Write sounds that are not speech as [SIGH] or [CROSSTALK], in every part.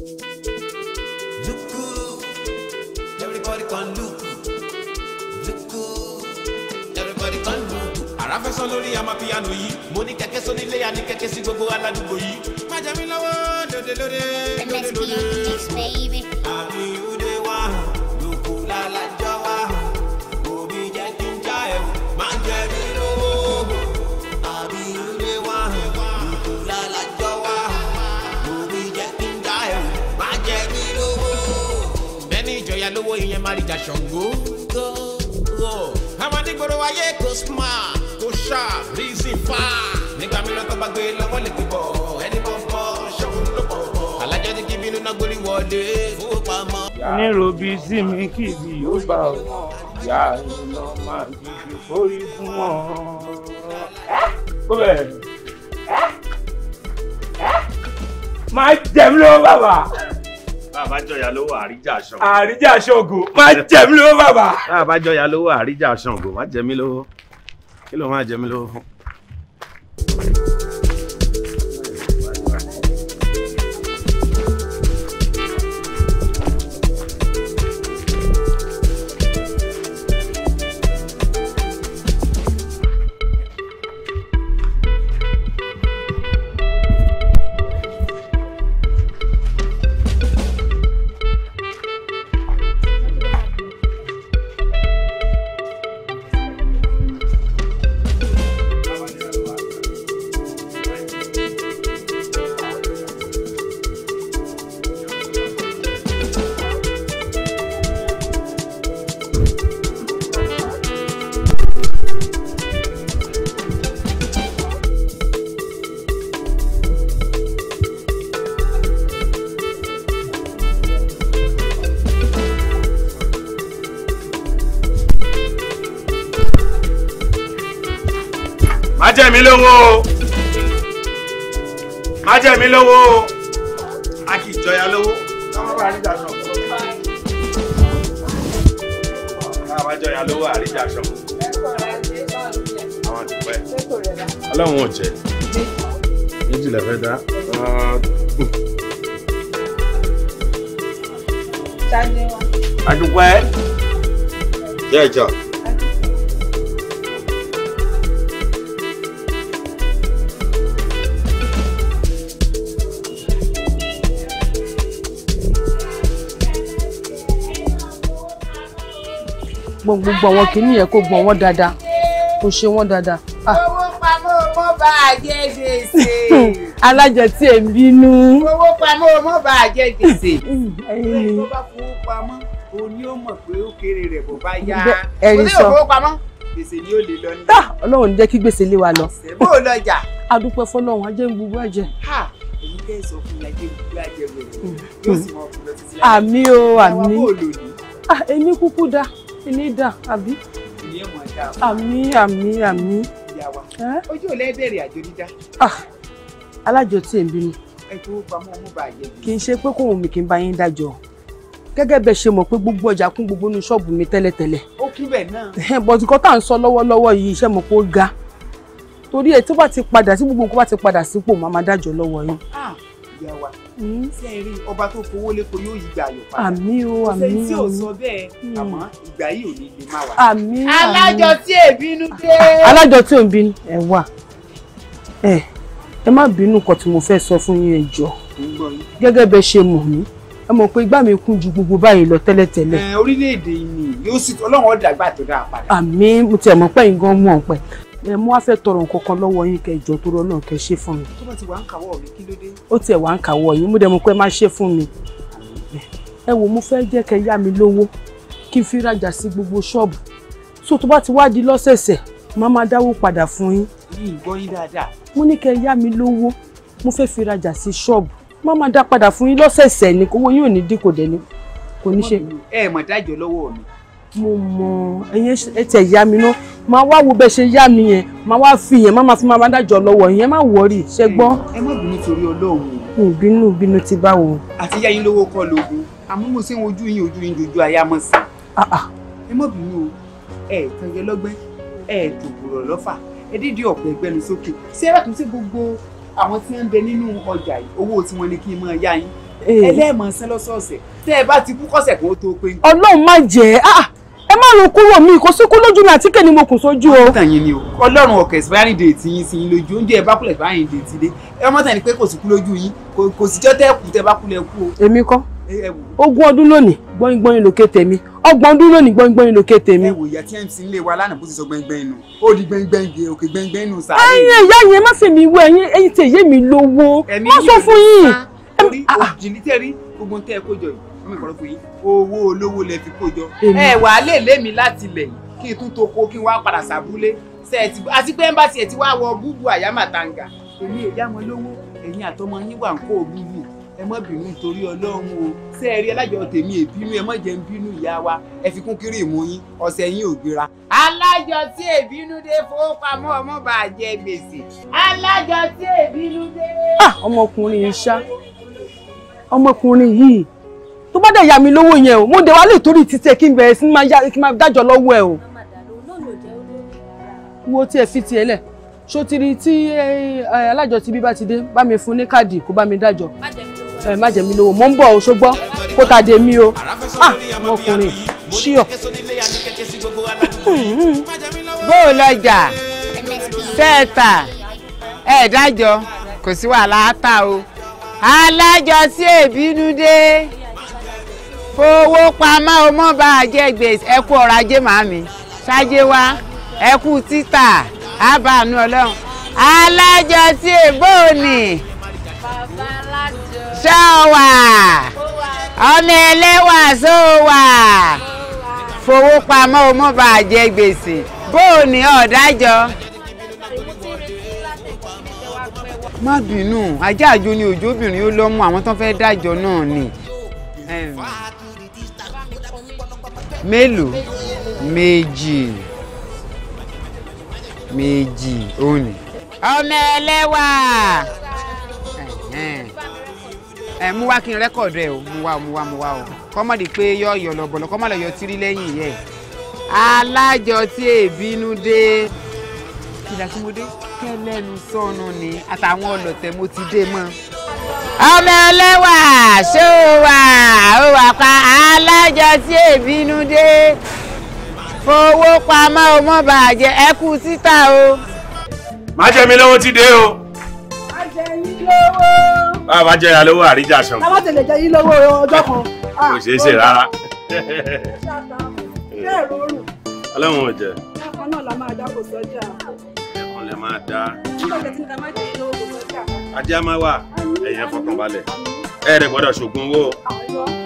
Look everybody can look. Look everybody can look. Àrá fẹ́ sọ lórí amapiano yìí, mo ní kẹ̀kẹ́ sọ nílé àní kẹ̀kẹ́ sí gbogbo aládùúgbò yìí. Má jẹ́ mi lọ́wọ́ lóde lóde lóde lóde. The best baby. Ah. wo ìyẹn má rí jà ṣàngó. àwọn adigboro ayé kò smart kò sharp reason far. nígbà mìíràn tó bá gbé e lọ́wọ́ lè gbé bọ̀ ẹni bọ́ bọ́ ṣọ́kùn ló bọ̀ bọ̀. alájọ ní kí bínú náà gbórí wọlé owó pamọ́. nírò bíi sí mi yóò bá ọ ìyá ìlọ máa dìbò forí fún ọ. ó bẹ̀rẹ̀ máa jẹun lọ́wọ́ bàbá àbájọyà lówó àríjà ṣàngó. àríjà ṣàngó má jẹ mí lówó bàbá. àbájọyà lówó àríjà ṣàngó má jẹ mí lówó kí ló máa jẹ mí lówó fún. mi lówó o má jẹ mi lówó o a kì í jọya lówó káwọn bá àríjà sọ káwọn bá jọya lówó àríjà sọ àwọn àdúpẹ́ ọlọ́run ò jẹ méjìlá fẹ́ dá adúpẹ́ jẹ́ ìjọ. gbọ́n gbogbo àwọn kìíní yẹn kó gbọ́n wọ́n dáadáa kó ṣe wọ́n dáadáa. Ah. owó pamọ́ mo bá a jẹ gbèsè. [LAUGHS] alájọ tí ẹ ń bínú. owó pamọ́ mo [LAUGHS] bá a jẹ gbèsè. ẹyin ni o ní ó mọ̀ pé ó kéré rẹ̀ bó bá yá kò sí òfowópamọ́ gbèsè ni ó lè lọ ní. Ah, ọlọ́run jẹ́ kí gbèsè lé wa lọ. bó o lọ jà. a dúpẹ́ fọlọ́run ajé ń gbogbo ẹ̀jẹ̀. èyí tẹ́ ẹ sọ fún mi ajé ń gbogbo ẹ̀jẹ̀ wẹ̀rẹ̀ mm. yóò sì àmì o àmì ah, èmi kúkú dáa ti ní dà àbí. ìyẹn mọ̀ dá o. àmì àmì àmì. ìyá wa ojú ò lẹ́ẹ̀bẹ̀rẹ̀ àjò dídá. Ah, alájọ tí ẹ̀ ń bínú. ẹ tó pamọ́ ọmọ bá yẹ. kì í ṣe pé kóhùn mi kì í bá yín dájọ́ gẹ́gẹ́ bẹ́ẹ̀ ṣe mọ̀ pé gbogbo ọjà kún gbogbo inú ṣọ́ọ̀bù mi tẹ́lẹ̀tẹ́lẹ̀. ó kí bẹ̀ náà. bọ̀dù kan tá à ń sọ lọ́wọ́lọ́wọ́ yìí iṣẹ́ mọ̀ pé ó ga torí ẹ̀ tó bá ti padà sí gbogbo nǹkan bá ti padà sípò màmá dájọ́ lọ́wọ́ yín. Ah, ìyá wa tí ẹ ọba tó fowó lépo yóò yí gbà yọ̀ padà àmín o àmín o ọ̀sẹ̀ tí ò sọ bẹ́ẹ̀ hmm. àmọ́ ìgbà yìí ò ní lè má wà. àmín àmín alájọ tí ò bínú dé. alájọ tí ò ń bínú ẹ wà ẹ ẹ má bínú nǹkan tí mo fẹ́ sọ fún yín ẹ jọ̀ọ́ gẹ́gẹ́ bẹ́ẹ̀ ṣe mọ̀ mí ẹ mọ̀ pé igbá mi kún ju gbogbo báyìí lọ tẹ́lẹ̀tẹ́lẹ̀. orílẹ̀-èdè yìí yóò sì ọlọ́run ọ̀dàgbà tó dáa padà. àmín mo ti ẹ̀ mọ̀ pẹ́yìn gan mú ọ̀pẹ ẹ mú wá fẹ́ tọrọ nǹkan kan lọ́wọ́ yín kẹjọ tó rọ náà kẹ ṣe fún mi. tó bá ti wà ń kàwọ́ mi kí ló dé. ó tiẹ̀ wà ń kàwọ́ yín mo dẹ̀ mo pẹ́ máa ṣe fún mi. ẹ wò mo fẹ́ jẹ́ kẹ yá mi lówó kí n fi rajà sí gbogbo ṣọ́ọ̀bù so tó bá ti wá di lọ́sẹ̀ẹ̀sẹ̀ má máa dáwó padà fún yín. yìí gbọ́ yín dáadáa. mo ní kẹ yá mi lówó mo fẹ́ fi rajà sí ṣọ́ọ̀bù má máa dá padà fún yín lọ́sẹ̀ẹ̀sẹ̀ ni owó yín ò ní dín kò dẹ̀ ní kò ní ṣe. ẹ mọ̀ dájọ́ lọ́wọ́ mi. mo mọ ẹyẹ ẹ tẹ̀ yá mi náà máa wá wo bẹ ṣe yá mi yẹn máa wá fi yẹn má máa fi máa bá dájọ lọ́wọ́ yẹn má wọrí ṣe gbọ́. ẹ má bínú torí Ọlọ́run. ìbínú bínú ti bá wo. àti yá yín lówó kọ lóògùn àmọ́ mo ṣe ń ojú yín ojú yín dojú ayá mọ̀ sí. Ah, ah. ẹ má bínú o ẹ tànjẹ lọ́gbẹ́ ẹ tòkùrọ̀ lọ́fà ẹ dídí ọ̀pẹ ẹgbẹ́ni sókè ṣé ẹ bá tún ṣe gbogbo àwọn tí wọ́n ń bẹ nínú ọjà yìí owó tiwọn ni kí n máa yá yín eh. ẹlẹ́ẹ̀mọ̀ sẹ́ lọ́sọ̀ọ̀sẹ̀ tẹ́ ẹ bá ti kú kọ́sẹ̀ kan tó pé. Ọlọ́run má jẹ́ ah, ah ẹ má lọ kúrò mi kò síkú lójú mi àtíkè ni mo kù sójú o. ọ̀tàn yín ni o ọlọ́run ọ̀kẹ́ expiring date yín sí yín lójú oúnjẹ ẹ bá kúlẹ̀ expiring date dé ẹ mọ̀ tàn ní pé kò síkú lójú yín kò sí jọ́ tẹ́ kù tẹ́ bá kúlẹ̀ kú o. èmi kọ́ ogún ọdún lónìí gbọ́ngbọ́n lókè tèmi mi. ọdún lónìí gbọ́ngbọ́n lókè tèmi. ẹ wò ìyá tí mc ń lé wa lánàá bó ti sọ gbẹ́ngbẹ́n nù ó di gbẹ́ngbẹ́n gé òkè gbẹ́ngbẹ́n nù sáré. ẹyin ìyá yẹn má sì mí wọ ẹyin ẹyin tí èyé mi lówó má sọ fún yín. ẹ̀mí yìí ló ń ta orí ah, ah. òjì ní tẹ́rí gbogbo tẹ́ ẹ kó jọ mi mm. kọ́rọ́ fún yín owó olówó lẹ fi kó jọ. ẹ wàá lè lé mi láti lẹ̀ kí n tún tó kó kí n wá padà sábúlé àti pé ẹ̀ńbàṣì ẹ̀ ti wá wọ búbu àyàmàtàǹgà èmi ò yá wọn lówó ẹ̀yin àtọmọ yín wà ń kó búbu ẹ má bínú nítorí ọlọ́run o ṣé ẹ rí alájọ tèmi ẹ ẹ má jẹ́ ń bínú ìyá wa ẹ fi kún kiri ìmú yín ọ̀sẹ̀ yín ò gbéra. alájọ tí èbínú dé fowópamọ́ ọmọ bá a jẹ gbèsè. alájọ tí èbínú dé. Ah, ọmọkùnrin yìí ṣá ọmọkùnrin yìí tó bá dẹ̀ yà mí lówó yẹn o mo dẹ̀ wá lè torí títí ẹ̀ kí n bẹ̀rẹ̀ sí ní máa dájọ́ lọ́wọ́ ẹ̀ o. wo tí ẹ fi tiẹ̀ lẹ̀ ṣó ti rí tí alájọ ti bí bá ti dé bá mi fún ní káàdì kó bá mi dájọ́ ẹ má jẹ mí lówó mo ń bọ̀ o ṣùgbọ́n kó ta dé mi o ah ọkùnrin ṣíọ. bóò lọjà sẹ́ẹ̀tà ẹ̀ dájọ́ kò sí wàhálà ta o alájọ èbínú dé fowó pamọ́ o mọ́ bá a jẹ gbèsè ẹ kú ajé màámi ṣáájé wa ẹ kú títà àbànú ọlọ́run alájọ tí ègbó ni ṣọ́wà ọmọ ẹlẹ́wà ṣọ́wà fowó pamọ́ o mọ́ bá a jẹ gbèsè bóòní ọ̀dájọ́ má bínú ajá àjò ni òjòbìnrin ó lọ́mú àwọn tó fẹ́ dájọ́ náà ni mélòó méjì méjì òní. ọmọ ẹlẹ́wà ẹ mú wá kí n rẹ́kọ̀dù ẹ o mú wá o mú wá mú wá o kọ́mọ̀ di pé yọ ọ̀yọ̀ lọ̀bọ̀lọ̀ kọ́mọ̀ lọ yọ tírí lẹ́yìn yẹ alájọ tí èbínú dé ìkìlà tí mo dé kẹlẹ́nu sọnù ni àtàwọn ọlọ̀tẹ̀ mo ti dé mọ́. ọmọ ẹlẹ́wà ṣó o wà ó wà pa alájọ tí èbínú dé fowó pamọ́ o mọ́ bàjẹ́ ẹ kú síta o. má jẹ mi lówó ti dé o. má jẹ yín lówó. bàbá jẹ ya lówó àríjà sọ. bàbá tẹ̀lé jẹ yín lówó ọjọ́ kan. kò ṣeé ṣe rárá. ọlọ́run ò bákan náà la máa dáko sọ́jà ọ̀rọ̀ lẹ máa dá. ajé a máa wà ẹ̀yẹ fọkànbalẹ̀ ẹ rẹ̀ gbọ́dọ̀ ṣògùn owó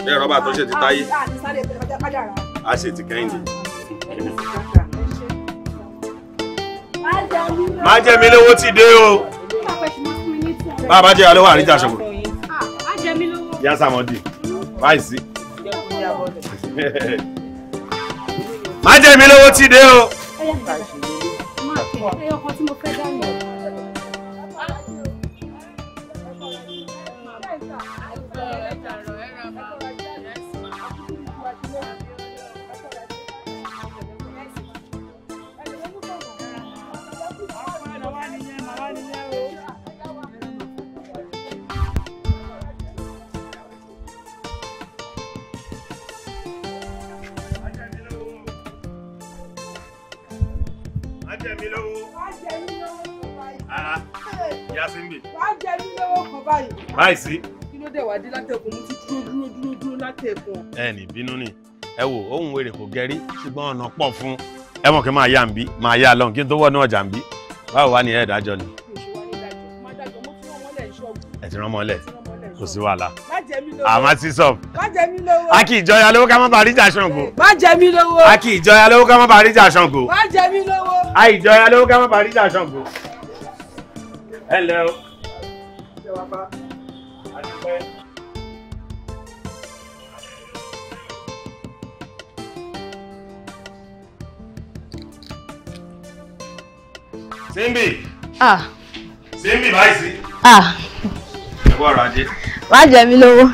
ẹ rọ́bà tó ṣe ti táyé a ṣe ti kẹ́hìndé. má jẹ́ mi lówó ti dé o bá a bá jẹ́ alówó àríjà ṣògùn yá sàmọ́dì báyìí má jẹ́ mi lówó ti dé o máa ọkọ tí mo fẹ́ dá lọ. mi. wàá jẹ mí lọ́wọ́ kan báyìí. báyìí kí ló dé wàá dé látẹ̀kùn mo ti dúró dúró dúró dúró látẹ̀kùn. ẹ ní bínú ni ẹ wò ohun wèrè kò gẹrí ṣùgbọ́n ọ̀nà pọ̀ fún ẹ mọ̀ kí máa yá nbí máa yá lọ́n kí n tó wọ́nú ọjà nbí báwo wá ní ẹ̀ dájọ́ ni. ẹ ti rán mọ́lẹ̀ kò sí wàhálà àmọ́ sí sọ. a kì í jọya lówó ká má bàa ríjà ṣàngó. Aki jẹ mí lówó. a kì ká má bàa ríjà ṣàngó. má jẹ lówó ká má bàa ríjà ṣàngó. Hello. Simbi. Ah. Simbi báyìí sí. Ah. Ẹ kú ọ̀rọ̀ ajé. Má jẹ mí lówó. Hmm?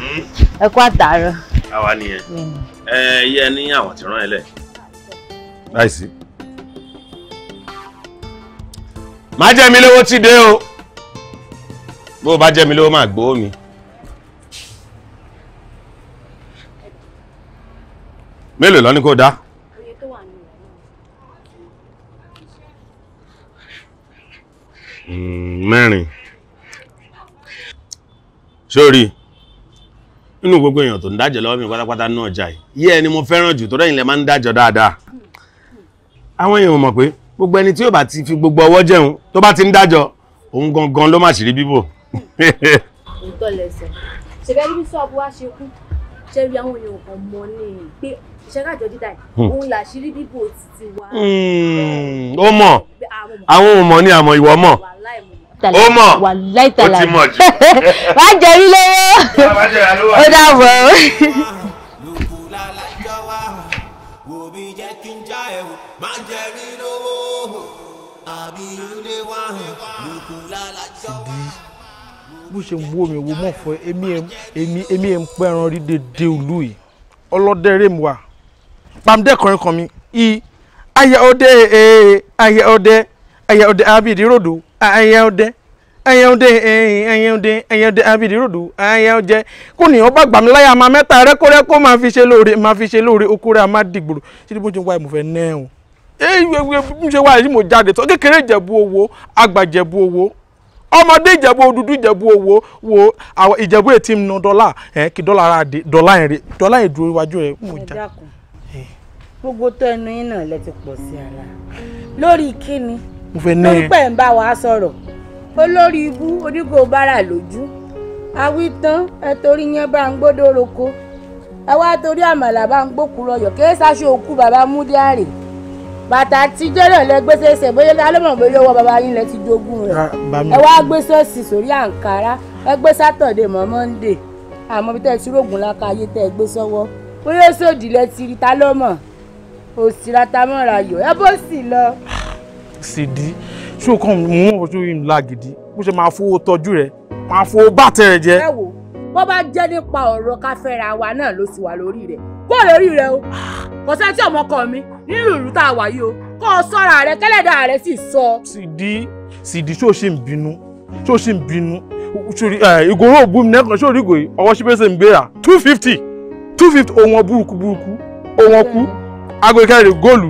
Ẹ kú àtàárọ̀. Àwa nìyẹn. Ẹ yẹ hmm. ní àwọn tí rán ẹ lẹ̀. Báyìí sí. Má jẹ mí lówó ti dé o bó o bá jẹ́ mi lówó máa gbowó mi. mélòó lọ ní kó dá. Hmm, mẹ́rin sórí nínú gbogbo èèyàn tó ń dájọ́ lọ́wọ́ mi pátápátá náà jà yìí ẹni mo fẹ́ràn jù tó rẹ́yìn lẹ máa ń dájọ́ dáadáa àwọn èèyàn mọ̀ pé gbogbo ẹni tí yóò bá ti fi gbogbo ọwọ́ jẹun tó bá ti ń dájọ́ òun gangan ló má sì rí bíbò nǹkan lẹsẹ ṣẹgẹrí bí sọọbù wa ṣe kú ṣe hmm. rí wa. Hmm. ó mọ̀ àwọn ò mọ̀ ní àmọ́ ìwọ mọ̀ ó mọ̀ ó ti mọ̀ [LAUGHS] bó ṣe wo mi wo mọ̀ fọ èmi èmi èmi ẹ̀ ń pẹ́ rí dédé òlú yìí ọlọ́dẹ rèm wà pàmdẹ́kọrin kan mi i ayẹ ọdẹ ee ayẹ ọdẹ ayẹ ọdẹ abidi rodo ayẹ ọdẹ ayẹ ọdẹ ee ayẹ ọdẹ ayẹ ọdẹ abidi rodo ayẹ ọdẹ kó ní ọba gbàmí máa mẹ́ta rẹ́kọ́rẹ́kọ́ máa fi ṣe lóore máa fi ṣe lóore okó rẹ̀ a máa dìgbòrò ṣé bó ṣe wá ìmùfẹ́ náà o ṣe wá yìí mo jáde tó kékeré ìjẹ̀bú owó àgbàjẹ̀bú owó ọmọdé ìjẹ̀bú òdúdú ìjẹ̀bú owó wo àwọn ìjẹ̀bú ètí ń nu dọ́là ẹ̀ kí dọ́là ara dé dọ́là yẹn rè dọ́là yẹn dúró iwájú rẹ̀ mú jà. gbogbo tó ẹnu yín náà lẹ ti pọ̀ sí ara lórí kíni lórí pẹ̀ ń bá wa sọ̀rọ̀ olórí ibú onígò bára lójú awítán ẹ torí yẹn bá ń gbódò roko ẹ wá torí àmàlà bá ń gbókùrọ̀ yọ̀ kí ẹ sáṣọ òkú bàbá múdíárè bàtà àtijọ́ náà lẹ gbé sẹ́sẹ̀ bóyá alọ́mọ̀ bóyá owó bàbá yín lẹ ti jogún rẹ̀ ah, ẹ wá gbé sọ́ọ̀sì sórí àǹkárá ẹ gbé sátọ̀dẹ̀ mọ́ mọ́ndé àmọ́ bí tẹ́ ẹ ti rògùn láka ayé tẹ́ ẹ gbé sọ́wọ́ bóyá sódì lẹ ti rí ta òsì ratamọ́ra yọ ẹ bó sì lọ. sìdí ṣé o kàn mú wọn bó ṣe rí mi lágidi bó ṣe máa fowó tọ́jú rẹ máa fowó bàtẹ rẹ jẹ. ẹ wò bó bá jẹ́ nípa ọ̀rọ̀ ká fẹ́ra wa náà ló ti wà lórí rẹ̀ kó lórí rẹ̀ o kò sẹ́ni tí ọmọkọ mi nínú ìlú tá a wà yìí o kó o sọ́ra rẹ kẹ́lẹ́dà rẹ sì sọ. Sìdí Sìdí ṣó ṣe ń bínú ṣó ṣe ń bínú ìgòrò òbú mi nẹ́kan ṣó rí ìgòyè ọwọ́ ṣíbẹ́sẹ̀ ń gbéra two fifty two fifty òun ọ burúkú burúkú òun ọ kú aago ìkẹrìndínlẹ̀ góòlù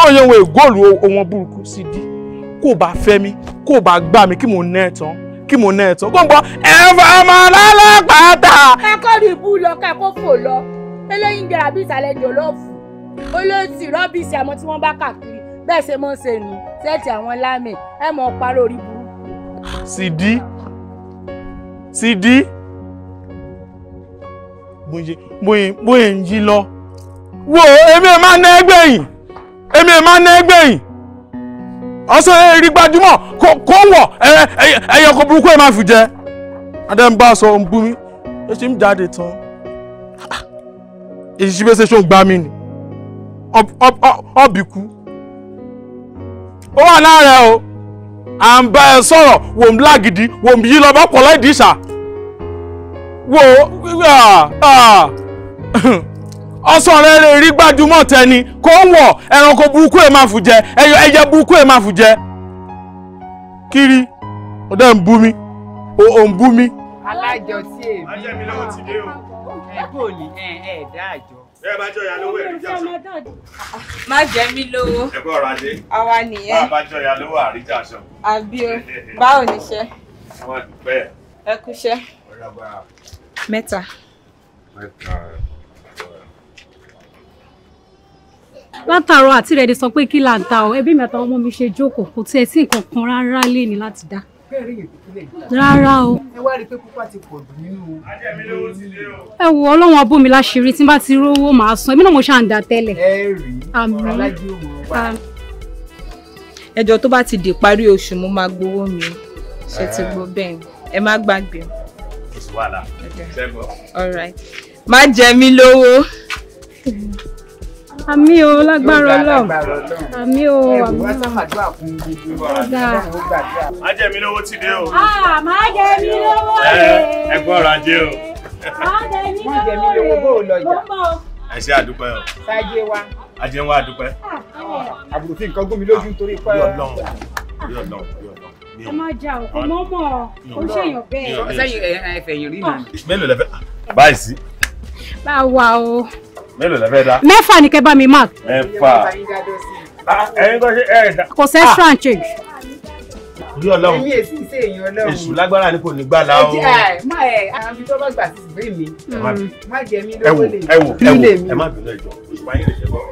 òun yẹn wọ góòlù òun ọ burúkú Sìdí kó o bá fẹ́ mi kó o bá gbà mí kí mò ná ẹ̀ tán kí mo ná ẹ tán kó ń gbọ́ ẹ̀fọ́ ọmọ ọlọ́pàá ta. kakọ́rì ibú lọ kakọ́ fò lọ eléyìí ń jẹ àbí ìsàlẹ̀ jòlóòfù olóòtú rọ́bìsì àmọ́ tí wọ́n bá kàkiri bẹ́ẹ̀ ṣe mọ́ ṣe nù sẹ́ẹ̀tì àwọn lámì ẹ̀ mọ́ parọ́ orí burú. Sidi Sidi bóyè ń jí lọ wo èmi ẹ̀ máa ná ẹgbẹ́ yìí èmi ẹ̀ máa ná ẹgbẹ́ yìí ọsọ eri gbajúmọ̀ kó wọ̀ ẹyẹ ọkọ̀ burúkú ẹ̀ máa fi jẹ adẹ́nbá sọ ń bú mi ó ṣe ń jáde tán èyí ṣe ṣe ń gbá mi ni ọ̀bì kú ó wà lára o à ń bá ẹ sọ̀rọ̀ wò ń lágidi wò ń yí lọ bá pọ̀ láì dìṣà wò ó ọsọ rẹ lè rí gbajúmọ̀ tẹni kó ń wọ̀ ẹranko burúkú ẹ̀ máa fù jẹ ẹyọ ẹyẹ burúkú ẹ̀ máa fù jẹ. kiri ó dẹ́ ń bú mi ó ń bú mi. alájọ tí èmi ajẹ́ mi lọ́wọ́ ti dé o. ẹ bò ní ẹ ẹ dá àjọ. bẹ́ẹ̀ bá jọ ya lówó ẹ̀rí jà sọ. má jẹ́ mi lówó. ẹ bọ́ ọ̀rọ̀ ajé. àwa nìyẹn. bá a bá jọ ya lówó àrí jà sọ. àbí o báwo níṣẹ́. àwọn ẹ kúṣẹ́. mẹ́ta. mẹ́ta. látàárọ̀ àti rẹ̀ de sọ pé kí là ń ta ọ ẹbí mi àtàwọn ọmọ mi ṣe jókòó kò tiẹ̀ sí nǹkan kan rárá lé ní láti dá. rárá o. ẹ wá rí i pé púpà ti pọ̀ jù nínú. ẹ wo ọlọ́wọ́n abó mi láṣìírí tí n bá ti rówó màá san èmi náà mo ṣáà ń da tẹ́lẹ̀. ẹ rí tó bá ti dé parí oṣù mo máa gbowó mi ṣe ti gbó bẹ́ẹ̀ ẹ má gbàgbé. all right má jẹ mí lówó. [LAUGHS] àmì o lágbára Ọlọ́run àmì o àmì o. má jẹ mi lówó ti dé o. Ah, má jẹ mi lówó rẹ. ẹ gbọ́ ọ̀rọ̀ ajé o. má jẹ mi lówó bó o lọ jà. ẹ ṣe àdúpẹ́ o. sáájé wa. ajé wa àdúpẹ́. Ah, àbùrò fi nǹkan gómi lójú nítorí pé. yóò lọ yóò lọ yóò lọ ẹ máa jà òkú mọ́mọ́ ó ṣèyàn bẹ́ẹ̀. sẹ́yìn ẹ̀fẹ̀yìn rí mi. Ah, mélòó lẹ fẹ́ báyìí sí. bá a wà o mélòó lẹ́fẹ́ dá. mẹ́fà ni kẹ́ bá mi mark. mẹ́fà ah, ẹ̀yin kọ́ ṣe ẹ̀ dá. kò sẹ́ ah. strand change. orí ọlọ́run èmi èsì ìṣe èèyàn ọlọ́run èṣù lágbára ni kò ní gbà láwọn. ẹ jẹ́ má ẹ àwọn ibi tó bá gbà sí ìgbé mi má jẹ mí lówó lè mi. ẹ wò ẹ wò ẹ má bínú ẹjọ́ oṣù wáyé lè ṣe bọ́.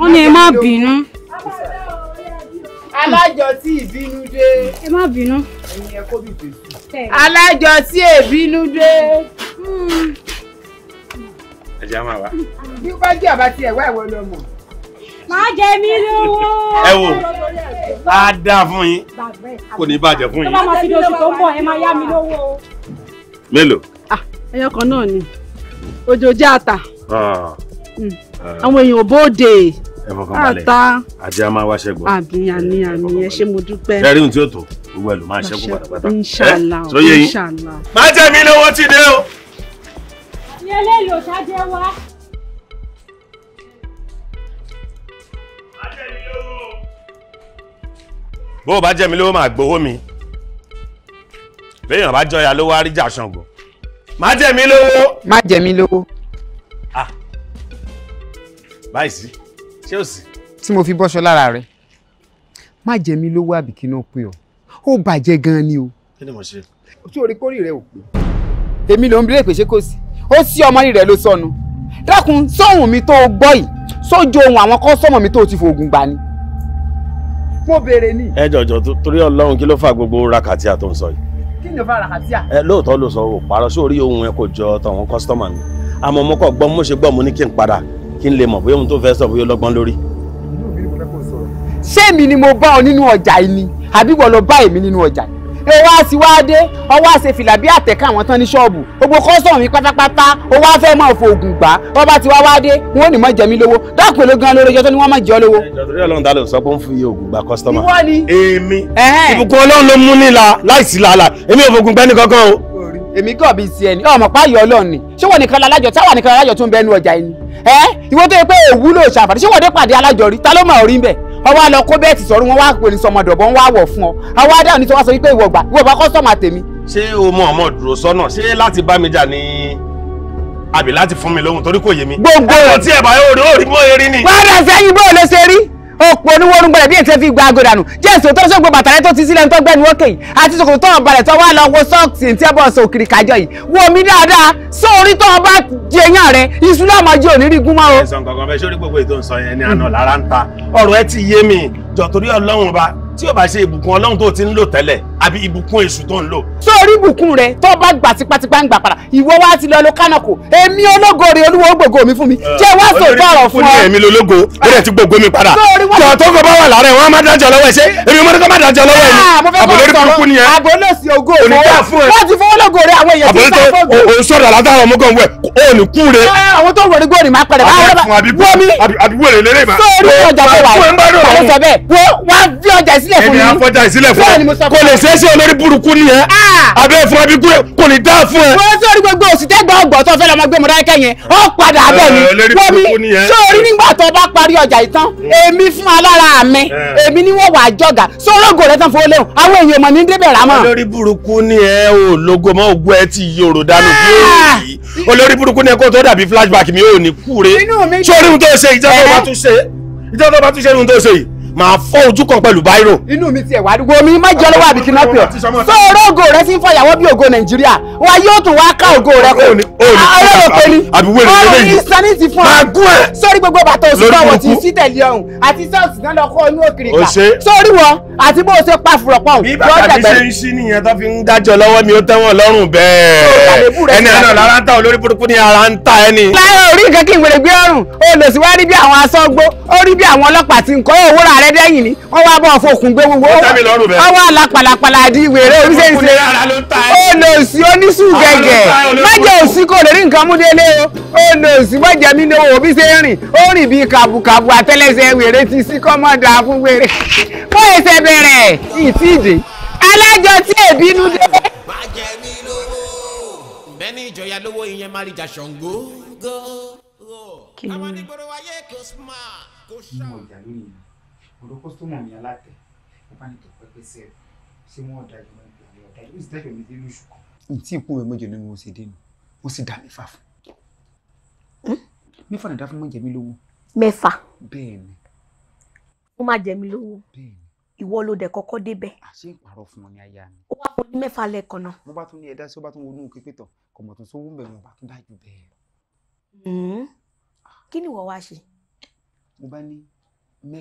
wọ́n ní ẹ má bínú alájọ tí ìbínú dé. ẹ má bínú. ẹyin ẹ kó bìbè. alájọ tí èbínú dé. Hmm ẹ̀jẹ̀ á máa wá. bí ó bá jẹ́ àbá tiẹ̀ wá ìwọ lọ mọ̀. máa jẹ mí lówó. ẹ wo á dáa fún yín kò ní bàjẹ́ fún yín. tó bá máa fi oṣù tó ń bọ̀ ẹ máa yá mi lówó. mélòó. Ah, ẹyọ kan náà ni òjò jẹ́ ata ah. hmm. àwọn èèyàn bóde ata àti a máa wá ṣẹ́gun. àmì àmì àmì ẹ ṣé mo dúpẹ́. ṣe rí tí ó tó gbogbo ẹ̀ ló máa ṣẹ́gun pátápátá. inṣàlá inṣàlá. má jẹ́ mi lówó tí dé o ni eléyìí ò ṣáájẹ wá. bó o bá jẹ́ mi lówó máa gbowó mi béèyàn bá jọyà lówó àríjà Ṣàngó má jẹ́ mi lówó. má jẹ́ mi lówó. ah báyìí sí ṣé o sì. tí mo fi bọ́ṣọ lára rẹ̀ má jẹ́ mi lówó àbí kí n náà pé ọ ó bàjẹ́ gan-an ni o. kí ni mo ṣe. o tí o rí kórìí rẹ ò pé èmi ló ń bílẹ̀ pèsè kò sí ó sí ọmọ rẹ̀ ló sọnù dákun sóhun mi tó gbọ́ yìí sójú ohun àwọn kọ́sọ́mọ̀ mi tó ti fògùn gbà ni. mo béèrè ni. ẹ jọjọ torí Ọlọ́run kí ló fa gbogbo rakatia tó ń sọ yìí. kí ni o fa rakatia. ẹ lóòótọ́ ló sọ ò parọ́ sórí ohun ẹ kò jọ tàwọn kọ́sítọ́mà mi àmọ́ mo kọ̀ gbọ́ mo ṣe gbọ́ mo ní kí n padà kí n lè mọ̀ bóyá ohun tó fẹ́ sọ bóyá ọlọ́gbọ́n lórí. ṣé èmi ni mo bá ọ nínú ọjà yìí ni àbí wọ́n lọ bá èmi nínú ọjà yìí ẹ wá sí wá dé ọwọ́ àṣẹ fìlà bí àtẹ̀kẹ́ àwọn tán ní ṣọ́ọ̀bù gbogbo kọ́sọ̀mù mi pátápátá ó wá fẹ́ máa fo oògùn gbà wọ́n bá ti wá wá dé wọ́n ò ní mọ̀ jẹ mí lówó dákun ló gan lórí ẹjọ́ tó ní wọ́n mọ̀ jẹ́ lówó. ìjọba ọlọ́run ta ló sọ pé ó ń fi oògùn gba kọ́sítọ́mà. ìwọ ni èmi ìbùkún ọlọ́run ló mú nílà láìsí làálà èmi ò fògùn gbẹ́ni kankan o èmi kò bí ti ẹni ọmọ páyọ Ọlọ́run ni ṣé wọn nìkan alájọ táwa nìkan alájọ tó ń bẹnu ọjà ẹni ẹ ìwọ tó yẹ pé òwúlò ṣàǹfààní ṣé wọn dé pàdé alájọ rí ta ló mọ orí ń bẹ ọwọ́ àlọ́ kó bẹ́ẹ̀tì sọ̀rọ̀ wọn wá pèlè sọmọdọ̀bọ̀ ń wá wọ̀ fún ọ àwọn adáhùn ni tí wọ́n sọ wípé ìwọ̀gbà ìwọ̀gbà kọ́sọ̀mà tèmi. ṣé o mọ ọmọ dúró sọnà ṣé láti bá mi jà ní àbí láti fún mi lóhùn torí kò yé mi. gbogbo ẹ̀ ọ̀tí ẹ̀ bá yóò rí mọ́ erin ni. wọ́n rẹ̀ sẹ́yìn bó o lè ṣe rí òpó oníwórun gbọdọ̀ bí ètò fi gba aago dànù jésù tó ṣògbó bàtà rẹ tó ti sílẹ̀ tó gbẹ́nu òkè yìí àti ṣòkòtò tó ọ̀balẹ̀ tó wà lọ́wọ́ sọ́ọ̀tì tí ẹ bọ̀ sọ òkìrì kájọ yìí wo mi dáadáa sọ orí tó ọba di eyín rẹ iṣu náà máa jẹ òní rí gún mọ́ o. ẹ sọ nǹkan bẹ́ẹ̀ sórí gbogbo ètò ìsọyẹn ní àná lára ń ta ọ̀rọ̀ ẹ ti yé mi jọ ọlọ́run ọba tí o bá ṣe ìbùkún ọlọ́run tó ti ń lò tẹ́lẹ̀ àbí ìbùkún èṣù tó ń lò. sórí ìbùkún rẹ tó bá gbà tipátipá ń gbà padà ìwọ wá ti lọ lo kánàkó èmi ológo rè olúwo gbogbo mi fún mi jẹ́ wá sọ bọrọ fún ọ. olórí èmi lológo ó dẹ̀ ti gbogbo mi padà jọ tó kọ bá wà lára ẹ wọn á má dájọ lọ́wọ́ ẹ ṣe èmi mo ní kó má dájọ lọ́wọ́ ẹ ni ah, àbòlórí burúkú ni ẹ. àbólòsì ògo ìfowó láti fún ológo rè àwọn èèyàn tí ń bá fọ́ọ̀gù. àbólórí sọ̀rọ̀ látàrọ̀ ọmọ gan wẹ̀ ó ní kú re. Ah, àwọn tó wọlé gbòòrì máa pẹ̀lẹ́ báwọn bá wọ́n mi. àbí wọ́n lè sílẹ̀ fún mi. èmi afọjá ìsílẹ̀ fún ọ kò lè ṣeéṣe olórí burúkú ni ah! abẹ́ fún abí kúrẹ́ kò ní dáa fún ẹ. wọ́n sọ̀rọ̀ gbogbo òsì tẹ́gbà ọgbọ̀n tó fẹ́ lọ́mọ gbé mọ̀ dáríkẹ́ yẹn ó padà bẹ̀ eh, mí wọ́n mi sórí nígbà tó bá parí ọjà ìtàn hmm. èmi fún alára mi eh. èmi ni wọ́n wà á jọ̀gà sórógò rẹ̀ tán fowó léwu àwọn èèyàn mọ̀ ní débẹ̀ rà mọ́. olórí burúkú ni ẹ o logo mọ ògùn ẹ ti yòrò dànù bí ah! èyí olórí burúkú ni ẹ kó tó dàbí flashback mi ò ní kúre sórí ohun tó ṣe ìjọba eh. tó ṣe ìjọba tó ṣe ohun tó ṣe yìí màá fọ́ ojú kan pẹ̀lú báírò. inú mi ti ẹ̀ wá dúró mi má jẹ́ lọ́wọ́ àbíkí náà pè ọ́ sọ̀rọ̀ ògo rẹ sí ń fọyàwó bí ògo nàìjíríà wa yóò tún wá ká ògo rẹ kó ọlọ́run pé ni ọlọ́run ní sanity fún ọ sórí gbogbo bàtà òsì bá wọn ti sí tẹ̀lé ọ̀hún àti sọ́ọ̀sì náà lọ́kọ́ inú òkìrì ká sórí wọn àti bó o ṣe pa fùrọ̀pọ̀ ọ̀hún. bí bàtà mi ṣe ń ṣí nìyẹn tó fi ń dájọ́ lọ́wọ́ mi ó tẹ́wọ̀n lọ́rùn bẹ́ẹ̀ ẹni àná lára ń ta olórí burúkú ni ara ń ta ẹni. láyé orí nǹkan kí n wèrè gbé ọrùn olùsíwárí bí àwọn asọ́gbó orí bí àwọn ọlọ́pàá ti ń kọ́ òwúrọ̀ rẹ rẹ̀ dẹ́yìn ni wọ́n wá bọ́ fòkùn gbé wọn wọ́n wá lápàlàpàlà di wèrè oríṣiríṣi olòṣì oníṣù gẹ̀gẹ̀ mẹ́jọ òṣì kò lè rí nǹkan mú délé o olòṣì mọ́jẹ̀ mi lówó òbí ṣe ń rìn ó rìn bíi kàbùkàbù àtẹ́lẹsẹ̀ wèrè ti sí kọ́mọ́dà fún wèrè kó ẹsẹ̀ bẹ̀rẹ̀ ìtìdè alájọ tí èbínú dé. bẹ́ẹ̀ni ìjọya lówó ìyẹn má rí jà ṣàngó. kí ni mo jà lórí yìí ọ̀dọ́ kọ́sítọ́mù mi alátẹ̀ ó bá ní tọ́pẹ́ pé sẹ́ẹ̀ ṣé wọ́n ọ̀dájú wọn ìgbà wọn ọ̀dájú ó sì dájọ́ mi dé lóṣù kan. ntí ìkún rẹ méje ló ni mo ṣe dé nu ó sì dá mẹ́fà fún mẹ́fà hm? nìdá fún mọ́ jẹ lówó. mẹ́fà. bẹ́ẹ̀ ni. ó máa jẹ mí lówó. ni ìwọ ló dẹ kọ́kọ́ débẹ̀. àṣé ìpàrọ̀ fún ọ ní aya mi. ó wá fún ní mẹ́fà lẹ́ẹ̀kan náà. mo bá tún ní ẹ̀dá sí ó bá tún wọnú kékeré tán kò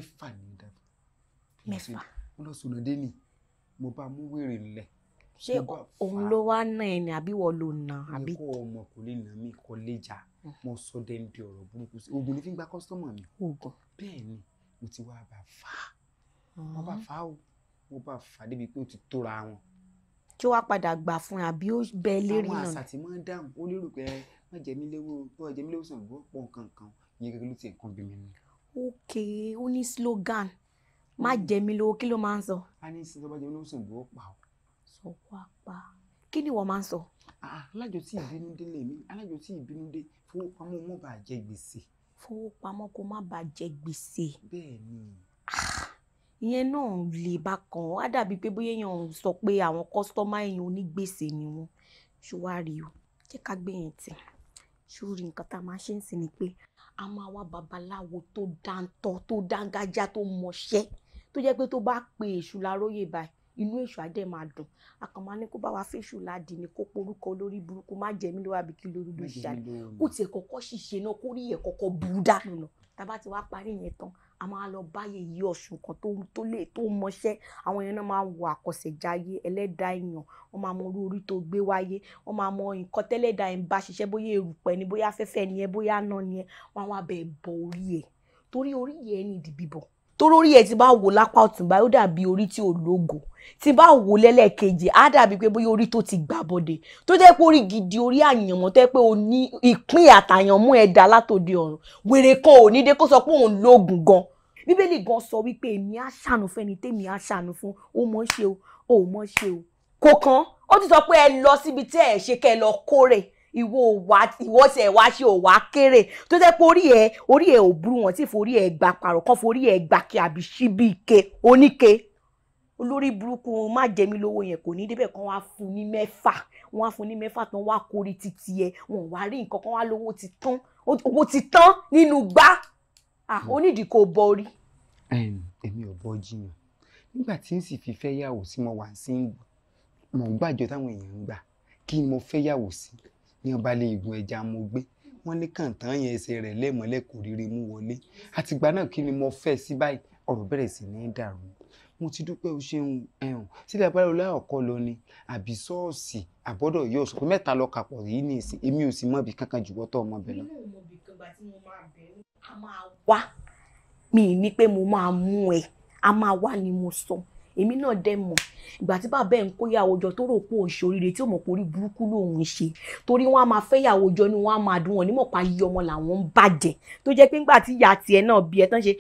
mọ̀ mẹ́fà mo lọ sùn lóde nì mo bá mú wèrè lẹ̀. ṣé òun ló wá nà ẹ ni àbí wọ́n ló nà àbí. mi kò ọmọ kò lè nà mí kò lè jà mm. mo sọ dẹ́ndé ọ̀rọ̀ burúkú sí oògùn ní fi ń gba kọ́sítọ́mọ̀ mi. oògùn bẹ́ẹ̀ ni mo ti wá bá fà á mo bá ah. fà á o mo bá fà á débi pé ó ti tóra wọn. tí wàá padà gbà fún un àbí ó bẹ lérí náà. àwọn àṣà tí máa ń dáhùn ó lérò pé má jẹ mí léwu tó ọjẹ mí léwu sàn gbọ́ pọ̀ nǹkan kan yẹn gẹ́gẹ́ ló ti ẹ̀kan bí mi ni. ok ó ní slogan má hmm. jẹ mí lówó kí ló máa ń sọ. a ní sinmi tó bá jẹ mí lówó sì ń bọ́ pa o. sọ wá pa kí ni wọ́n máa ń sọ. alájọ tí ìbínú dé lè mí alájọ tí ìbínú dé fowópamọ́ mọ́ bàa jẹ gbèsè. fowópamọ́ kó má bàa jẹ gbèsè. bẹ́ẹ̀ ni. Ah, ìyẹn náà lè bá kàn á dàbí pé bóyá èèyàn sọ pé àwọn kọ́sítọ́mà èèyàn onígbèsè ni wọ́n ṣùwárí o jẹ́ ká gbé yẹn tì ṣúrí nǹkan tá a máa ṣe ń sìn ni pé a máa wá babaláwo tó dáńtọ́ tó dángájá tó mọṣẹ́ tó jẹ́ pé tó bá pe èṣù láróyè báyìí inú èṣù á dẹ̀ máa dùn àkànmá ní kó bá wa fẹ́ṣù láàdì ní kó porúkọ lórí burúkú má jẹ́mi ló wà bí kí lórí ló ṣàlẹ̀ kó tiẹ̀ kọ́kọ́ ṣìṣe náà kó rí ẹ̀ kọ́kọ́ burú dànù lọ tábà tí wàá parí yẹn tán a máa lọ báyè yí ọ̀sùn kan tó lè tó mọṣẹ́ àwọn yẹn náà máa wọ àkọsẹ̀jáyé ẹlẹ́dàá èèyàn wọ́n máa mọ orú orí tó gbé wáyé wọ́n máa mọ nǹkan tẹ́lẹ̀dàá ẹ̀ bá ṣiṣẹ́ bóyá erùpẹ̀ ni bóyá afẹ́fẹ́ ni ẹ bóyá náà ni ẹ wọ́n á wá bẹ̀ bọ orí ẹ̀ torí orí yẹn ní ìdìbìbọ̀ torórí ẹ ti bá wò lápá ọ̀tún báyìí ó dàbí orí tí ò lógo tí bá wò lẹ́lẹ́kejì á dàbí pé bóyá orí tó ti gbà bọ́dẹ̀ tó jẹ́ pé orí gidi orí àyànmọ́ tó jẹ́ pé o ní ìpín àtàyànmú ẹ̀dá látòde ọ̀run wèrè kan ò ní dé kó sọ pé òun lóògùn gan bíbélì gan sọ wípé èmi á ṣàánú fẹ́ni tèmi á ṣàánú fún ó mọ̀ ṣe o ó mọ̀ ṣe o kò kàn ó ti sọ pé ẹ lọ síbi tí ẹ ṣe kẹ́ lọ kórè ìwọ òwà ìwọ tí ẹ wá ṣe òwà kéré tó jẹ́ pé orí ẹ orí ẹ ò burú wọn tí forí ẹ gbà pààrọ̀ kan forí ẹ gbà kí àbí síbi ike oníke olórí burúkú má jẹmí lówó yẹn kò ní débẹ̀ kan wá fún ní mẹ́fà wọ́n á fún ní mẹ́fà tán wá kórè títí ẹ wọn wá rí nǹkan kan wá lówó ti tán owó ti tán nínú gbá onídìí kò bọ èmi ò bọ́ jiyàn nígbà tí n sì fi fẹ́ yàwó sí mo wà sí mo gbàjọ táwọn èèyàn ń gbà kí ni mo fẹ́ yàwó sí ní ọba lè gun ẹja mo gbé wọn ní kàntán yẹn ẹsẹ̀ rẹ̀ lẹ́mọ́lẹ̀ kò rírí mú wọlé àtìgbà náà kí ni mo fẹ́ sí báyìí ọ̀rọ̀ bẹ̀rẹ̀ sí ní dàrú mo ti dúpẹ́ o ṣeun ẹ̀hún sílẹ̀ abúlé ọlọ́ọ̀kọ́ lọ ni àbí ṣọ́ọ̀ṣì àbọ́dọ̀ yóò sọ pé mẹ́ta lọ kàpọ̀ yìí ní ìsìn èmi ò sì mọ̀bì kankan jù wọ́tọ̀ ọmọ bẹ̀ lọ. a máa wá mi ní pé mo máa mú ẹ a máa wá ni mo sọ èmi náà dẹ̀ mọ̀ ìgbà tí bàbá ẹ̀ ń kó yàwó jọ tó rò pé òun ṣe oríire tí ò mọ̀ burúkú lòun ṣe torí wọ́n á máa fẹ́ yàwó jọ ni wọ́n á máa dùn wọn nímọ̀ pa yí ọmọ làwọn ń bàjẹ́ tó jẹ́ pé ńgbà tí ìyá tiẹ̀ náà bí ẹ tán ṣe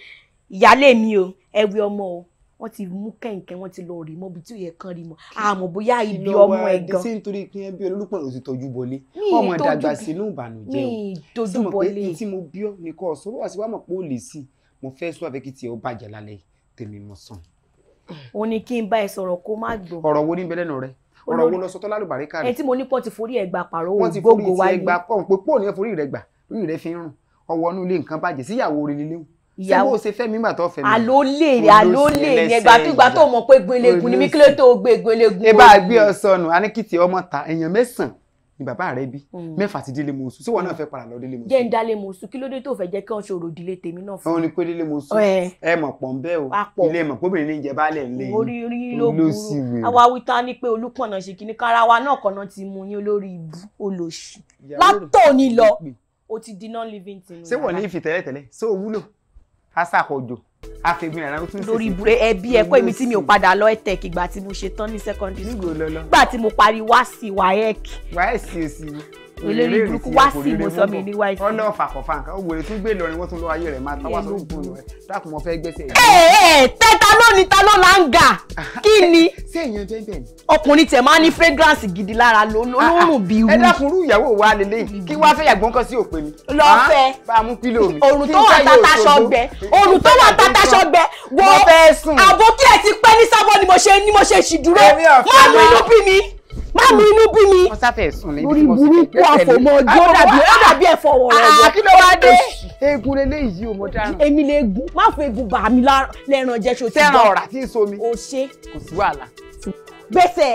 ìyálé mi o ẹ̀wẹ̀ ọmọ o wọ́n ti mú kẹ̀ǹkẹ́ wọ́n ti lọ rí mọ́ bí tí ò yẹ kán rí mọ́ àmọ́ bóyá ibi ọmọ ẹ̀ gan. ṣé nítorí pé ẹ bí olólùpọ̀ ló ti tọ́jú bọlé ọmọ ìdàgbà sínú ìbànújẹ́ o ṣé mo pé tí mo bí ọ nìkan ọ̀sán wọ́n wá sí pé ó lè sí mo fẹ́ sún àfẹ́kìtì ẹ̀ bàjẹ́ lálẹ́ tèmi mọ̀ sàn ó ní kí n bá ẹ sọ̀rọ̀ kó má gbọ́. ọ̀rọ̀ wo ní bẹ́lẹ̀ nù rẹ ọ̀rọ̀ wo lọ sọ tọ́lá lùbáríkà rẹ. ẹ tí mo ní pọ́n ti forí ẹ̀ gbà pàrọ̀ òun gbogbo wa ni. pọ́n pé pọ́n ní forí rẹ gbà orí rẹ fi ń rùn ọwọ́ inú ilé nǹkan bàjẹ́ síyàwó orí lílé wù. ìyàwó ṣe fẹ́ mi gbàtọ́ fẹ́ mi. àló lè rè àló lè rè gbàtúgbà tó mọ̀ pé gbẹlẹ́gùn ni mí kílẹ̀ tó gbẹ gbẹlẹ́gùn. ẹ bá gbé ọ sọnù aníkìtì ọmọ ta èèyàn mẹ́sàn-án ni bàbá rẹ bí hmm. mẹ́fà ti délé mọṣú síwọ náà fẹ́ padà lọ délé mọṣú. jẹ́ ń dálé mọṣú kí ló dé tó fẹ́ jẹ́ kí wọ́n ṣòro ìdílé tèmi náà fún. àwọn ni pé délé mọṣú ẹ mọ̀ pọ̀ ń bẹ́ o ilé mọ̀ kóbìnrin ní ìjẹba alẹ̀ ńlẹ̀ yìí olóṣì wèrè. àwa wíta ni pé olúpọ̀nà ṣe kìíní kára náà kọ̀nà ti mú yín olórí ibú olóṣì látòní lọ o ti di non-living àfẹ̀mí ara ó tún ṣe lórí ibùdó ẹbí ẹ èmi tí mi ò padà lọ ẹ̀tẹ̀ ìgbà tí mo ṣe tán ní secondary school nígbà tí mo parí wá sí waec waec sí òsì olórí burúkú wá sí ìmọ̀sọ́mi ní wáyé. wọn náà fàkọ̀fà nǹkan òwò ètò gbé lọrin wọn tún lọ ayé rẹ máa tán wá sọ fún un rẹ dákun mọ fẹ́ gbẹ́sẹ̀. ẹ ẹ tẹ ta ló ni ta ló la ń gà kí ni. [LAUGHS] ṣé èèyàn jẹ́ bẹ́ẹ̀ ni. ọkùnrin tẹ̀ máa ní fragrance gidi lára lóòrùn ah, ah. bíi wú. ẹ dákun rú ìyàwó wa lélẹ̀ kí wàá fẹ́ yàgbọ́n kan sí òpè mi. lọ ah, fẹ́ ni mo ṣe ṣì dúró mọ́ mi mi inú bí mi lórí burúkú àfọmọjọ ó dàbí ẹ̀fọ́ wọ̀rọ̀ ah, kí ló wá dé. eegun eléyìí ò mọ dáná. èmi lè gun má fẹ́ egun bà mí lẹ́ran jẹ́ ṣo ti gbọ́. sẹ́ran ọ̀rà tí ń somi. o ṣe. kò sí wàhálà. gbèsè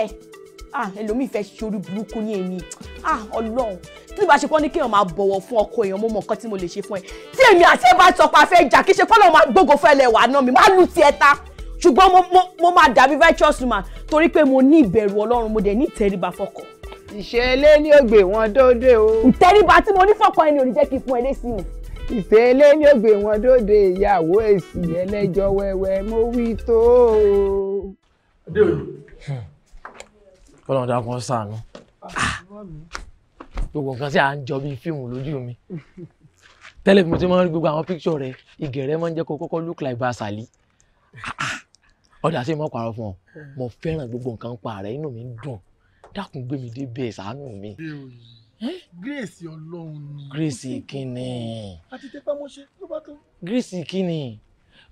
ah ẹlòmíì fẹ́ ṣorí burúkú ní èmi ah ọlọ́run tí bá ṣe pọ́n ní kéèyàn máa bọ̀wọ̀ fún ọkọ èèyàn mo mọ nǹkan tí mo lè ṣe fún ẹ tí èmi àti ẹ bá tọpa fẹ́ jà kí ṣe pọ́n máa gbógo fẹ́ lẹ̀ wà náà mi má lu tiẹ̀ ta ṣùgbọ́n mo mo mo máa dàbí righteous woman torí pé mo ní ìbẹ̀rù ọlọ́run mo dẹ̀ ní ìtẹríba fọkọ. ìṣẹ̀lẹ̀ ni ó gbé wọn dóde o. ìtẹríba tí mo ní fọkọ ẹni ò ní jẹ́ kí n fún ẹ lé sí mi. ìṣẹ̀lẹ̀ ni ó wọn dóde ìyàwó èsì ẹlẹ́jọ́ wẹ́wẹ́ mo wí tó o. adéoyè. da dákun ṣàánú. Ah! gbogbo nǹkan tí à ń jọ bíi fíìmù lójú mi tẹ́lẹ̀ mo ti máa ń rí gbogbo àwọn píkṣọ̀ rẹ̀ ìgẹ̀rẹ́ máa ń jẹ́ kó kọ́kọ́ look like Basali ọ̀dà sí mo pààrọ̀ fún ọ hmm. mo fẹ́ràn gbogbo nǹkan pa rẹ̀ inú mi ń dùn dákun gbé mi dé bẹ́ẹ̀ ṣàánú mi. Eh? grace ọlọ́run ni. grace kínní. àti tẹpá mọ́ṣẹ́ ló bá tó. grace kínní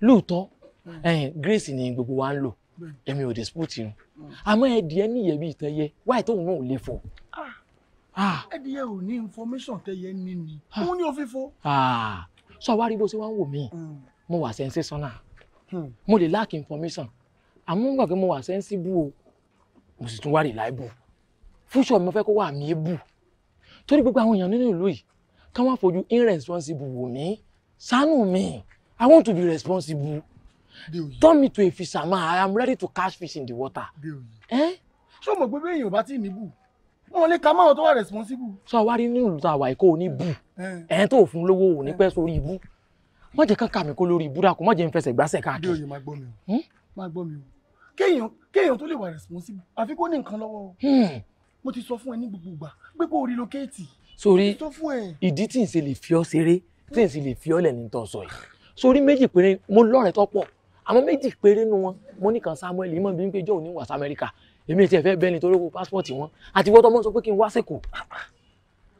lóòótọ́ hmm. eh, grace ni gbogbo wa ń lò hmm. èmi ò dispute yìí àmọ́ ẹ̀dìẹ níyẹ̀ bíi tẹ́yẹ wáyé tóun náà lè fọ. ẹ̀dìẹ ah. ah. ò ní information tẹ́yẹ ní ni ah. òun ni ó fi fọ. sọ wá rí bó ṣe wá ń wò mí mo wà sensational mo lè lack information àmọ́ ń gbà pé mo wà sẹ́ńsíbù o mo sì tún wà rìláìbù fúnṣọ mi fẹ́ kó wà mí bù torí gbogbo àwọn èèyàn nínú ìlú yìí kí wọ́n fojú irresponsible wò mí ṣàánú mi i want to be responsible turn me to a fisherman i am ready to catch fish in the water. ṣé o mọ̀ pé bí èèyàn bá tí ì ní bù wọn lè ka máwọn tó wà responsible. sọ àwárí ní ìlú tá a wà kó o ní bù ẹ̀ẹ́n tó fún lówó ò ní pẹ́ sórí ibú má jẹ́ kankan mi kó lórí ibú dà kó má jẹ́ n fẹsẹ̀ gbásẹ̀ káàkiri. bí oyè máa gbọ́ mi o hm? máa gbọ́ mi o kéèyàn kéèyàn tó lè wà responsible àfi kó ní nǹkan lọ́wọ́ o hmm. mo ti sọ fún ẹ ní gbogbo ìgbà pé kó relocate. sórí ìdí tí n ṣe lè fi ọ ṣeré tí n ṣe lè fi ọ lẹ̀ ní tọ́ sọ yìí sórí méjì péré mo lọ́rẹ̀ẹ́ tó pọ̀ àmọ́ méjì péré nu wọn mo ní kan Samuel ìmọ̀ bí n pé jọ́ọ̀ ní wàsá Amẹ́ríkà èmi ti ẹ̀fẹ́ bẹ́ẹ̀ ni torí owó pásítọ̀tì wọn àti wọ́n tó mọ́ sọ pé kí n wá sẹ́kọ̀ọ́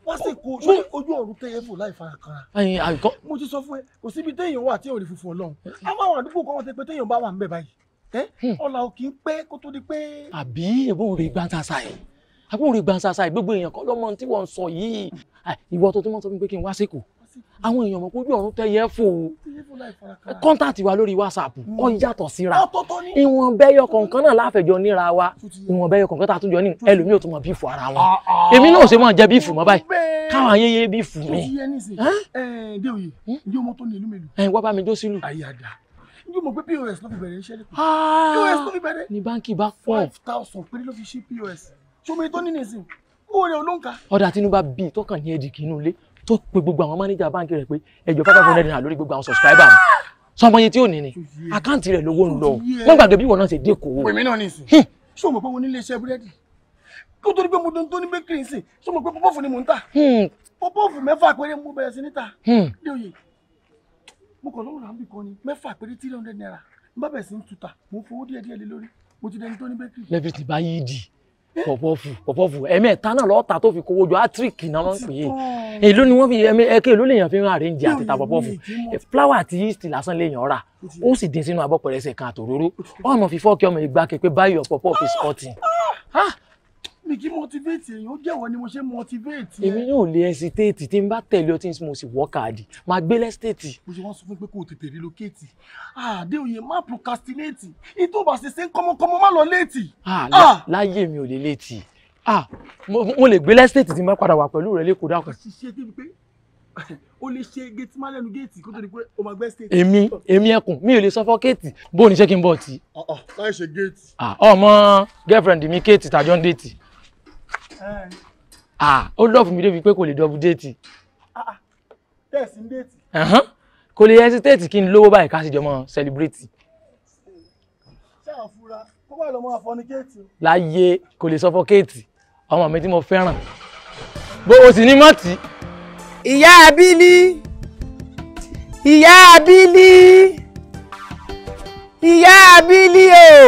wá sí kó ojú ọ̀run tẹ́yẹ fò láì fara kanra. mo ti sọ fún ẹ kò síbi téèyàn wà tí ò rí funfun ọlọ́run. àwọn àdúgbò kan wọ́n ti pé téèyàn bá wà ń bẹ̀ báyìí Hmm. ọlà ò kì í pé kó tó di pé. àbí ẹ̀bùn rẹ̀ gbansansa yìí ẹ̀bùn rẹ̀ gbansansa yìí gbogbo èèyàn kọ́ lọ́mọ tí wọ́n ń sọ yìí ìwọ tó tún mọ́ sọ fún mi pé kí n wá síkù àwọn èèyàn mọ̀ pé ojú ọ̀run tẹ́yẹ fò ó kọ́ńtàtì wa lórí whatsapp ó yàtọ̀ síra ìwọ̀n bẹ́yọ̀ kọ̀ọ̀kan náà láfẹ̀jọ níra wa ìwọ̀n bẹ́yọ̀ kọ̀ọ̀kan tá a tún jọ ní ẹlòmíì ò tún mọ bífù ara wọn ah, ah. èmi náà ò ṣe máa jẹ bífù mọ́ báyìí káwọn ayẹyẹ bífù mi. ẹ ẹ dé òye ǹjẹ́ ọmọ tó ní ìlú mélòó. ẹ wá bá mi jó sílù. ayé àdá yóò mọ̀ pé pos ló fi bẹ̀rẹ̀ iṣẹ́ ní kò pos ló fi bẹ̀rẹ̀ ní báńkì bá pọ̀ five thousand péré ló fi ṣí pos ṣọmọ ètò nínú ìsìn owó rẹ̀ olóǹkà. ọ̀dà tinubu bí tọkàn ní ẹ̀dìkì inú ilé tó pe gbogbo àwọn mánéjà báńkì rẹ̀ pé ẹjọ́ five hundred naira lórí gbogbo àwọn subscriber mi sọmọ iye tí ò ní ni àkáǹtì rẹ̀ lówó ń lọ wọ́n gbàgbé bí ìwọ náà ṣe dé kó. pèmí náà ní ìsìn ṣó mọ̀ pé wọn nílé iṣẹ́ búrẹ́dì kó torí pé mo tó ń tó ní bakery sí ṣó mọ̀ pé pọ́pọ́fù ni mò ń tà pọ́pọ́fù mo kàn lọ́wọ́ ràǹbì kan ni mẹ́fà péré three hundred naira n bá bẹ̀ sí ń tuta mo fowó díẹ̀ lé lórí mo ti dẹni tó ní bẹ́kì. lẹ́bi ti bá yí di pọ̀pọ̀fù pọ̀pọ̀fù ẹ̀mẹ́ta náà lọ́ọ́ ta tó fi kówó jọ átíríkì náà ló ń pè é èló ni wọ́n fi ẹ̀mẹ́ ẹ̀kẹ́ ló lèèyàn fi ń àrẹ́ǹjì àti ta pọ̀pọ̀fù eh, fúláwà àti yeast lásán lèèyàn rà ó sì dín sínú abọ́ kan àtòróró ọ̀nà fífọ́ kí ọmọ ìgbà kẹ́kẹ́ báyọ̀ pọ̀pọ̀fù scotting ah! Ah! mi kì í motivate èèyàn ó jẹ́wọ́ ni mo ṣe motivate. èmi yóò lè hesitate tí n bá tẹ̀lé ọtí mo sì wọ́ káàdì máa gbé lẹ́sítẹ̀tì. mo ṣe wọ́n sọ fún pé kó o tètè relocate àdéhùn má procrastinate ìtò bá ṣe ṣe ń kọ́mọkọ́mọ má lọ léètì. láyé mi ò lè léètì mo lè gbé lẹ́sítẹ̀tì tí n bá padà wà pẹ̀lú rẹ lẹ́kọ̀ọ́ dákun. ṣiṣẹ́ débi pé o lè ṣe géètì má lẹ́nu géètì kó tó di pé o máa gbẹ́ stéètì. èmi èmi ẹkùn mi ò lè sọ fọ kéètì bó o ní ṣé kí n bọ̀ tí. láì ṣe géètì. ọmọ girlfriend mi kéètì tàjọ́ ń déètì. Ah, ó lọ́ọ̀fù mi débi pé kò lè dọ́bù déètì. tẹ̀sí ń déètì. kò lè hesitate kí n lówó báyìí ká sì jọ mọ́ celebrate. ṣáà fura kó bá lọ mọ àfọnikéètì. láyé kò lè suffocate ọmọ mi tí mo fẹ́ràn bó o sì ní mọ́tì. ìyá abílí ìyá abílí ìyá abílí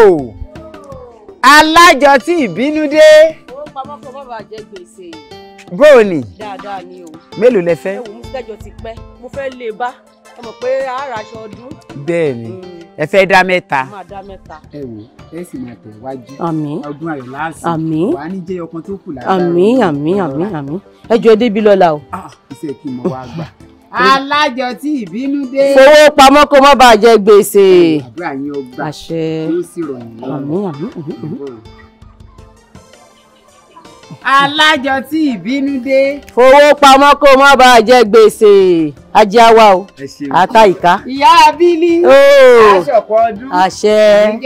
o alájọ tí ìbínú dé pamọ́ fún bàbá àjẹ gbèsè. bóò ni. dáadáa ni o. mélòó lẹ fẹ́. ẹ wò mú kẹjọ ti pẹ́ mo fẹ́ lè bá ẹ mọ̀ pé ara aṣọ ọdún. bẹ́ẹ̀ ni mm. ẹ fẹ́ dá mẹ́ta. máa dá mẹ́ta. ẹ wò ẹ sì máa tẹ̀ wájú. àmín ọdún ayọ̀ láàsì. àmín wàá ní jẹ́ ọkàn tó kù lára. àmín àmín àmín àmín ẹ jọ débi lọ́la o. Ah, iṣẹ́ kí mo wá gbà [LAUGHS] alájọ tí ìbínú dé. fowó pamọ́ kó má bàa gbèsè. àbúrò àyín ọgbà àṣẹ. ló sì rọ̀ yín lọ́wọ́. àmín àmín àmín alájọ tí ìbínú dé. fowó pamọ́ kó má bàa jẹ gbèsè ajáwa o ata ìka. ìyá abílí aṣọ̀kọ ọdún àṣẹ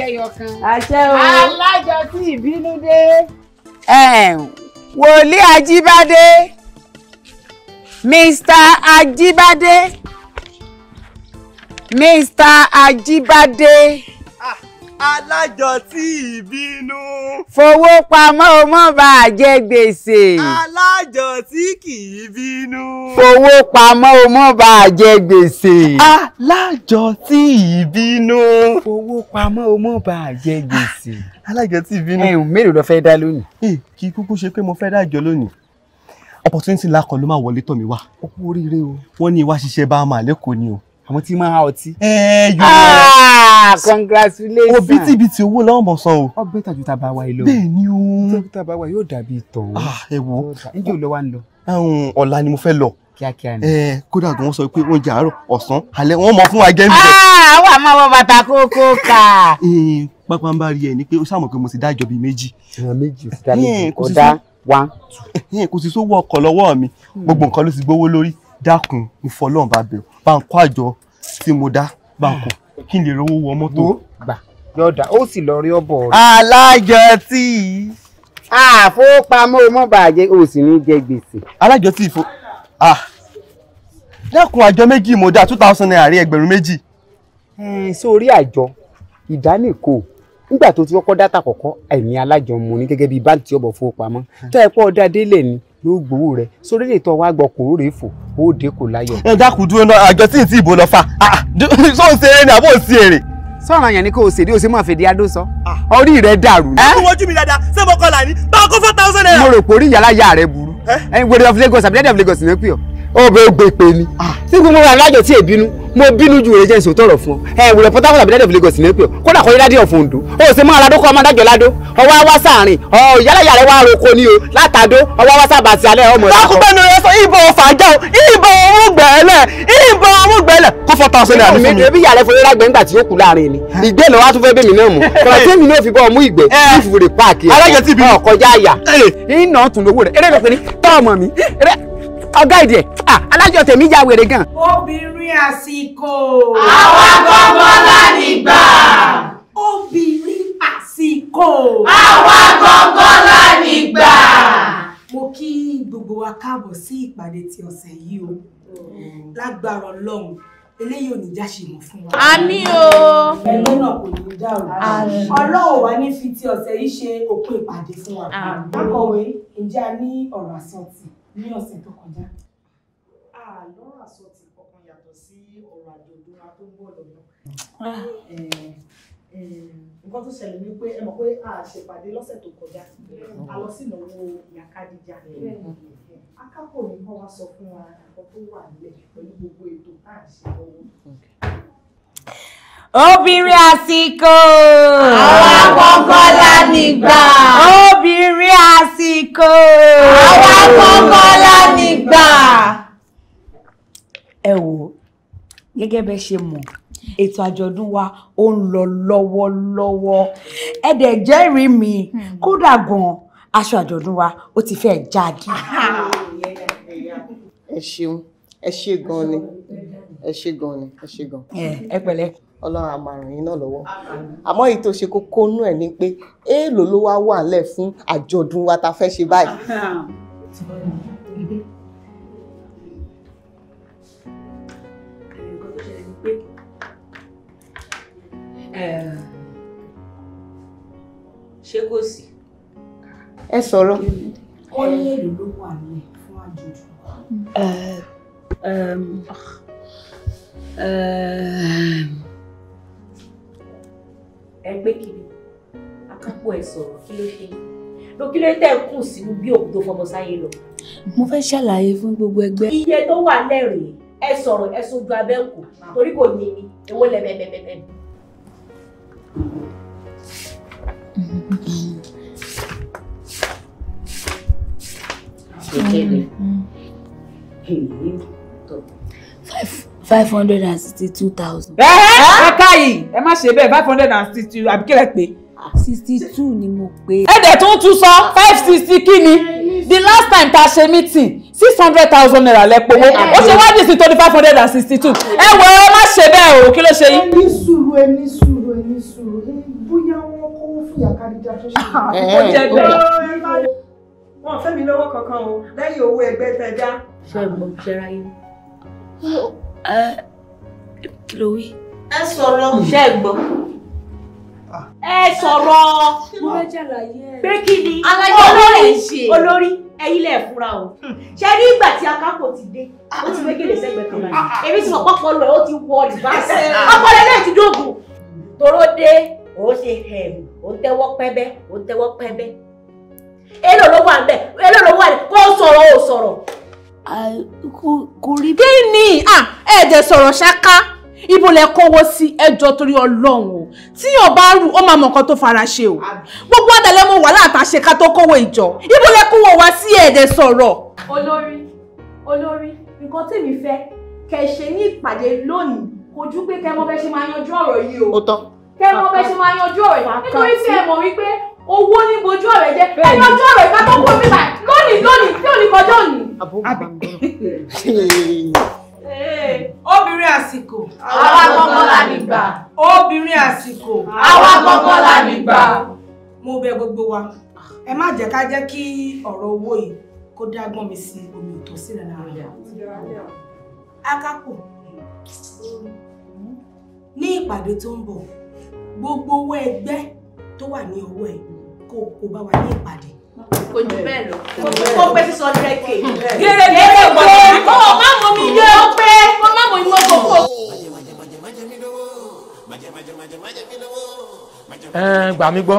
àṣẹ o alájọ tí ìbínú dé. wòlíì ajíbádé mr ajíbádé mr ajíbádé alájọtí ìbínú. fowó pamọ́ o mọ́ bá a jẹ gbèsè. alájọtí kì í bínú. fowó pamọ́ o mọ́ bá a jẹ gbèsè. alájọtí ìbínú. fowó pamọ́ o mọ́ bá a jẹ gbèsè. Ah, alájọtí ìbínú. ẹ ò mélòó lọ fẹ́ dá lónìí. kì í kúkú ṣe pé mo fẹ́ dájọ́ lónìí opportunity ńlá kan ló máa wọlé tọ̀ mí wá. ó kú oríire o. wọ́n ní ìwà ṣiṣẹ́ bá a máa lẹ́kọ̀ọ́ ni o àwọn tí máa ọtí. ẹ yóò rẹ ah, congratulations. òbítíbitì owó làwọn mọ sọ o. ọgbẹ́ tàjú tàbá wa ìlọ. bẹ́ẹ̀ ni o. tàbá wa yóò dàbí ìtàn. Ah, ẹ wo níbi ò lọ wa ń lọ. ọ̀la ni mo fẹ́ lọ. kíákíá ni. ẹ kódà gan sọ pé oúnjẹ àárọ̀ ọ̀sán alẹ́ wọ́n mọ fún wa gẹ́mí. Ah, àwọn àmọ́ wọ bàtà kókó kà. pápá ń bá rí ẹ ní pé ó sàmọ̀ pé mo ti dájọ́ bíi méjì. méjì sí one two. kò sì mi hmm. gbogbo nǹkan ló dákun mo fọlọ́run bá bẹ̀rù bá ń kó àjọ tí mo dá bá ń kó kí n lè rówó wọ mọ́tò. gbà yọ̀dà ó sì lọ rí ọ̀bọ̀ rẹ̀. alájọtì. àfowópamọ́ mọ́ bàjẹ́ o sì ní jẹ gbèsè. alájọtì ìfọ dákun àjọ méjì mo dá two thousand naira rí ẹgbẹ̀rún méjì. sórí àjọ ìdá nìkan nígbà tó ti kọ́kọ́ dátà kọ́kọ́ ẹ̀mí alájọ mo ní gẹ́gẹ́ bíi báńkì ọ̀bọ̀ fowópamọ́ tó ẹ̀pọ̀ ọ̀dà délẹ̀ ni yóò gbowó rẹ sórí lè tọ́ wá gbọ́ kò rèé fò ó dé kò láyọ̀. ẹ dákun dúró náà àjọ tí ì tí ìbò lọ fa ṣó ń ṣe eré àbó ń ṣe eré. sọ̀rọ̀ yẹn ni kò ṣèdí o ṣe máa fèdí adó sọ ah. orí rẹ dàrú. ẹ ẹ wojú mi dáadáa ṣé mo kọ́ là bá a kó four thousand naira. mo rò pé orí ìyá ọbẹ̀ ògbè pè ní. tí gbogbo wa lájọ tí èbínú mo bínú ju èrè jẹ́ ìṣòtọ́ ọ̀rọ̀ fún ọ ẹ wùrẹ̀ Port Harcourt àbí Daddy of Lagos ní pẹ́ ọ kódà kọ́ Daddy of Ondo ó sì mú aládó kọ́ ọmọ adájọ́ ládó ọwọ́ awá sàárín ọ ìyálàyà rẹ wá roko ni o látàdó ọwọ́ awá sábà sí alẹ́ ọmọ rẹ. lákùúgbẹ́ ni o sọ ìbọn fàájà o ìbọn ọmúgbẹ́lẹ̀ ìbọn ọmúgbẹ́lẹ̀ kó fọ́ ta ọ̀sẹ̀ ní àdúgbò mi. ebi yàrá ìfowópamọ́ lágbẹ̀ẹ́ nígbà tí ó kù láàrin ni ah. ìgbẹ́ lọ wá tún fẹ́ bẹ́mi náà mú kọ̀rọ̀ [LAUGHS] tí èmi náà fi bọ́ ọmú ìgbẹ́ eh. ìfúre páàkì ẹ̀ ọkọjá àyà. ìnà eh. tún lówó rẹ̀ eré rẹ̀ pé ní tọ́ ọmọ mi ọgá ìdẹ alájọ tèmi ya wèrè gan. obìnrin àsìkò. àwa gbọ́ngàn lánìgbà. obìnrin àsìkò. àwa gbọ́ngàn lánìgbà. mo kí gbogbo wa káàbọ̀ sí ìpàdé ti ọ̀sẹ̀ yìí o lágbára ọlọ́run eléyìí ò ní já ṣe mọ fún wa. a ní o. ẹgbẹ́ náà kò ní dá o. ọlọ́run wa ní fi ti ọ̀sẹ̀ yìí ṣe òpin ìpàdé fún wa. akọ̀wé ǹjẹ́ a ní ọ̀rọ̀ àsọtì ní ọ̀sẹ̀ tó kọjá. àlọ́rọ̀ àsọtì kankan yàtọ̀ sí ọ̀rọ̀ àjọ̀dún wa tó ń bọ̀ lọ́nà. Ah. nǹkan tó ṣẹlẹ̀ ni pé ẹ mọ̀ pé a ṣèpàdé lọ́sẹ̀ tó kọjá a lọ sí ìnáwó yàkadìjà akápò mi kọ́ wa sọ fún wa nǹkan tó wà nílẹ̀ pẹ̀lú gbogbo ètò tá à ń ṣe lọ́wọ́ obìnrin àsìkò. àwa kọ́kọ́ la nígbà. obìnrin àsìkò. àwa kọ́kọ́ la nígbà. ẹ wò gẹ́gẹ́ bẹ́ ṣe mọ̀ ètò àjọ̀dún wa ó ń lọ lọ́wọ́lọ́wọ́ ẹ dẹ̀ jẹ́rìí mi hmm. kódà gan aṣọ àjọ̀dún wa ó ti fẹ́ jáde. ẹ ṣeun ẹ ṣe gan ni ẹ ṣe gan ni ẹ ṣe gan. ẹ pẹ̀lẹ́ ọlọ́run á máa ràn yín náà lọ́wọ́ àmọ́ èyí tó ṣe kókó nú ẹ̀ ni pé èèlò ló wá wà ńlẹ̀ fún àjọ̀dún wa ta fẹ́ ṣe báyìí. ṣé kò sí. ẹ sọ̀rọ̀. ó ní èlò ló wà ńlẹ̀ fún àjọ̀dún ẹ gbé kiri akápò ẹ sọ̀rọ̀ kí ló ṣe ló kí ló tẹ̀ kù sínú bí òkú tó fọmọ sáyé lọ. mo fẹ́ ṣàlàyé fún gbogbo ẹgbẹ́. iye tó wà lẹ́rìí ẹ sọ̀rọ̀ ẹ sojú abẹ́ kù torí kò yé mi ewó lẹ́mẹ̀mẹ̀mẹ̀. ṣèkèrè five hundred and sixty two thousand. ẹ ẹ ká yìí ẹ má ṣe bẹ́ẹ̀ five hundred and sixty two àbíkẹ́lẹ̀ pé. Ah, sixty two ni mo pé. ẹ dẹ̀ tún tún sọ five sixty kí the last time ta ṣe meeting six hundred thousand naira lẹ pọwọ́ ó ṣe wá dìsí tó ní five hundred and sixty two ẹ wọ ẹ má ṣe bẹ́ẹ̀ o kí ló ṣe yín. ẹni sùúrù ẹni sùúrù ẹni sùúrù bóyá wọn kó fìyà káríjà tó ṣe. Ah, ó jẹ bẹ́ẹ̀ wọn fẹ́ mi lọ́wọ́ kankan o lẹ́yìn owó ẹgbẹ́ tẹjá. ṣe é gbọ́ ṣe ráyé kí ló wí. ẹ sọ̀rọ̀ ṣe é gbọ́. Ah. ẹ sọ̀rọ̀ pé kí ni olórí olórí ẹ̀yin lẹ fura o hmm. ṣe ní ìgbà tí akápò ti dé ah. ó ti gbégélé sẹ́gbẹ̀ẹ́ kan báyìí ah. èmi ti mọ̀ pọ́pọ́ lọ ó ti wọ ìbáṣẹ ọpọlọ náà ti dóògùn toró dé ó ṣe hẹ̀m ó tẹ́wọ́ pẹ́bẹ́ ó tẹ́wọ́ pẹ́bẹ́ èlò ló wà ń bẹ̀ èlò ló wà ń bẹ̀ kó sọ̀rọ̀ ó sọ̀rọ̀ kò rí bí. kí ni ah, ẹ̀ẹ́dẹ̀ sọ̀rọ̀ ṣáká ibo lẹ kówó sí ẹjọ́ torí ọlọ́run o tí yàn bá rù ó máa mọ nǹkan tó fara ṣe o gbogbo àdàlẹ́ mo wà látàṣe ká tó kówó ìjọ ibo lẹ kówó wá sí ẹ̀ẹ́dẹ̀ sọ̀rọ̀. olórí olórí nǹkan tèmi fẹ́ kẹ́ ẹ ṣe ní ìpàdé lónìí kojú pé kẹ́ mọ bẹ́ ṣe máa yanjú ọ̀rọ̀ yìí o kẹ́ ẹ mọ bẹ́ ṣe máa yanjú ọ̀rọ̀ yìí nítorí tí ẹ mọ̀ wípé owó ní bojú ọ̀rẹ́ jẹ́ ẹ yanjú ọ̀rọ̀ ìbátan kó mi báyìí lónìí lónìí tí ò ní kọjá òní obìnrin àsìkò àwa gbọ́ngàn la nígbà obìnrin àsìkò àwa gbọ́ngàn la nígbà. mo bẹ̀ gbogbo wa ẹ má jẹ́ ká jẹ́ kí ọ̀rọ̀ owó yìí kó dágbọ́n mi sí omi ìtòsí rẹ̀ lára akápò ní ìpàdé tó ń bọ̀ gbogbo owó ẹgbẹ́ tó wà ní ọwọ́ ẹ̀ kó bá wa ní ìpàdé kò jù bẹ́ẹ̀ gbà mí gbọ́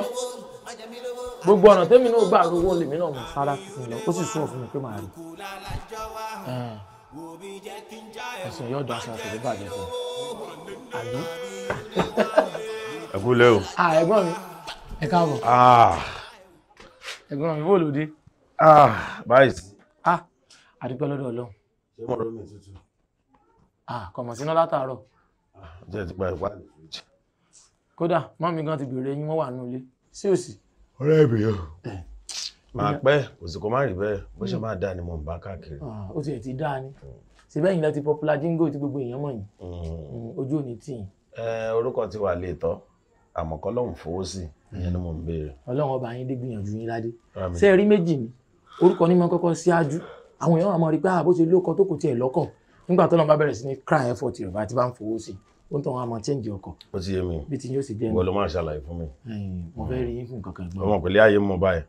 gbogbo ọ̀nà tẹ́mi náà gbà rówó lèmi náà mọ̀ sára fún mi ó sì sún òfin pé màá rí ẹ̀sìn yóò dán aṣọ àtẹ̀lé bàjẹ́ fún àbí. ẹ̀gbọ́n mi ẹ káàbọ̀. Ah ẹ̀gbọ́n mi bóòlù dé. ah báyìí. ah àdúgbò lọ́dọ̀ ọlọ́run. ṣé mo rọ́ mi ah kọ̀mọ̀ síná látàárọ̀. Ah, jẹ́ ti pa ìwà àlè fèjì. kódà mọ́mí gan ti bèrè yín wọ́n wà nínú ilé sí òsì. ọ̀rẹ́ mi o eh. máa pẹ́ kò sì kó má rí bẹ́ẹ̀ bó ṣe máa dáa ni mo ń bá káàkiri. Ah, ó ti ẹ̀ ti dáa ni hmm. síbẹ̀ yìí láti popular jingle tí gbogbo èèyàn mọ̀ yìí hmm. Hmm, ojú ò ní tì yín. Eh, orúkọ ti wà lè tọ́ àmọ́ kọ́lọ́hún fowó sí ìyẹn ni mò ń béèrè. ọlọ́run ọba yín dé gbìyànjú yín ládé ṣé ẹ rí méjì ni orúkọ ní máa kọ́kọ́ síájú àwọn èèyàn àmọ́ rí pé àbó ah, ṣe lóko tó kò tiẹ̀ lọ́kọ̀ nígbà tó lọ́n bá bẹ̀rẹ̀ sí ní cry effort rẹ̀ bá ti bá ń fowó sí ó ń tàn wọn àmọ́ change ọkọ̀. ó ti yé mi bí ti yóò sì jẹ́ mi. wọ́n máa ṣàlàyé fún mi. mo fẹ́ rí yín fún nǹkan kan. ọmọ pẹ̀lú ayé mo báyìí.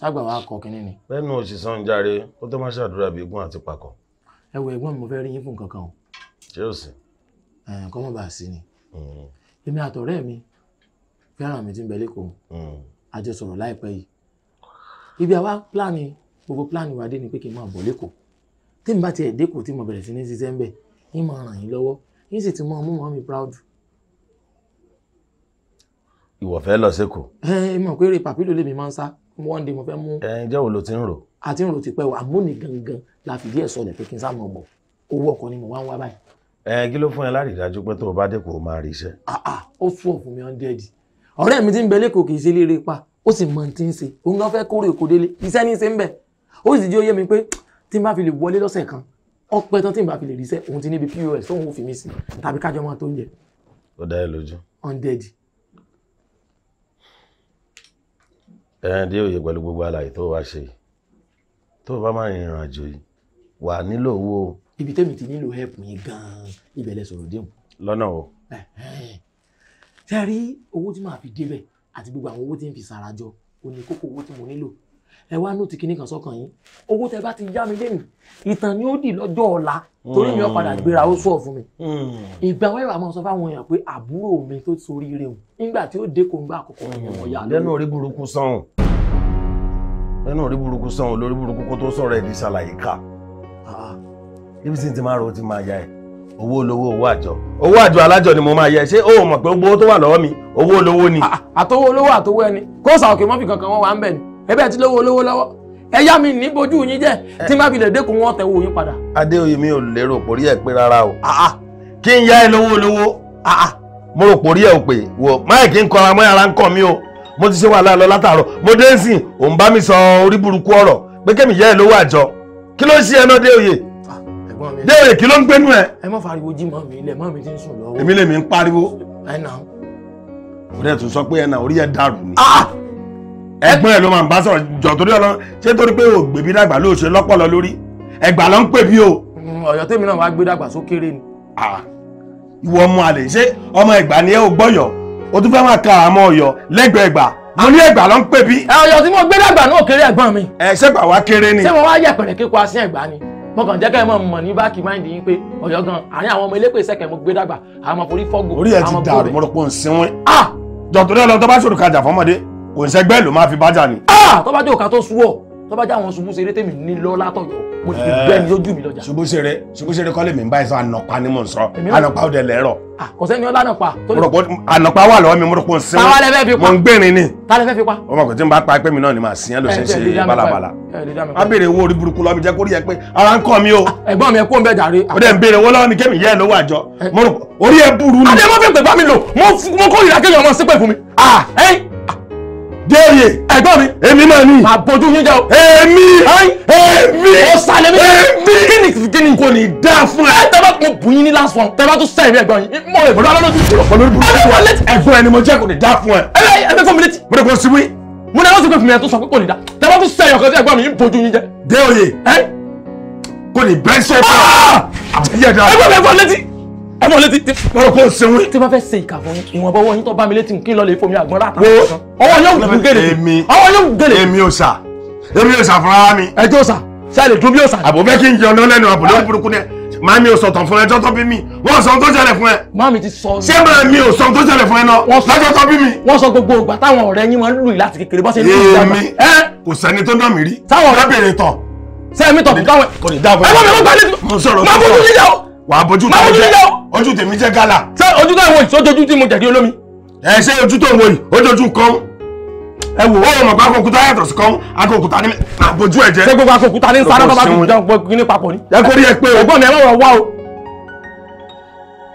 wa kọ ni. lẹ́nu òṣìṣẹ́ ń járe ó tó máa ṣàdúrà bí egun àti pakọ̀. ẹ wo ẹ̀gbọ́n mi mo fẹ́ rí yín fún èmi àtọ̀rẹ́ mi fẹ́ràn mi ti ń bẹ lẹ́kọ̀ọ́ àjọ hmm. sọ̀rọ̀ láìpẹ́ yìí ibi àwa pílánì gbogbo pílánì wa dé ni pé kí n máa bọ̀ lẹ́kọ̀ọ́ tí n bá tiẹ̀ dẹ́kọ̀ọ́ tí mo bẹ̀rẹ̀ sí ní ṣiṣẹ́ ń bẹ̀ ń máa ràn yín lọ́wọ́ yín sì ti mọ mú mọ́ proud. ìwọ fẹ́ lọ sẹ́kọ̀ọ́. ẹ ẹ mọ̀ pé eré pàpílò lèmi máa ń sá one day mo fẹ́ mú. ẹ ǹjẹ́ wo lo ti ń rò. àti ń rò ti pẹ́ wà la fìdí ẹ̀ sọlẹ̀ pé kí n sá mọ̀ bọ̀ owó ọkọ ni mo wá ń wá báyìí ẹ kí ló fún ẹ láti dájú pé tó o bá dẹ́kun o máa rí iṣẹ́. Ah, ah, ó fún ọ̀fun mi hundred ọ̀rẹ́ mi ti ń bẹ lẹ́kọ̀ọ́ kì í ṣe léèrè pa ó sì mọ ti ń ṣe òun gan fẹ́ kórè kó délé iṣẹ́ ní í ṣe ń bẹ̀ ó sì jẹ́ ó yé mi pé tí n bá fi lè wọlé lọ́sẹ̀ kan ọpẹ́ tán tí n bá fi lè ríṣẹ́ òun ti níbi pos tóun ò fi mí sí tàbí kájọ máa tó ń jẹ. ó dá ẹ lójú. hundred. o wá o ibi tẹ́mi ti nílò help yín gan-an ibẹ̀ lẹ sọ̀rọ̀ déhùn. lọ́nà o. tẹ́rí owó tí màá fi débẹ̀ àti gbogbo àwọn owó tí ń fi sàràjọ ò ní kókó owó tí mo nílò ẹ wá nóòtì kìíní kan sọ́kàn yín owó tẹ bá ti yá mi lẹ́nu ìtàn ni ó dì lọ́jọ́ ọ̀la torí mi ò padà gbéra ó sọ̀ fún mi. Hmm. ìgbà wẹ́rẹ́ àmọ́ sọ fáwọn èèyàn pé àbúrò mi tó sorí rẹ̀ hùn nígbà tí ó dé kóńgbà àkọ́kọ́ ìyẹn wọ̀ lórí. lẹ́nu orí burúkú sàn lẹ́nu orí burúkú sàn olórí burúkú kó tó sọ̀rọ̀ ẹ̀ ní ṣàlàyé ká ibi tí n ti máa ro ti máa ya ẹ owó olówó owó àjọ owó àjọ alájọ ni mo máa yẹ ṣé o mọ̀ pé gbogbo tó wà lọ́wọ́ mi owó olówó ni. Ah, ah, àtọwọ́ olówó àtọwọ́ ẹni kó sàókè mọ́fì kankan wọn wà ń bẹ̀ ni ẹbẹ̀ ti lówó olówó lọ́wọ́ ẹyá mi ní bojú yín jẹ́ eh. tí má fi lè dẹ́kun wọn tẹ̀ wò yín padà. adéoyè mi ò lérò pòrí ẹ pé rárá o ah, kí n yá ẹ lówó olówó mo rò pòrí ẹ ò pé wò máì kí n kọra mọ́ ara ń kàn mí o mo ti ṣe wàhálà lọ látàárọ̀ mo dé ń sìn òun bá mi sọ orí burúkú ọ̀rọ̀ pé kémi yá ẹ lówó àjọ kí ló ń ṣe ẹ náà déoyè déèrè kí ló ń gbénú ẹ. ẹ má fariwo jí mọ́ mi ilẹ̀ mọ́ mi ti ń sùn lọ́wọ́. èmi lèmi ń pariwo. ẹ nà. kò dẹ̀ tún sọ pé ẹ nà orí ẹ dàrú ni. Ah! ẹ̀gbọ́n ẹ ló máa ń bá sọ̀rọ̀ jọ torí Ọlọ́run ṣé torí pé o gbèbí dàgbà ló ṣe lọ́pọlọ lórí ẹgbà ló ń pè bí o. Mm, ọ̀yọ́ tèmi náà wàá gbé dàgbà sókèrè ni. Ah! ìwọ ọmọ àlè ṣé ọmọ ẹgbà ni ẹ ò gbọ́yọ̀ o tún fẹ́ máa ka àmọ́ ọ̀yọ́ lẹ́gbẹ̀ẹ́ ẹgbà mo ní ẹgbà ló ń pè bí. Eh, ọ̀yọ́ tí mo gbé dàgbà náà kéré ẹ̀gbọ́n mi. ẹ ṣẹ́gbà wá kéré ni. ṣé mo wá yẹ̀pẹ̀rẹ̀ kíkọ́ asín ẹ̀gbà ni mo kàn jẹ́ kẹ́ ẹ mọ̀ mọ̀ ní báàkì máa ń di yín pé ọ̀yọ́ gan àárín àwọn ọmọ elépè sẹ́kẹ̀ mo gbé dàgbà àwọn forí fọ́gò. orí ẹ ti dàrú mo rò pé òun sinwin. jọ̀tún náà lọ bá ṣòro kajà fọmọdé kò ń sẹgbẹ́ ló máa fi bájà ni. Ah! tó bá jẹ́ òkà tó sú ọ tó bá jáwọn ṣubú ṣeré tèmi ní lọ látọ̀yọ́ mo ti eh, bẹ́ẹ̀ ni lójú mi lọ́jà. ṣubú ṣeré ṣubú ṣeré kọ́lé mi ń bá ẹ sọ ànàpá ni mò ń sọ ànàpá ò dẹ̀ lẹ́rọ̀. kò sẹ́ni ọlá ànàpá. ànàpá wà lọ́wọ́ mi mo rò pé n sinmi mo ń gbìnrin ni. ta lẹ fẹ́ fi pa. ọmọ kò tí ń bá pa pé mi náà ni màá sin ẹ ló ṣe ń ṣe balabala. a béèrè owó orí burúkú lọ́ọ́ mi jẹ́ kó rí ẹ pé ara ń kọ́ mi o. ẹ̀gbọ́n mi ẹ kó ń bẹ̀ jàre. ó dẹ̀ ń béèrè owó lọ́wọ́ ni kémi yẹ́ ẹ lówó àjọ. mo fi pè bá mi lò mo kórìíra kéèyàn ọmọ sípè fún déèrè ẹ̀gbọ́n mi. èmi máa ní. màá bójú yín jẹ o. èmi èmi ọ̀sálẹ̀ mi. èmi kíni kíni kò ní dá fún ẹ. ẹ tẹ́lá kún bùn yín ní last one tẹ́lá tún sẹ́yìn mi ẹ̀gbọ́n yín mo lè bọ̀dọ̀ alọ́dún tó lọ́pọ̀ lórí burúkú wa ẹ̀gbọ́n ẹni mo jẹ́ kò ní dá fún ẹ. ẹ ẹ fẹ́ fún mi létí. mo dẹ̀ kó síbí. mo ní aláṣẹ pé fún mi ẹ tó sọ pé kò ní dá tẹ́lá tún sẹ́yìn ọ̀kan sí ẹ̀gbọ́n mi ń bójú yín jẹ. déèrè kò ní bẹ́ẹ̀ sẹ́yìn fún ẹ. Ah! ẹ̀gbọ́n mi létí ẹ mọ létí tí ọ̀rọ̀ kò sẹwọn. tí wọn fẹ́ ṣe ìkà fún ìwọn bọwọ yín tó bá mi létí kí n lọ lè fomi àgbọn láta. wo ọwọ́ yóò wù gèlè ọwọ́ yóò wù gèlè. èmi ò sà èmi ò sà fúnra mi. ẹ jọ sà ṣáà lè dún bí ò sà. àbò fẹ́ kí n jẹun náà lẹ́nu àbò lórí burúkú náà máa mi ò sọ̀tàn fún ẹjọ́ tó bí mi wọ́n sọ tó ṣẹlẹ̀ fún ẹ. máa mi ti sọ. ṣé máa mi ò sọ tó ṣẹlẹ̀ fún ẹ náà lọ́jọ́ tó bí mi. wọ́n sọ gbogbo ìgbà táwọn ọ̀rẹ́ yín máa lù láti kékeré bọ́ sí ìlú ìjọba. èmi kò sẹ́ni tó dán mi rí. táwọn ọ̀rẹ́ bèrè tọ̀. sẹ́mi tọ̀ kò dáwọn. kò ní dáwọn. ẹ bá mi lọ gbà lẹ́tọ̀. mo sọ̀rọ̀ fún ọ. máa bójú yíyá o wàá bójú tó jẹ ojú tèmi jẹ gala. ṣé ojú tó ń wo yìí sójú tí mo jẹ̀dí olómi. ẹ ṣé ojú tó ń wo yìí ojoojú kan ẹ wò ó mọ̀ pé akókúta yàtọ̀ sí kan akókúta ní máa bójú ẹ jẹ. ṣé gbogbo akókúta ní sáré bàbá kìí jẹun gbogbo kíní papọ̀ ni. ẹ kórìí ẹ pé o. ẹ̀gbọ́n mi ẹ má wọ wá o.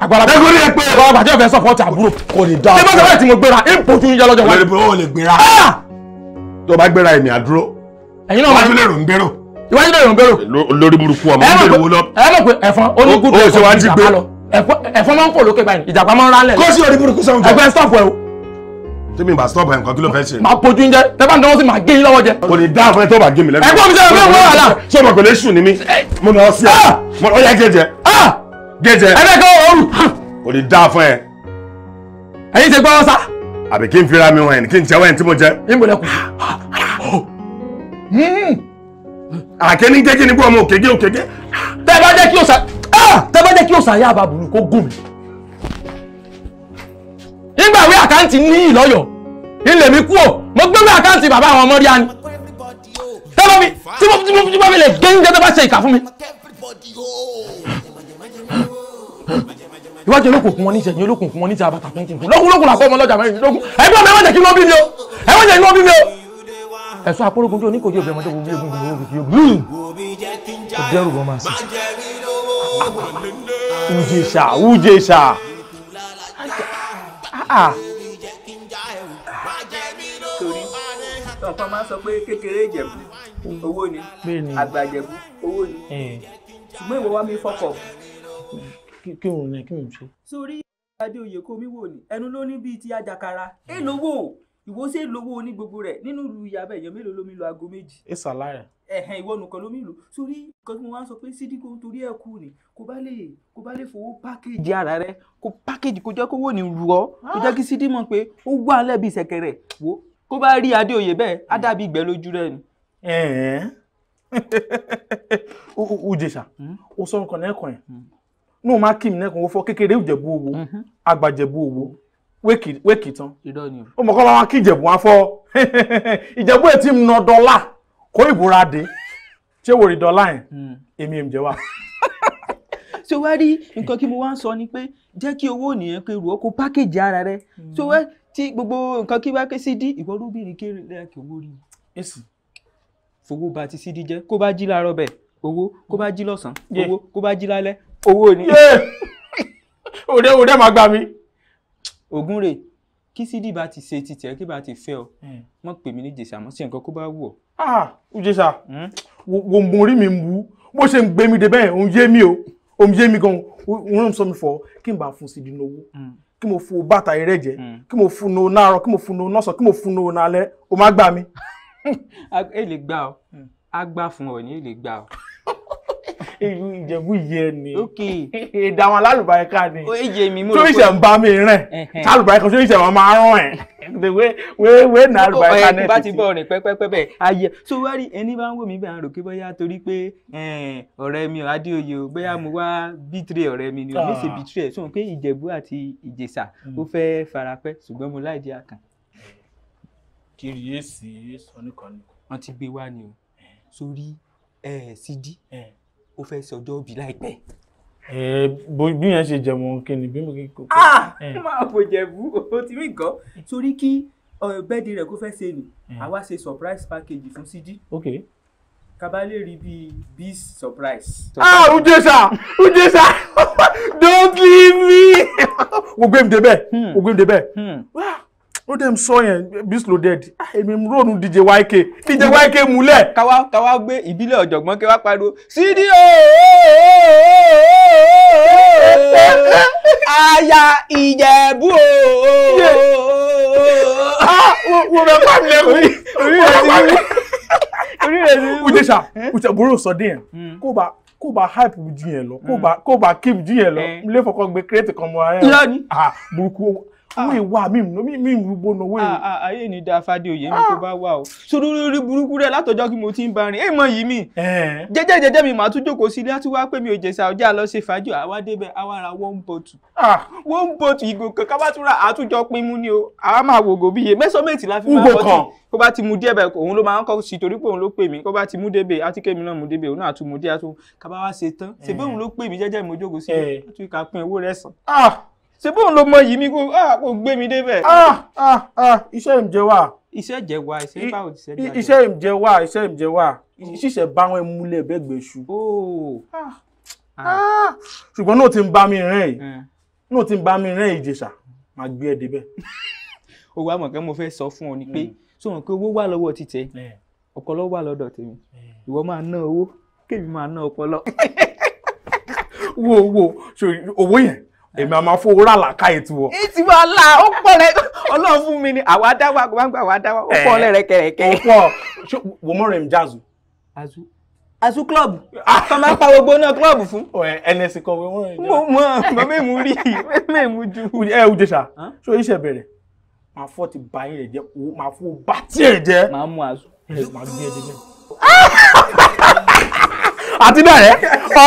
àgbàlagbà ẹ kórìí ẹ pé o. àgbàlagbà jẹ́ òfin sọ́kọ̀ọ́tì àbúrò. kò lè dá o. ṣé bá sọ́kọ̀ọ́tì mo gbéra ẹ̀ ń pojú yín jẹ́ lọ́jọ́ wa. o lè gbéra. Ah! tó o bá gbéra ẹ̀mí àdúró. ẹ̀yin náà wà á tún ìwádìí lè rùn bẹ̀rù. lórí burúkú ọmọ ń bèrè wo lọ. ẹ mọ̀ pé ẹ̀fọn ó ní gúdú ẹ̀fọn ní ìjàpá lọ ẹ̀fọn máa ń kò lókè báyìí ìjàpá máa ń rálẹ̀. kó sí orí burúkú sọ̀rọ̀ jọ ẹgbẹ́ stop ẹ o. tí mi bá stop ẹ nǹkan kí ló fẹ́ ṣe. máa pojú oúnjẹ tẹ́fà ní wọ́n sì máa gé yín lọ́wọ́ jẹ. kò ní dá àfẹ́ tó bá gé mi lẹ́nu. ẹ̀gbọ́n mi sẹ́yìn fún ìwọ́n àlà. ṣé mo kò lè sùn ní mi mo lọ sí dá ah! àfẹ́ ah! ẹ. ẹ̀yin ti gbọ́ sá. àbí kí n fira mi wọ̀nyí kí n jẹ́ wọ̀nyí àkẹ́ni jẹ́jẹ́ ni bú ọmọ òkèké òkèké. tẹ́ ẹ bá jẹ́ kí òsà ah, tẹ́ ẹ bá jẹ́ kí òsà yá àbá burú kó gùn mí. nígbà wí àkáǹtì ní ìlọ́yọ̀ ilé mi kú ò mo gbé wí àkáǹtì bàbá àwọn ọmọ rí ani. tẹ́ bá mi tí mo tí mo tí mo fi lè gbé oúnjẹ tó bá ṣe ìkà fún mi. iwájú olókùn kún wọn ní ìṣẹ̀yìn olókùn kún wọn ní ìṣẹ̀ àbàtà pẹ́ńtì lókùn lókùn làkọ́ ọmọ lọ́jà mẹ́rin lókùn ẹ̀gbọ́n mi ẹ jẹ́ kí wọ́n bí mi o ẹ ẹ̀sọ́ akórógun tó ní kò jẹ́ òbí ọmọdé gbogbo ogun gbogbo ogun yóò gbìn kò dẹ́rù bọ́ máa sí. ujèṣà ujèṣà ọ̀kan máa ń sọ pé kékeré ìjẹ̀bú owó ni àgbà owó ni ṣùgbọ́n ìwọ wá mi fọkọ̀. kí n ò ní kí n ò ṣe. sórí adé oyè kò mí wò ní ẹnu ló ní bíi ti àjàkàrà èèlò wò ìwọ ṣe lówó oní gbogbo rẹ̀ nínú ìlú yaba èèyàn mélòó lómi lo aago méjì. ẹ ṣàlàyé. ẹhẹn ìwọ nìkan lómi ìlú sórí nǹkan tí mo máa ń sọ pé sídìkò nítorí ẹ kú ni kò bá lè kò bá lè fowó pákéjì ara rẹ kò pákéjì kò jẹ́ kówó ní ru ọ kò jẹ́ kí ah. sídìmọ pé ó wà lẹbi ìsẹ̀kẹ̀rẹ̀ wo kó bá rí adéoyè bẹ́ẹ̀ á dàbí ìgbẹ́ lójú rẹ ni. [LAUGHS] ujesa hmm? o sọ nǹkan nẹ́ẹ̀kan yẹn hmm. nù wéèkì tán ó mọ̀ kọ́ bá wọn kí ìjẹ̀bù wọn fọ́ [LAUGHS] ìjẹ̀bù ètí ń na dọ́là kó ìbúra dé ṣé wò rí dọ́là yẹn hmm. èmi èmi jẹ́ wà. ṣé wàá rí nǹkan kí mo wá ń sọ ni pé jẹ́ kí owó nìyẹn pé rò ó kó pákéjì ara rẹ̀ ṣé hmm. wàá tí gbogbo nǹkan kí wàá ké sí dí ìwọ lóbìnrin kéré lẹ́ẹ̀kẹ́ owó rí i. fowó ba ti sí dí jẹ́ kó bá jí láàárọ̀ bẹ́ẹ̀ owó kó bá jí lọ́sàn-án owó kó bá jí lálẹ́ owó ni. [LAUGHS] òde òde máa gbà mí ògùn rè kí sídì bá ti ṣe ti tẹ̀ kí bá ti fẹ́ ọ mọ̀ hmm. pè mí ní jèsà mọ̀ sí nǹkan kó bá wù ọ. ah jèsà hmm? wo mo rí mi wú bó ṣe ń gbé mi dé bẹ́ẹ̀ òun yé mi o òun yé mi gan òun rán mi sọ mi fọ kí n bá fún sídì lówó hmm. kí mo fún bàtà eré jẹ kí mo fún un náà rọ kí mo fún un náà sọ kí mo fún un náà lẹ o má gbà mí. ẹ [LAUGHS] e lè gbà ọ á fún ọ ní ẹ lè gbà ọ ewu ìjẹ̀bú yẹ ni [LAUGHS] èdè àwọn alálùbáríkà ni tó ìṣẹ̀ ń bá mi rìn tálùbáríkà tó ìṣẹ̀ wọn máa rán ẹ̀ wéèwé nà alùbáríkà náà ti bá ti bọ̀ rìn pẹ́pẹ́pẹ́ bẹ́ẹ̀ ayẹ so wá rí ẹni bá ń wò mí bẹ́ẹ̀ àròkè bóyá torí pé ọ̀rẹ́ mi ò adéoyè o bóyá mo wá bítírè ọ̀rẹ́ mi ni o mi ṣe ah. bítírè sọ pé ìjẹ̀bú àti ìjẹ̀ṣà ó hmm. fẹ́ farapẹ́ ṣùgbọ́n mo láì jẹ́ àkàn. kìrìyèsí sọ nìkan ni. wọ́n ti gbé wá ó fẹ́ ṣe ọjọ́ òbí láìpẹ́. ẹ bí yẹn ṣe jẹmọ kínní bí mo kí kò. a ah! máa fò jẹ̀bú o ti rí nǹkan torí kí bẹ́ẹ̀dì rẹ̀ kó fẹ́ ṣe nì àwa ṣe surprise package fún Sidi. ok kaba lè rí bíi bíi surprise. ah ujesa ujesa [LAUGHS] don't leave me. wo gbé mi débẹ̀ wo gbé mi débẹ̀ ló dẹ̀ sọ yẹn bis ló dẹ̀ di ah, èmi róònù dj yk dj yk múlẹ̀. káwa káwa gbé ìbílẹ̀ ọ̀jọ̀gbọ́n kí wá pariwo sídìí ooo aya ìjẹ̀bú ooo. Ah, wo bẹ pa mi lẹ́kùn yìí wo bẹ pa mi lẹ́kùn. ujesa ujeboro sọdẹ yẹn hmm. kó bá kó bá hype ju yẹn lọ kó hmm. bá kó bá keep ju yẹn lọ n eh. lè fọkàn gbé create kan mọ ara yẹn. irọ́ ni. Ah, burúkú wọ́n ah. ìwà mi mi rúgbó náwó èrò. ayé ni da fàdéoyè mi tó ah. bá wà o sórí orí burúkú rẹ látọjọ́ kí mo ti ń bá rìn èèmọ yìí mi jẹ́jẹ́ jẹ́jẹ́ mi màá tún jókòó sí ilé á tún wá pé mi ò jẹsà ọjà lọ ṣe fàájì àwa débẹ̀ àwa ra one bottle ah. one bottle ìgò kan ká bá tún ra àtúnjọ pin mú ni o àwa máa wògò bí iye mẹ́sàn-án-mẹ́tì la fi máa wọ́n ti kó bá ti mu díẹ̀ bẹ́ẹ̀ òun ló máa ń kọ́ sí torí pé òun ló pè mí kó bá ti mú débè àtikẹ́ mi náà mú débè òun náà àtúmọ̀ díẹ̀ àtúmọ̀ kábàá wá ṣe tán ṣèbí òun ló pè mí jẹ́jẹ́ ìmójókòó sí i àtúnkà pin owó rẹ̀ sàn ṣe bóun ló mọ yìí mi kó ah, kó gbé mi débẹ̀. Ah, ah, iṣẹ́ ìjẹ́ wà. iṣẹ́ ìjẹ́ wà iṣẹ́ báwo ti ṣe dájọ́. iṣẹ́ ìjẹ́ wà iṣẹ́ ìjẹ́ wà oh. ṣíṣe báwọn ẹmúlẹ̀ bẹ́gbẹ̀ ṣu. Oh. ṣùgbọ́n náà ti ń bá mi rìn yìí eh. náà ti ń bá mi rìn ìjẹ̀ṣà máa gbé ẹ débẹ̀. [LAUGHS] owó àmọ̀kẹ́ mo fẹ́ sọ fún ọ ni pé sọ̀rọ̀ hmm. pé owó wà lọ́wọ́ títẹ̀ eh. ọpọlọ wà lọ́dọ̀ tèmi eh. ìwọ máa ná owó kémi máa ná ọpọlọ. [LAUGHS] wo wo owó yẹn èmi àmà fún owó ràlàkà ètò wọ. ètò wà là ó pọ̀ rẹ Ọlọ́run fún mi ni àwa dáwọ àgbàgbà àwa dáwọ eh, ó pọ̀ lẹrẹkẹrẹkẹ. ó pọ̀ wòmọ rẹ ń jazzu. azu azu club kọ́ ah. máa pa gbogbo náà club fún. nsc kọ wọ́n rẹ̀ jẹ́. mo mọ mọ mi rí mi mú ju. ẹ ò jẹsà ṣé o iṣẹ bẹ̀rẹ̀ màá fọ ti bá yín rẹ jẹ màá fọ bá tiẹ̀ jẹ. màá mú azu. màá gbé ẹ jẹ jẹ. [LAUGHS] àti dọ̀rẹ́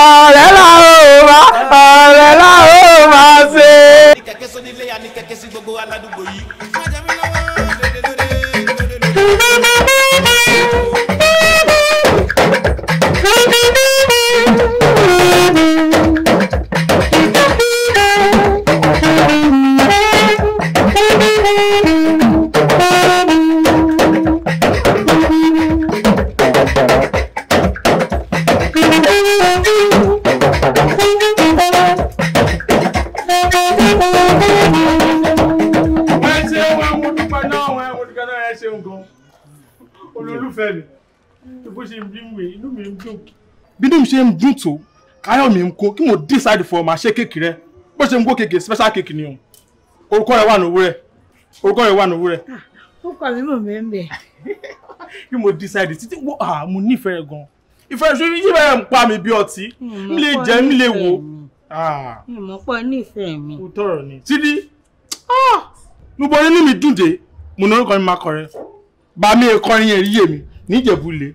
ọ̀rẹ́ la ó ma ọ̀rẹ́ la ó ma ṣe. Thank you. ṣe ń bí wèé inú mi ń dùn. bí inú mi ṣe ń dùn tó káyọ̀ mi ń kó kí mo decide for ma ṣe kéèkì rẹ bó ṣe ń kó kéèkì special kéèkì ni o orúkọ rẹ wà nówó rẹ orúkọ rẹ wà nówó rẹ. Ah, ó kọ mi mọ̀ mẹ́mẹ́. [LAUGHS] kí mo decide títí wo ah mo nífẹ̀ẹ́ rẹ gan ìfẹ́ ṣe yí bẹ́ẹ̀ ń pa mi bí ọtí mi lè jẹ́ mi lè wò. mo pọ̀ nífẹ̀ẹ́ mi. o tọrọ ni títí gbogbo ah! inú mi dùn dé mo ní orúkọ mi máa kọ rẹ bàmí ẹ̀kọ́ yẹn rí yèmí níjẹ̀bú le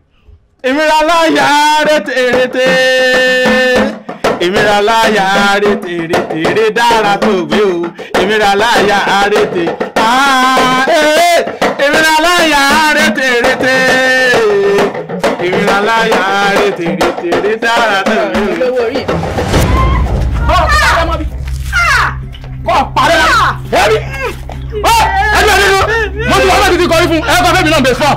ìmìrà láyà rétérètè ìmìrà láyà rétérètèrè dára tó gbé o ìmìrà láyà rétè ìmìrà láyà rétérètè ìmìrà láyà rétérètèrè dára tó gbé o. kọ́ parẹ́ la ẹ̀mí ẹ̀mí ẹ̀mí mo ti wọ́n bá ti kọrin fún ẹ̀kọ́ fẹ́mi náà bẹ̀ sọ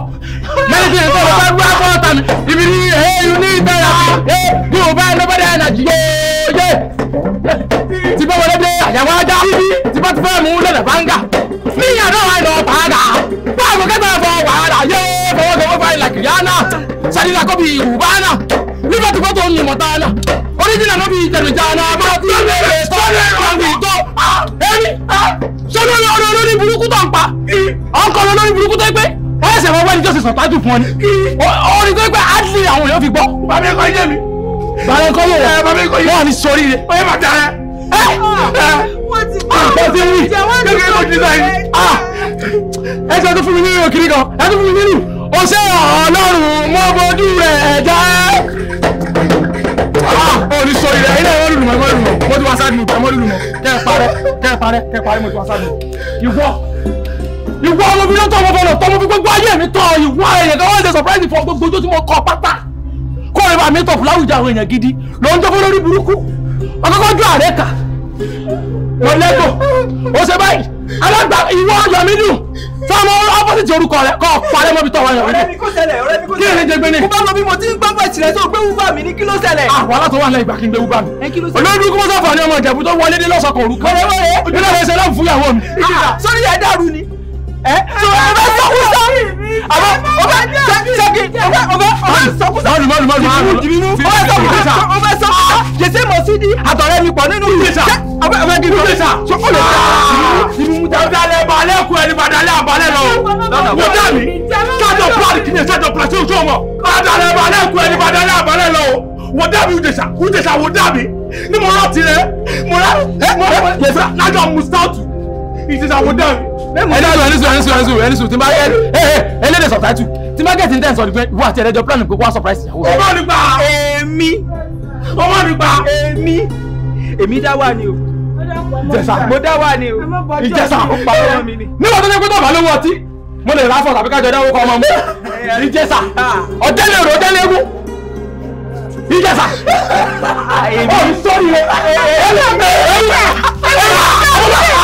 mẹ́rin fi ẹ̀kọ́ ọ̀pá gbọ́ àpọ̀ ọ̀tàn ibi ní ẹ̀ you need therapy ẹ̀ bí o bá nobody energy yéèyé tí bá wọlé dé àyàwó ajá tí bá ti fẹ́ mú lọ́nà báńgà ní ìyàrá wa lọ tààdà báwo kẹta fọ wàhálà yé fọwọ́ sọ fọfà ilà kìyànà sàdílà kọ́ bí ìhùbánà nígbà tí fọ́tò ń yìnbọn tánà oríjìnà náà bí ìjẹ̀rù jàǹdà bá ti lè rí ah, ṣé olórí ọ̀rọ̀ olórí burúkú tó ń pa ọkọ̀ olórí burúkú tó ń pé ẹsẹ̀ wọn wẹ́ni tó ṣe sọ̀tájú fún ọ ni orin tó ń pé adley àwọn èèyàn fi gbọ́. bàbá ẹ̀kọ́ yé mi. bàbá ẹ̀kọ́ yé mi. bàbá ẹ̀kọ́ yé mi. wọ́n á ní sọrí rẹ̀. ó yẹ bàtà rẹ̀. ti wí. gẹ́gẹ́ bó ti sọ yìí. Ah! ẹsẹ̀ tó fún mi nínú òkìrí kan ẹ tó fún mi nínú ó ṣe ọlọ́run mo bojú rẹ̀ ẹ̀dá. olùsọ ah, ìrẹ̀ ilé ẹ̀rọ lùlùmọ̀ ẹ̀mọ́ lùlùmọ̀ mo ti wá sáà lùlùmọ̀ ẹ̀mọ́ lùlùmọ̀ kẹ́ ẹ parẹ́ kẹ́ ẹ parẹ́ kẹ́ ẹ parẹ́ mo ti wá sáà lùlùmọ̀ ìwọ ìwọ ọmọbìnrin tó ọmọbìnrin tó ọmọbìnrin gbogbo ayé mi tọ ìwọ èèyàn kan wọ́n ṣe surprise fún gbogbo ojú tí mo kọ pátá kó o lè bá mi tọ̀ fún láwùjọ àwọn èèyàn gidi lòun tó fún lórí burúkú ọkọ̀ kọjú àrẹ́kà mọ̀lẹ́kọ̀ ó ṣe báyìí alágbà ìwọ yọmí dùn fọmọ ọpọsìtì orúkọ rẹ kọ parẹ mọbi tọwọ yọmí. ọ̀rẹ́ mi kò ṣẹlẹ̀ ọ̀rẹ́ mi kò ṣẹlẹ̀ kí ni jẹgbẹ ni. mo bá mọ bí mo ti ń gbọ́ bọ̀ ìṣẹ̀lẹ̀ tó gbé wúbà mi ni kí ló ṣẹlẹ̀. Ah, àwọn alátọ wà lẹ́yìn ìgbà kí n gbé wúbà mi. olórí kúmọ́sọ̀fọ̀ ni ọmọ ìjẹ̀bú tó wọlé dé lọ́sọ̀kan orúkọ. wọlé wọlé. ìdílé wọn ṣe lọ́ọ̀ fún ìyàwó mi. Ah, sórí ẹ̀ dàrú ni ẹ sọ ẹ bẹ sọkúsọ àbọ ọbẹ ṣẹgi ọbẹ ọbẹ ọbẹ sọkúsọ mọnu mọnu mọnu jìbìnú ọbẹ sọkúsọ ọbẹ sọkúsọ jèsè mọ̀sídìí àtọ̀rẹ́ mi pọ̀ nínú ìgbésà ọbẹ ọbẹ gidi ọbẹ sà sọkúsọ lè sà jìbìnú jẹ. ọ̀dàlẹ̀ balẹ̀ kú ẹni balẹ̀ abalẹ̀ lọ wọ́n dà mí kájọ pàdé kìíní ṣájọ pàṣẹ ojú ọmọ ọ̀dàlẹ̀ balẹ̀ kú ẹni balẹ̀ abalẹ̀ lọ wọ́n dà mí ìjẹsà ìjẹsà wọ́n dà mí ni mo rọ tirẹ̀ mo rà ẹ́ mo rà lájọ mùsàtù it is our done. ẹni sùn ẹni sùn ẹni sùn ẹni sùn ẹni sùn tí n bá ẹ ẹ ẹlẹ́dẹ̀ sọ̀tàtù tí n bá gẹ̀ẹ́tì ní tẹ̀ sọ̀rọ̀ pé wà á ẹ̀rẹ́jọ plan pé wà á surprise ìyàwó rẹ. ọmọ nípa èmi ọmọ nípa èmi èmi dá wà ní o ìjẹsà mo dá wà ní o ìjẹsà ó pa ọmọ mi ni. nígbà tó ṣe pé tó bá lówó ọtí mo lè ra fọ tàbí kájọ dáwó kọ ọmọ mi ìjẹsà ọ̀dẹ́lẹ̀ ọ̀dẹ́lẹ̀ ewu ìjẹsà ọ̀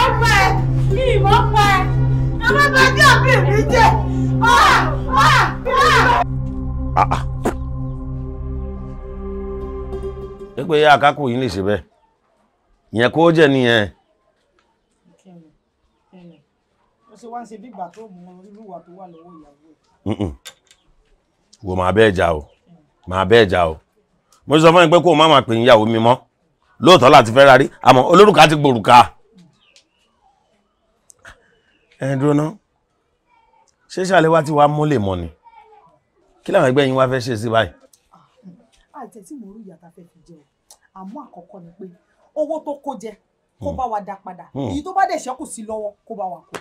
ìmọ̀ pẹ́ mi ìmọ̀ pẹ́ ẹ má bá dé àbí mi jẹ́ ẹ pé àkákò yìí lè ṣe bẹ́ẹ̀ ìyẹn kó jẹ́ nìyẹn. ó ṣe wá ń ṣe bí ìgbà tó mú irú ìwà tó wà lọ́wọ́ ìyàwó máa bẹ́ẹ̀ jà o máa bẹ́ẹ̀ jà o mo sọ fún yín pé kó o má máa pè ń yàwó mi mọ́ lóòótọ́ láti fẹ́ rárí àmọ́ olórúkà ti gbòrúkà ẹ̀ẹ́dúró náà ṣé ṣàlẹ́ wá tí wàá mọ́lẹ̀ mọ́ ni kí làwọn ẹgbẹ́ yín wá fẹ́ ṣe sí báyìí. Ah, àìtẹ tí mo o àmọ́ àkọ́kọ́ ni pé owó tó kó jẹ kó hmm. bá wa dá padà hmm. èyí tó bá dẹ̀ ṣẹ́kù sí lọ́wọ́ kó bá wa kó.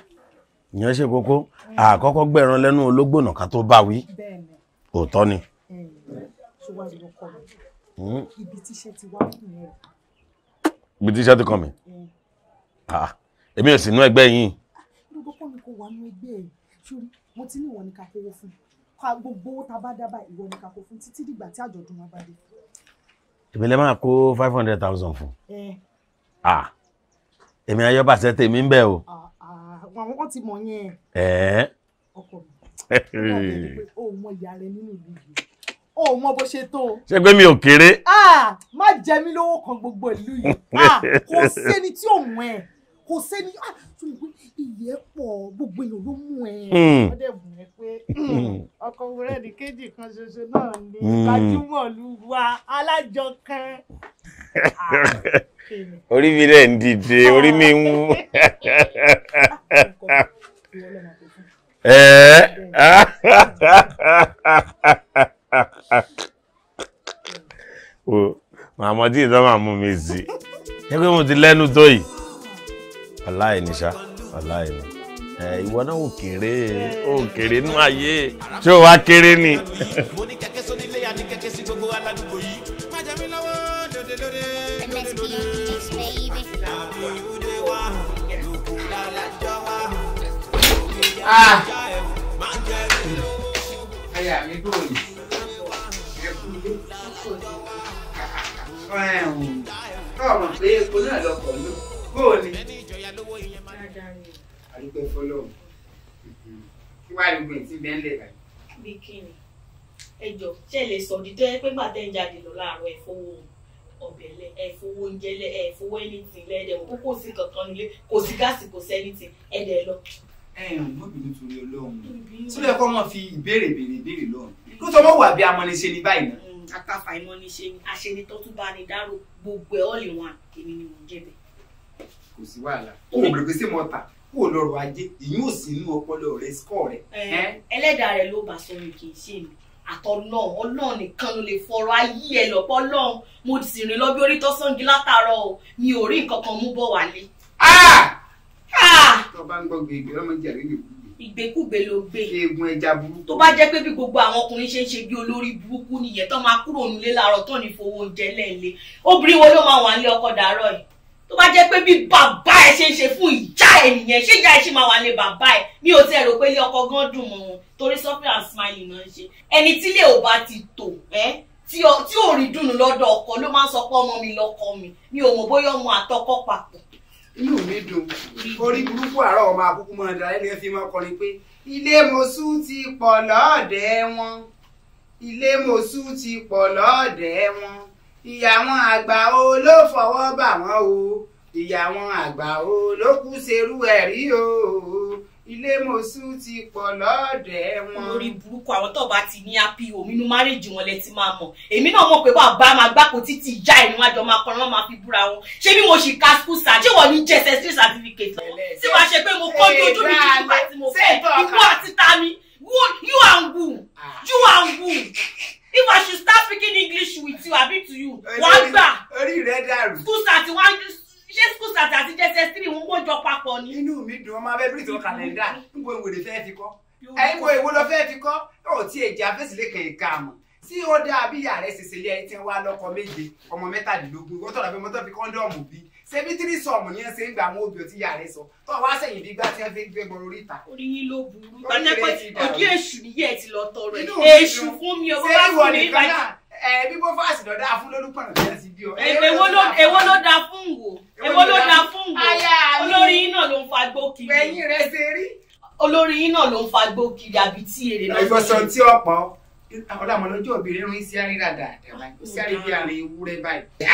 ìyẹn ṣe kókó hmm. àkọ́kọ́ gbẹ̀rán lẹ́nu ológbònà ká tó bá wí òótọ́ ni. ibi tíṣẹ́ ti wá mi. Ah, èmi ò sì nú ẹgbẹ́ yín wà nínú ẹgbẹ́ ẹ̀ sórí mo ti ní ìwọ ni ká kówó fún ká gbogbo owó tá a bá dábàá ìwọ ni ká kó fún títí dìgbà tí àjọ̀dún wa bá dé. èmi lè máa kó five hundred thousand fún. èmi ayọ́bàṣẹ́ tèmi ń bẹ̀ o. àwọn wọn ti mọ̀ yẹn. ọkọ mi ọkọ mi [LAUGHS] mọ ìyá rẹ nínú ìlú yìí o mọ bó ṣe tó. ṣé pé mi ò kéré. má jẹ mí lówó kan gbogbo ìlú yìí kò sí ẹni tí ò mọ ẹ kò sẹ́ni ah, tún pé ìyẹ́ pọ̀ gbogbo èèyàn ló mú ẹ. Hmm. wọ́n dẹ̀ bù ẹ́ pé hmm. hmm, ọkọ̀ òwúrẹ́ ní kéjì kan ṣoṣo náà ni gbajúmọ̀ ló wà alájọkẹ́. Ah, orí mi rẹ̀ ń dìde orí mi ń wú. Màmá tí ìtọ́ máa mú mi sí. Ṣé mo ti lẹ́nu tó yìí? aláìní ṣá aláìní ìwọ náà ò kéré ò kéré nú ayé ṣé o wá kéré ni. mo ní kẹ́kẹ́ sóní ilé àti kẹ́kẹ́ sí gbogbo aládùúgbò yìí. má mi lọ́wọ́ lóde lóde lóde lóde. àbí ìwúde wa lùkù lálájọ wa. àyà mi kò ní. ọ̀rọ̀ pé epo náà lọkọ̀ ló kò èèyàn lówó èèyàn máa ń. àdúgbò fọlọ kí wàá rí gbìn tí bẹ́ẹ̀ ń lè báyìí. bí kíni ẹjọ ṣe lè sọ dídọ ẹ pé gbàtẹ ń jáde lọ láàárọ̀ ẹ fowó ọbẹ̀ lẹ ẹ fowó oúnjẹ lẹ ẹ fowó anything lẹ ẹdẹ òkú kò sí kankan nílé kò sí gáàsì kò sí anything ẹdẹ lọ. ẹ ẹ mọ bínú torí Ọlọ́run sílẹ̀ kọ mọ fi ìbéèrè béèrè béèrè lọ́run kó tó mọ wà bí amọniṣe ni báyìí náà. Mm, àtàfà ìmọ̀niṣe ni àṣenitọ́ tún bá ní dárò gbogbo ẹ̀ all in one èmi ni mò ń jẹ̀bẹ̀ kò sí wàhálà o bèrè pé ṣé mo tà kó o ajé ìyún ò sí inú ọpọlọ rẹ score rẹ. ẹlẹ́dàá rẹ ló bá sọ mi kì í ṣe mi àtọ̀nà ọlọ́run nìkan ló lè fọ̀rọ̀ ayé ẹ lọ́pọ̀ ọlọ́run mo sì rìn lọ bí orí tó látàárọ̀ o mi ò rí nǹkan kan mú bọ̀ wálé. tó bá ń gbọ́ gbègbè ọmọ ìjà rẹ̀ lè kú ìgbékúgbé ló gbé. eegun ẹja burúkú. tó bá jẹ́ pé bí gbogbo àwọn ọkùnrin ṣe ń ṣe bí olórí burúkú nìyẹn tó máa kúrò nílé láàárọ̀ tó ní fowó oúnjẹ lẹ́ẹ̀lé obìnrin wo ló máa wà nílé ọkọ dàárọ̀ yìí tó bá jẹ́ pé bí bàbá ẹ ṣe ń ṣe fún ìjà ẹ ṣé ìjà ẹ ṣì máa wà lé bàbá ẹ mi ò tiẹ̀ rò pé ilé ọkọ gan dùn mọ́ wọn torí suffering and smiling ń ṣe ẹni tí ilé ò bá ti tò ẹ́ tí ò rí dùnú lọ́dọ̀ ọkọ ló máa ń sọ pé ọmọ mi lọ́kọ mi mi ò mọ̀ bóyá ọmọ àtọkọ papọ̀. inú mi dùn orí burúkú àárọ̀ ọmọ àkókò mọ́ ẹ̀dá ẹni fi máa kọrin pé ilé mosú ti pọ̀ lọ́ọ̀dẹ̀ wọn ilé mosú ti pọ̀ lọ́ọ̀dẹ̀ wọn ìyà àwọn àgbà o ló fọwọ́ bà wọ́n o ìyà àwọn àgbà o ló kú serú ẹ̀ rí o ilé mosú ti pọ̀ lọ́ọ̀dẹ̀ wọn. olórí burúkú àwọn tó bá ti ní api òmìnú márèjì wọn lẹ ti máa mọ̀ èmi náà mọ̀ pé bàbá máa gbáko títí ìjà ẹni wọn àjọ máa kọrin wọn máa fi búra wọn ṣé bí mo ṣì ka school sá ṣé wọn ní jẹsẹ sí certificate lọ tí wàá ṣe pé mo kọjú ojú mi kí nígbà tí mo fẹ́ ìwọ àti tami you and who you and who if i should start speaking english with you abi to you wàá gbà orí rẹ dàrú school start wá ṣé school start àti jss three wọn kó jọ papọ̀ ni. inú mi dùn ọmọ abẹ́bí ìtàn kàlẹ́ndà níbo ìwèrè fẹ́ẹ́ fi kọ́ ẹ̀yin wo èwo lọ fẹ́ẹ́ fi kọ́ ọ̀ tí èjì afẹ́sílẹ̀ kàn ká mọ̀ tí ó dáa bí yàrá ẹ̀sìn sílẹ̀ ẹ̀ tí wọ́n wá lọ́kọ méje ọmọ mẹ́tàdínlógún wọ́n tọ̀rọ̀ abẹ́mọ́tọ́ fi kọ́ńdọ̀mù bíi ṣebí tírí sọ̀mù ni ẹ ṣe ń gba àwọn obìnrin tí ìyá rẹ sọ tó wá sẹ́yìn bí gbá tí wọ́n fi ń gbé gbọ́ orí ìta. orí yín ló burú pátápátá òdí èṣù nìyí ẹ ti lọ tọrọ ẹ èṣù fún mi ọgbọ́n bá fún mi ìbàjẹ́. ẹ bí fásitì lọ dáa fún lórúkọ náà ti bí ọ. èwo ló dáa fún wò èwo ló dáa fún wò olórí yín náà ló ń fa gbó kiri. ẹ̀yin rẹ ṣe rí. olórí yín náà ló ń fa gbó kiri àbí tí èrè náà. ẹ̀yọ́sọ̀ tí ọlọ́mọ lọ́jọ́ òbí rẹ̀ rún sí àríra dáadáa báyìí ó sí àríbi àrùn ewúrẹ́ báyìí.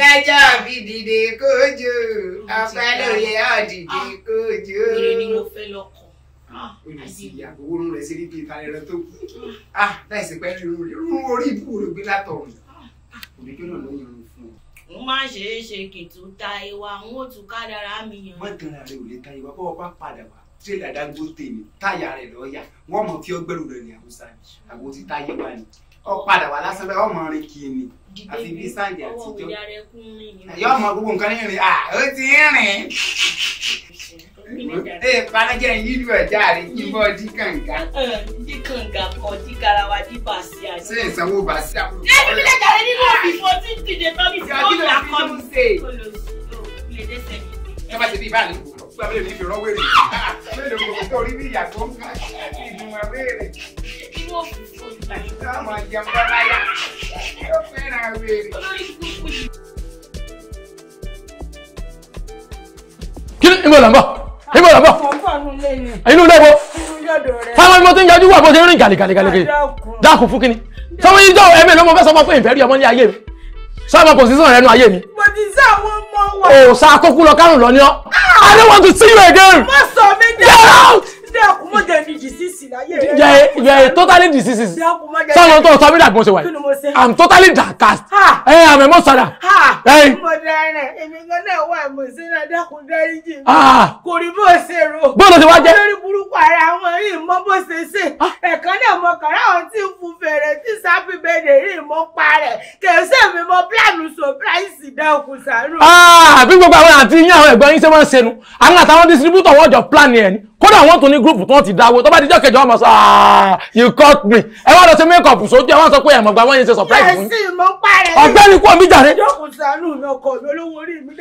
lọ́jọ́ òbí dìde kójú ọ̀pẹ lóye ọ̀dìde kójú. oore ni mo fẹ́ lọ kọ́. olùsí ìyàwó orun rẹ̀ ṣe níbi ìta ẹran tó kù. láìsí pẹ́ rírun rírun orí ibú rẹ̀ gbé látọ̀run. òdòjọ́ náà ló ń yọrun fún ọ. n má ṣe é ṣe kìtù ta ìwà n ó tún kádàrá mi yàn. mọ́tàn tírélà Dangote ni táyà rẹ̀ lọ yà wọ́n mọ̀ kí ọgbẹ́rù rẹ̀ ní àwòsàn àwo ti táyé wá ni ọ̀padà wà lásán bẹ́ẹ̀ ọmọ rìn kì í ni àfi bí sáǹdì àtijọ́ ẹ̀yọ́ ọmọ gbogbo nǹkan ní rìn à ó ti rìn ee panajẹ yílu ẹja rẹ kí n bọ di kànga. di kànga kọ di garawa di basia. ṣé ìsanwó basia. lẹ́yìn mi lè jàre nínú òbí fún ọtí ìdè tọ́bi fún ọ̀là kọ́ni. ìyá kí ló ń fi ló ń ṣe. kí ló ń fi ló ń ṣe. tọ́ba ti bí ibà lóko gbàgbé mi fi rọ́wé rè mélòó mo fi orí mi yà ń ká ìgbìmọ̀ béèrè. ìwọ fífò ìgbà yìí. táwọn máa jẹun yóò fẹ́ràn béèrè. olórí kúkú yìí. bọ̀ ìgbọ̀lá ń bọ̀ inú ilé wo táwọn ọmọ tó ń yọjú wà bó ṣe ń rìn gàlégàlégàlégà dákun fún kínní sọ wọn yíjọ ẹ̀mí ló mọ fẹ́ sọ fún ìfẹ́ rí ọmọ ní ayé mi sábà kò sí sàn lẹ́nu ayé mi. mo ti sá àwọn ọmọ wa. o sá kókó lọ kárùn lọ ní ọ. I don't want to see you again. mo sọ mi dẹ́. Get out dákun mọ jẹ ní disease láyé rẹ. yẹ yẹ totally diseases. dákun mọ jẹ ní. sọlọ tó sọ mí dàgbọn ṣe wáyé. kí ni mo ṣe. i'm totally downcast. ẹ àmì mọ sọdà. mo dára èmi ganan wà mo ṣe náà dákun dárí jì mí. kò rí bó ṣe rò. bóòlù ti wá jẹ. olórí burúkú ara wọn yìí mọ bó ṣe ṣe. ẹ̀kan náà mo kàn ráwọn tí ń fún fèrè tí sábì bẹ̀rẹ̀ rí mọ́ parẹ̀ kẹ̀sẹ̀ mi mọ pílánù sọpráìsì dákun sàánú. Ah, bí gbogbo àwọn àti yín àwọn ẹ̀gbọ́n yín ṣe máa ń ṣẹnu àwọn àtàwọn distributor wọ́n jọ plan yẹn ni kódà wọ́n tún ní gúrùpù tó ń ti dáwó tó bá dijọ́ kẹjọ ọmọ sọ ah you caught me ẹ wá lọ sí make up sójú ẹ wá sọ pé ẹ mọ̀ gba wọ́n yẹn ṣe surprise fún yín ọ̀gbẹ́ni kú omi jàre.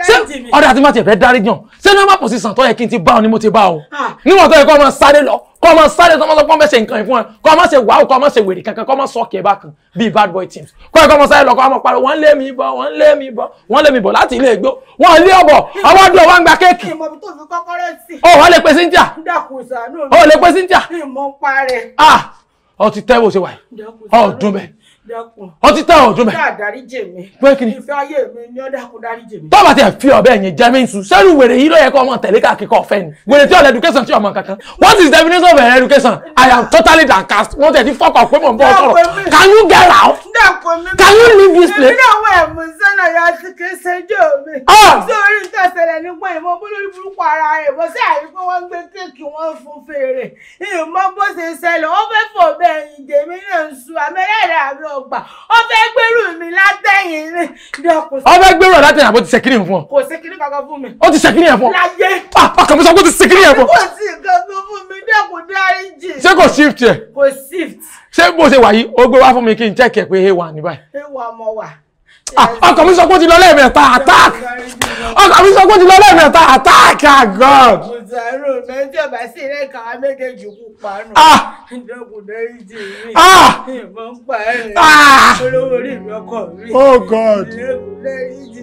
ṣé ọ̀dà tí má ti fẹ́ dárí jàn ṣé normal position tó yẹ kí n ti bá ọ ni mo ti bá ọ ah. níwọ̀n tó yẹ kó ọmọ sáré lọ kọ́ ọmọ sáré tó ọmọ sọ pé wọ́n fẹ́ ṣe nǹkan yìí fún ẹ kọ́ ọmọ ṣe wàhù kọ́ ọmọ ṣe wèrè kankan kọ́ ọmọ sọ ọkẹ́ bákan bíi bad boy teams kọ́ ẹ̀ kọ́ ọmọ sáré lọ kọ́ ọmọ pariwo wọ́n lé mi bọ̀ wọ́n lé mi bọ̀ wọ́n lé mi bọ̀ láti ilé ìgbó wọ́n lé ọ̀bọ̀ ọwọ́ dùn ọwọ́ ń gba kéèkì. ó wọ́n lè pe cynthia ó lè pe cynthia. Ah! ó ti tẹ́ bó ṣe wà yìí ọ̀ọ́dún bẹ́ẹ̀ ọ ti tán ọdún bẹ́ẹ̀. pé kí ni ìfẹ́ ayé mi ni ó dákun dáríjì mi. tọ́ba ti ẹ̀ fi ọ̀bẹ yẹn jẹ́ mi sùn sẹ́nu wèrè yìí ló yẹ kó ọmọ tẹ̀lé káàkiri kọ́ ọ̀fẹ́ ni wèrè tí ọ̀lẹ́ education tí ọmọ kankan what is the definition of education I am totally downcast wọ́n tẹ̀ ti fọ́kọ̀ pé mò ń bọ́ sọ̀rọ̀ can you get out can you leave this place. ìdílé àwọn ẹ̀mú sọ́nà ya ti kì í ṣẹjọ́ mi. sórí ah! tẹ̀sẹ̀lẹ̀ nígbà ìmọ̀ bólórí burúkú ara rẹ̀ bọ́ sí àyíkó wọn gbé kéèkì wọn fún fèrè ìmọ̀ bó ṣe ṣẹlẹ̀ wọ́n fẹ́ fọ̀ bẹ́ẹ̀ ìjẹ̀mí náà ń sun àmẹ́rẹ́rẹ́ àbí ọ ọgbà ó fẹ́ gbèrú mi látẹ̀yìn ni bí ọkùnrin. ó fẹ́ gbèrú látẹ̀yìn àbó ti ṣe kíni fún ọ. kò ṣe kíni kankan fún mi. ó ti ṣe kíni yẹn fún ọ. láyé. ọkàn mi sọ pé ó ti ṣe kíni yẹn fún ọ. kò sí kankan fún mi dẹ́kun dáríjì. ṣé kò shift yẹ. kò shift. ṣé bó ṣe wà yìí ó gbé wá fún mi kí n check ẹ pé a1 ní báyìí. a1 mo wà. Ah, ọkọ mi sọ pé ó ti lọ lẹ́ẹ̀mẹ́ta attack ọkọ mi sọ pé ó ti lọ lẹ́ẹ̀mẹ́ta attack ah god. ọ̀sàrò mẹ́jọ bá oh god. Oh,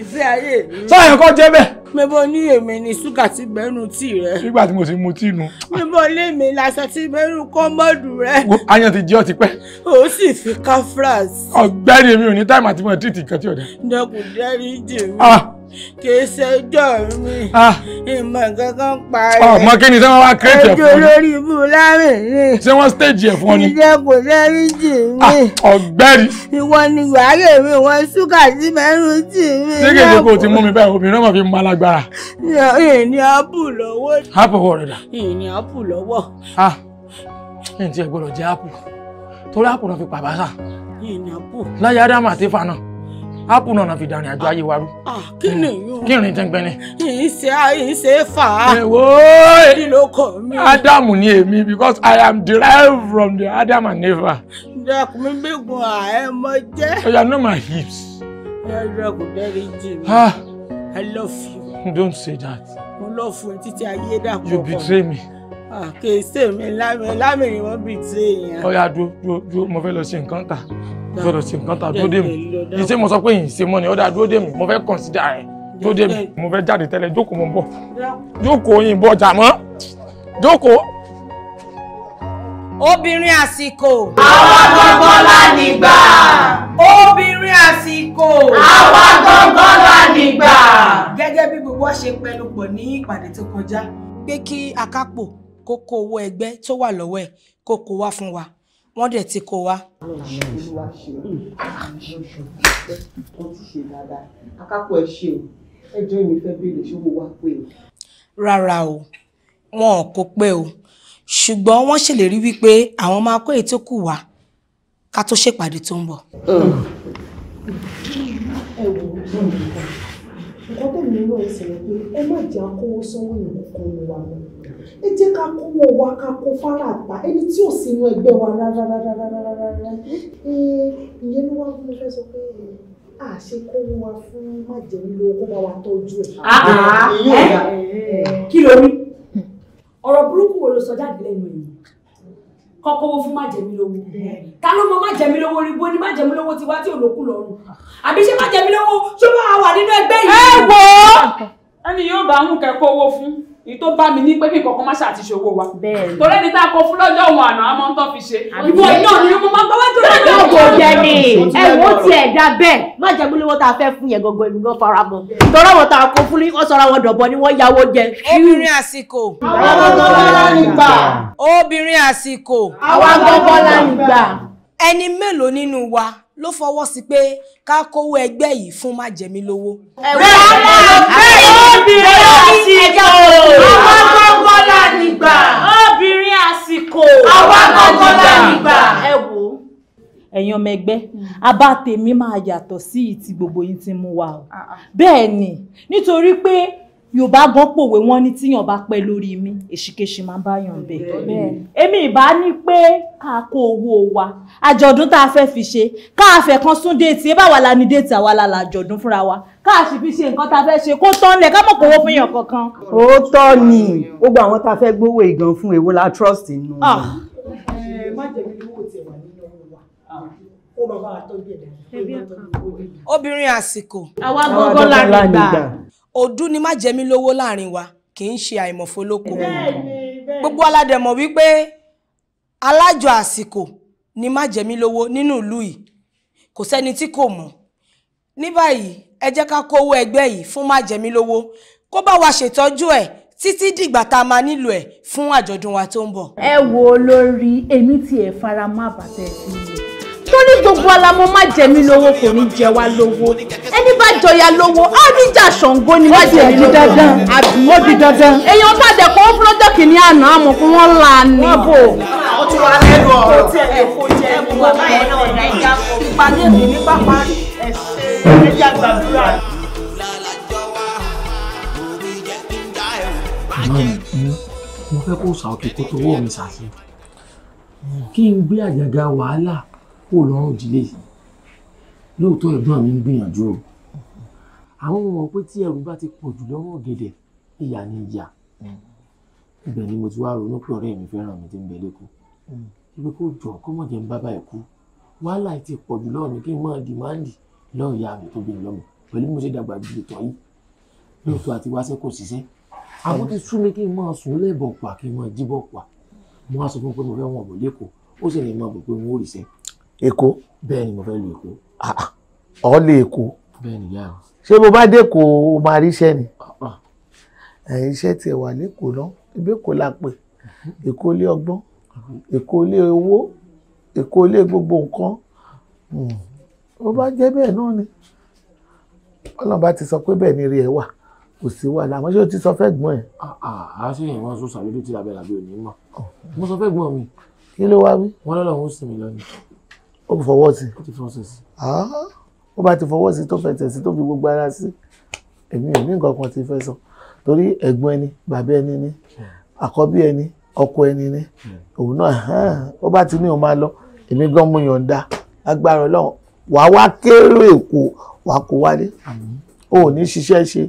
ìfẹ́ ayé mi. sáyẹn kọ́ jẹ́ bẹ́ẹ̀. mẹ́bọ ní èmi ni ṣúgà ti bẹ́nu tì rẹ. nígbà tí mo sì mu tí nu. mẹ́bọ lé mi lásán tí bẹ́nu kọ́mọ́dù rẹ. ayan ti jẹ́ ọ ti pẹ́. o sì fi ká france. ọ̀gbẹ́ni mi ò ní táìmù àti mọ̀ títì kan tí ò dé. dẹkùn dẹ́rí jèmi kìí ṣẹjọ́ mi ah. ìmọ̀ kankan pa rẹ̀. ọmọ ah, kí ni sẹ́wọ́n wá kírètì ẹ̀fọ́ ni. ojú olórí ibú láàrin ni. sẹ́wọ́n stéèjì ẹ̀fọ́ ni. ìjẹ́ kò sẹ́rí jì mí. Ah, ọ̀gbẹ́rì. ìwọ ni wàhálà mi wọ́n ṣúgà sí mẹ́rin jì mí. ṣé kèké kò ti mú mi báyìí obìnrin náà fi mú alágbára. ìní ápù lọ́wọ́. ápù wọ̀ rẹ̀ dà. ìní ápù lọ́wọ́. ah ẹ̀ ń tiẹ̀ gbọ́dọ̀ jẹ́ ápù torí ápù náà fi pàbá sà. ìní ápù. láyé ádámù àti fànà ápù náà fi dàrin àjọ ayé wa rú. Ah, ah, kí ni yóò kí ni tẹ́ngbẹ́ ni. ìṣe ìṣe fà á. èwo èyí ló kọ mi. Adam ni èmi because I am derived from the Adam and Eva. dẹ́kun mi gbẹ́gun ààrẹ mọ jẹ́. oya oh, know my hips. dẹ́kun dẹ́rẹ́ jì mí. I love you. Don't say that. mo love you títí ayé dàpọ̀. You betray me. Ah, kì í ṣe mi lámì lámì ni wọ́n bì tí èèyàn. ọ̀ya dúró dúró dúró mo fẹ́ lọ ṣe nǹkan ta mo fẹ́ lọ ṣe nǹkan ta dúró dé mi kì í ṣe mo sọ pé yìí ṣe mọ́ ni ọ̀dà dúró dé mi mo fẹ́ consider ẹ̀ dúró dé mi mo fẹ́ jáde tẹ́lẹ̀ jókòó mo ń bọ̀ jókòó yìí bọ̀ jà mọ́ jókòó. obìnrin àsìkò. àwa gbọ́ngàn la nígbà. obìnrin àsìkò. àwa gbọ́ngàn la nígbà. gẹ́gẹ́ bí gbogbo wa ṣe pẹnu pọ̀ ní ìpàdé tó kọjá pé kí akápò kó kó owó ẹgbẹ́ tó wà lọ́wọ́ ẹ̀ kó kó wá fún wa wọ́n dẹ̀ ti kó wa. akápò ẹ ṣe o ẹjọ́ mi fẹ́ rárá o wọn ò kó pé o ṣùgbọ́n wọ́n ṣèlérí wípé àwọn máa kó èyí tó kù wá ká tó ṣèpàdé tó ń bọ̀. nǹkan tẹ̀mí náà ń sọ̀rọ̀ pé ẹ má jẹ́ akówó sanwó ìlú kan wà ẹ jẹ́ ká kówó wa ká kó fáràtà ẹni tí ò sínú ẹgbẹ́ wa rárárárárárá hmm? ìyẹn ló wá fún mi fẹ́ sọ pé a ṣe kówó wa fún májèlélò kó bá wa tọ́jú ẹ̀. Ah, ah, ah. Eh? Eh. kí ló ní ọ̀rọ̀ burúkú wo ló sọ jáde lẹ́nu yìí kọ́kọ́wó fún májẹ̀mílówó eh. ta ló mọ májẹ̀mílówó rí bó ní májẹ̀mílówó ti wá tí olókù lọ́rùn àbí ṣé májẹ̀mílówó ṣó máa wà nínú ẹgbẹ́ yìí. ẹ wo ẹni yóò bá mú kẹ́kọ̀ọ́ owó fún èyí tó bá mi ní pé kí nǹkan má ṣàti ṣòwò wa torí ẹni tá a kọ fún lọ́jọ́ òun àná àmọ́ ń tọ́ fi ṣe ìwọ náà ni mo máa gbọ́wọ́ tó lọ́jọ́ òun. kò jẹ ní ẹ̀wọ̀n ti ẹ̀dá bẹ́ẹ̀ má jẹ́ gbólówó tá a fẹ́ fún yẹn gangan èmi gan fara mọ́ torí àwọn tá a kọ fún wọn sọra wọn dọ̀bọ ni wọ́n yáwó jẹ. obìnrin àsìkò. àwa gbọ́ngàn asiko. obìnrin àsìkò. àwa ni lánìgbà. Eni mélòó nínú wa ló fọwọ́ sí pé ká kówó ẹgbẹ́ yìí fún má jẹ mí lówó. ẹ̀wọ̀n obìnrin àsìkò àwa gbọ́ngàn lánìgbà. obìnrin àsìkò àwa gbọ́ngàn lánìgbà. ẹ wo ẹ̀yin ọmọ ẹgbẹ́ abá tèmi máa yàtọ̀ sí ti gbogbo yín ti mú wa o bẹ́ẹ̀ ni nítorí pé yorùbá gan pòwe wọn ní tíyàn bá pẹ́ lórí mi èṣìkèṣì máa ń bá yàn bẹ́ẹ̀ èmi ìbá ní pé ká kó owó wa àjọ̀dún tá a fẹ́ fi ṣe ká a fẹ́ kan sún déètì ẹ bá wà láni déètì àwa la làjọ̀dún fúnra wa ká a sì fi ṣe nǹkan tá a fẹ́ ṣe kó tán lẹ̀ ká mọ̀ kówó fún yàn kankan. òótọ́ ni gbogbo àwọn tá a fẹ́ gbówó ìgan fún èwo la trust nù. Ah. ẹ má jẹ́ mi lówó tiẹ̀ wà nínú wa ah. ó obìnrin àsìkò. àwa gbọ́ngàn la nígbà ọdún ni má jẹ mí lówó láàrin wa kì í ṣe àìmọ̀fólóko gbogbo aládẹ̀mọ̀ wípé alájọ àsìkò ni má jẹ mí lówó nínú ìlú yìí kò sẹ́ni tí kò mọ̀ ní báyìí ẹ jẹ́ ká kó owó yìí fún má jẹ mí lówó kó bá wa ṣètọ́jú ẹ̀ títí dìgbà tá a máa nílò ẹ̀ fún àjọ̀dún wa tó ń bọ̀. ẹ wo olórí èmi tí ẹ fara má bàtẹ sí i wọ́n ní gbogbo alamọ má jẹ mí lówó kò ní jẹ wá lówó ẹni bá jọya lówó á ní ìjà ṣàngó ni má jẹ mí lówó àbí ó di dandan èèyàn bá dẹ̀ kọ́ fúlọ́jọ́ kìíní àná àmọ́ fún wọn là ní. wọ́n bò ó tún wá lẹ́nu ọ̀rọ̀ ẹ̀kọ́ jẹ́ ẹ̀kọ́ bàbá ẹ̀ náà ọ̀dà ìjà ìpàdé mi ní pápá ẹ̀ṣẹ̀ ẹ̀jẹ̀ àgbàdúrà. mo fẹ́ kó sàókè kó tó wọ́ mi sàṣẹ kí n gbé àjàgà wàhálà kúrò lọ́rùn ìdílé yìí lóòótọ́ ẹ̀gbọ́n mi ń gbìyànjú o àwọn ọmọ pé tí ẹrù bá ti pọ̀ jù lọ́wọ́ ọ̀gẹ̀dẹ̀ ìyà ni ìyà ibẹ̀ ni mo ti wá ronú pé ọ̀rẹ́ mi fẹ́ràn mi ti ń bẹ lẹ́kọ̀ọ́ ibi kò jọ kọ́mọ̀jẹ̀ ń bábà ẹ̀kú wàhálà ti pọ̀ jù lọ́wọ́ mi kí n máa dìmáàndì lọ́wọ́ ìyá mi tó bí lọ́mọ pẹ̀lú mo ṣe dàgbà ju ìtọ́ yìí lóòótọ́ àti wáṣẹ́ kò ṣiṣẹ́ àwọn ti sú mi kí n máa sùn lẹ́bọ̀ pa kí n máa jíbọ̀ pa mo wá sọ fún pé mo fẹ́ wọn bọ̀ lẹ́kọ̀ọ́ ó sì lè máa Èkó bẹ́ẹ̀ ni mo fẹ́ lu Èkó. Ah, ah. ọ̀ lè Èkó. bẹ́ẹ̀ ni yá o. ṣé bó bá dẹ́kọ̀ o máa ríṣẹ́ ni. Ah, iṣẹ́ tiẹ̀ wà lẹ́kọ̀ọ́ náà ibẹ̀ kò la pè mhm. Èkó lé ọgbọ́n mhm. Èkó lé owó Èkó lé gbogbo nǹkan hmm. ó bá jẹ́ bẹ́ẹ̀ náà ni ọlọ́ba ti sọ pé bẹ́ẹ̀ ni rí ẹ wà kò sí wàhálà àmọ́ ṣé o ti sọ fẹ́ gbọ́n ẹ̀. àá sí ìwọ̀n sọ sàbílẹ̀ tí abẹ́rẹ́ àbí òní mọ̀ oh. mo sọ fẹ́ gbọ́n mi. kí ló wá wí. wọ́n lọ́lọ́ òun sì lọ ni ó ti fọwọ́ sí ó ah, bá ti fọwọ́ sí tó fẹsẹ̀ sí tó fi gbogbo ara sí èmi ò ní nǹkan kan ti fẹ́ sọ torí ẹ̀gbọ́n ẹni bàbá ẹni ni àkọ́bí ẹni ọkọ ẹni ni òun náà ó bá ti ní òun máa lọ èmi gan mú yọ̀ǹda agbára ọlọ́run wàá wá kéré èkó wàá kó wálé o ò ní ṣiṣẹ́ ṣe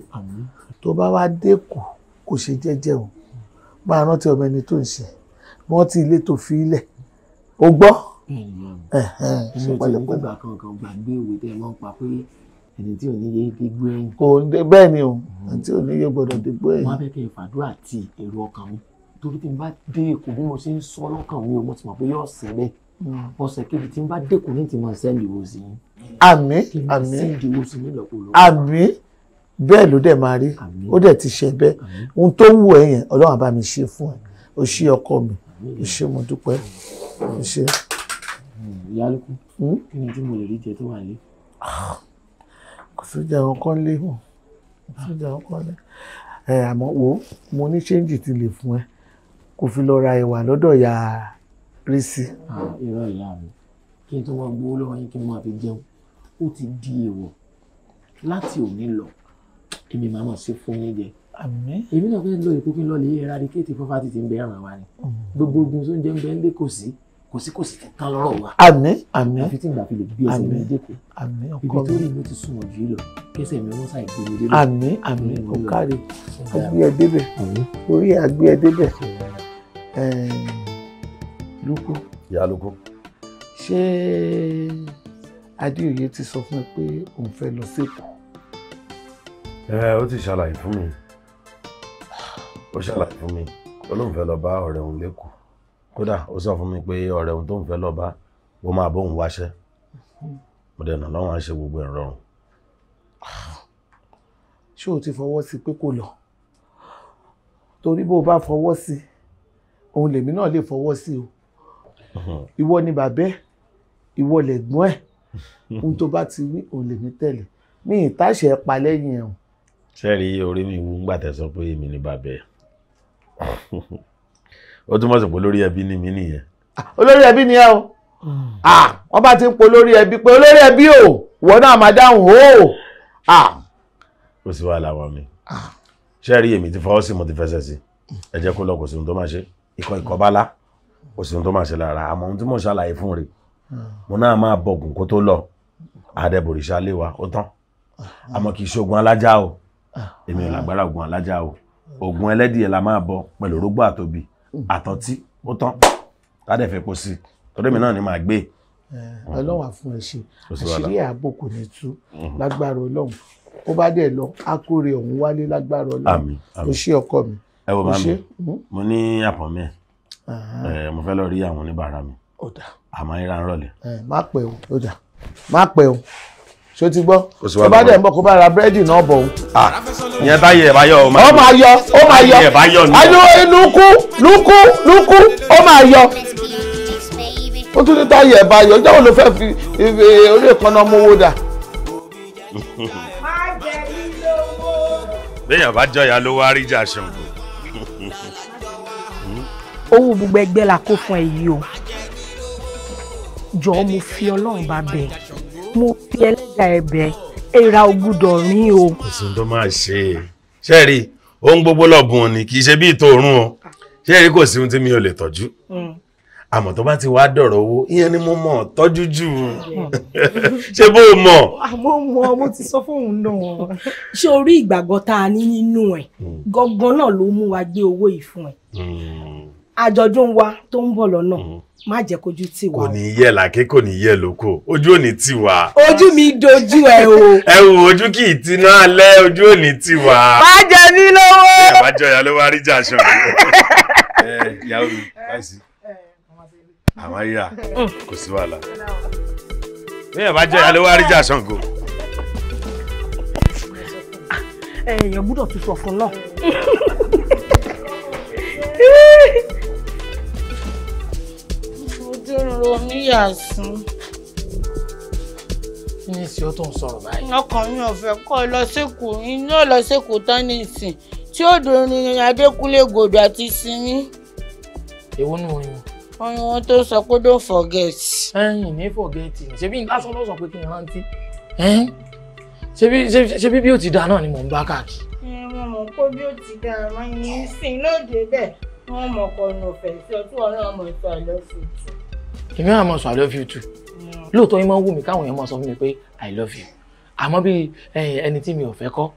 tó bá wá dẹ́kọ̀ kò ṣe jẹ́jẹ́ o máa rántí ọmọ ẹni tó ń ṣe rántí ilé tó fi ilẹ̀ o gbọ́ pẹ̀lẹ́pẹ̀lẹ́ kankan gbàgbé ìwé tẹ́ ẹ máa ń pa pé ẹni tí ò níye dégbé ẹ̀yìn. kò ń dé bẹ́ẹ̀ ni o hmm. ẹni tí ò níye gbọ́dọ̀ dégbé ẹ̀yìn. wọ́n á fẹ́ kí n fàdúrà ti èrò ọkàn mi torí tí n bá dé èkó bí mo ṣe ń sọ lọ́kàn mi o mo ti mọ̀ pé yóò sẹ́ bẹ́ẹ̀ hmm. ọ̀sẹ̀ kejì tí n bá dé ní ti máa sẹ́ndì owó sí i. àmín àmín bẹ́ẹ̀ ló dẹ̀ máa rí ó dẹ̀ ti ṣe bẹ́ẹ̀ ohun tó wù ẹ́ ọlọ́run àbá mi ṣe fún ẹ o ṣé ọkọ mi o ṣé mo dúpẹ́ o ṣé ìyálùkù hmm? kí ni tí mo lè rí jẹ tó wà nílé. Ah, kò sójà àwọn kan lé mọ kò sójà àwọn lé ẹ àmọ́ wo mo ní ṣéǹjì ti lè fún ẹ kò fi lọ ra ẹ̀wà lọ́dọ̀ ya rí sí. irọ́ ìyá mi kí n tó wọ́n gbowó lọ́wọ́ yín kí n máa fi jẹun ó ti di èèwọ̀ láti òní lọ èmi máa mọ̀ sí fún yín jẹ èmi náà fẹ́ lọ èkó kí n lọ lè eradicate fọ́fà títí ń bẹ ẹ̀ràn wa ni hmm. gbogbo ogun tó ń jẹ́ ń bẹ ń bẹ kò sí kò sí kò sí kankan lọ́rọ̀ wa. àmín àmín àfi tí ìgbà fi lè bí ẹsẹ̀ mi dẹ́kun. àmín ọkọ mi ibi tó rí mi ti sunwọ̀n jù lọ kẹsẹ̀ mi wọ́n ṣàì gbèrò débẹ̀. àmín àmín ọ̀kàrẹ̀ agbé ẹ débẹ̀ orí agbé ẹ débẹ̀ lóko. ìyá lóko. ṣé adéoyè ti sọ fún ẹ pé òun fẹ́ lọ sẹ́kọ̀ọ́. ẹ ó ti ṣàlàyé fún mi ó ṣàlàyé fún mi olóhùn fẹ́ lọ bá ọ̀rẹ́ òun lẹ́kọ̀ọ́ kódà ó sọ fún mi pé ọ̀rẹ́ òun tó ń fẹ́ lọ bá ó máa bóun wáṣẹ́ mo dẹ̀nà lọ́wọ́n á ṣe gbogbo ìrọ̀rùn. ṣé o ti fọwọ́ sí pé kò lọ torí bó o bá fọwọ́ sí òun lèmi náà lè fọwọ́ sí o ìwọ ni bàbẹ́ ìwọ lẹ̀gbọ́n ẹ̀ ohun tó bá ti wí òun lèmi tẹ̀lé mi ì táṣẹ̀ ẹ̀ pa lẹ́yìn ẹ̀ sẹ́ẹ̀rí orí mi wú ń gbàtẹ́ sọ pé èmi ni bàbẹ́ ó túmọ̀ sí pé olórí ẹbí ni mí nìyẹn. olórí ẹbí ni ẹ o hmm. wọ́n bá ti ń pe olórí ẹbí pé olórí ẹbí o wọ́n náà máa dáhùn o. ó sì wá làwọn mi ṣé rí èmi ti fọwọ́ sí mo ti fẹsẹ̀ sí ẹ jẹ́ kó lọ kò sí ohun tó máa ṣe ikọ̀ ikọ̀ bá lá kò sí ohun tó máa ṣe lára àmọ́ ohun tí mo ṣàlàyé fún rẹ̀ hmm. mo náà máa bọ̀gùn kó tó lọ àdẹ̀bòrìṣà lé wa ó tán hmm. àmọ́ kì í ṣoògùn alájà o èmi ò lágbára ògùn alájà o ògùn ẹlẹ́dìẹ̀ la máa bọ pẹ̀lú orógbó àtòbí àtọ̀tí ó tán tádẹ̀ fẹ́ kó sí torí mi náà ni màá gbé. Eh, ọlọ́run á fún ẹ ṣe àṣírí ààbò kò ní tú mhm. lágbára ọlọ́run ó bá dẹ̀ lọ akóre ọ̀hún wálé lágbára ọlọ́run kò ṣe ọkọ mi. ẹ wo bá mi hmm? mo ní àpọ̀ mi ẹ eh, mo fẹ́ lọ rí àwọn oníbàárà mi àmọ́ ẹ rà eh, má pẹ́ o má pẹ́ o ṣó ti gbọ́ tó bá dẹ̀ ń bọ̀ kó bá ra búrẹ́dì náà bọ̀ o. ìyẹn bá yẹ ẹ̀ bá yọ ọ máa yọ ọ máa yọ ọ máa yọ ayọ inúkú lúkú lúkú ọ máa yọ ó tún ní táyà ẹ̀ bá yọ ọjọ́ wo ló fẹ́ fi orí ìkànnà ọmọ owó dà. béèyàn bá jọyà ló wá rí jà ṣàǹkó. owó gbogbo ẹgbẹ́ la kó fún ẹ yìí o jọ̀ọ́ mo fi ọlọ́run bá bẹ̀ mo fi ẹ ìjà ẹ̀bẹ̀ èèrà ògùdọ̀ rí o. ẹ̀sìn tó máa ṣe é ṣe rí ohun gbogbo lọ́gùn ni kì í ṣe bí ìtòòrùn o ṣe rí kò sí ohun tí mi ò lè tọ́jú hmm. àmọ́ tó bá ti wá dọ̀rọ̀ owó ìyẹn ni mo mọ̀ tọ́jú jù hmm. [LAUGHS] ṣé bó o mọ̀. àmọ́ ah, mo mo ti sọ fóun náà [LAUGHS] ṣé orí ìgbàgbọ́ tá a ní nínú ẹ̀ hmm. gangan náà ló mú wa gbé owó yìí fún àjọ̀dún wa tó ń bọ̀ lọ́nà mm-hmm. má jẹ́ kójú tì wá. kò ní yẹ làkè kò ní yẹ lóko ojú ò ní tì wá. ojú mi dojú ẹ o. ẹ wo ojú kì í tiná alẹ́ ojú ò ní tì wá. má jẹ mí lówó. ẹ má jọyà ló wá rí jà aṣọ mi. [LAUGHS] ẹ ìyàwó mi báyìí àwọn ayíra kò sí wàhálà. bí ẹ bá jọyà ló wá rí jà Ṣàngó. Ah, èèyàn gbúdọ̀ tún sọ fún náà. [LAUGHS] ti ro mí yàsùn. kí ìsìn ó tó sọ̀rọ̀ báyìí. ọkàn mi ò kọ́ lọ sẹ́kù iná lọ sẹ́kù tán ní ìsìn tí ó dùn ní adékúnlé gòdò àti sinmi. èwo nù oyin. oyin wọn tó sọ pé don't forget. ẹyìn ní forget ṣebí lásán ló sọ pé kí n rántí ṣebí bí ó ti dáa náà ni mò ń bá káàkiri. wọn mọ̀ pé bí ó ti dáa wọn ní lóde bẹ́ẹ̀ wọn mọ̀ kọ́nù ọ̀fẹ́ sí ọtún ọ̀nà ọmọ ìtọ́ àlọ́ èmi náà mọ̀ sọ i love you too lóòótọ́ yín máa ń wù mí káwọn èèyàn máa sọ fún mi pé i love you àmọ́ bí ẹni tí mi ò fẹ́ kọ́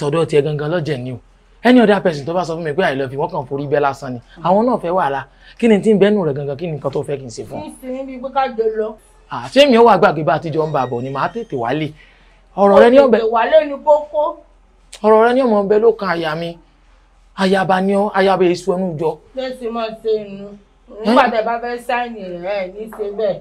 tọ̀dọ̀ tiẹ̀ gangan lọ́jẹ̀ ni o any other person tó bá sọ fún mi pé i love you wọ́n kàn forí bẹ́ẹ̀ lásán ni àwọn náà fẹ́ wàhálà kí ni tí ń bẹ́nu rẹ̀ gangan kí ni nǹkan tó fẹ́ kí n ṣe fún un. ṣé mi ò wá gbàgbé bá àtijọ́ ń bà bọ̀ ni màá tètè wálé ọ̀rọ̀ rẹ ní ọ̀bẹ ọ̀rọ̀ rẹ ní ọmọ ọbẹ̀ ló mi àyàbá ni ọ nígbà tẹ bá fẹ́ sáìnì ẹ̀ ní ṣe bẹ́ẹ̀.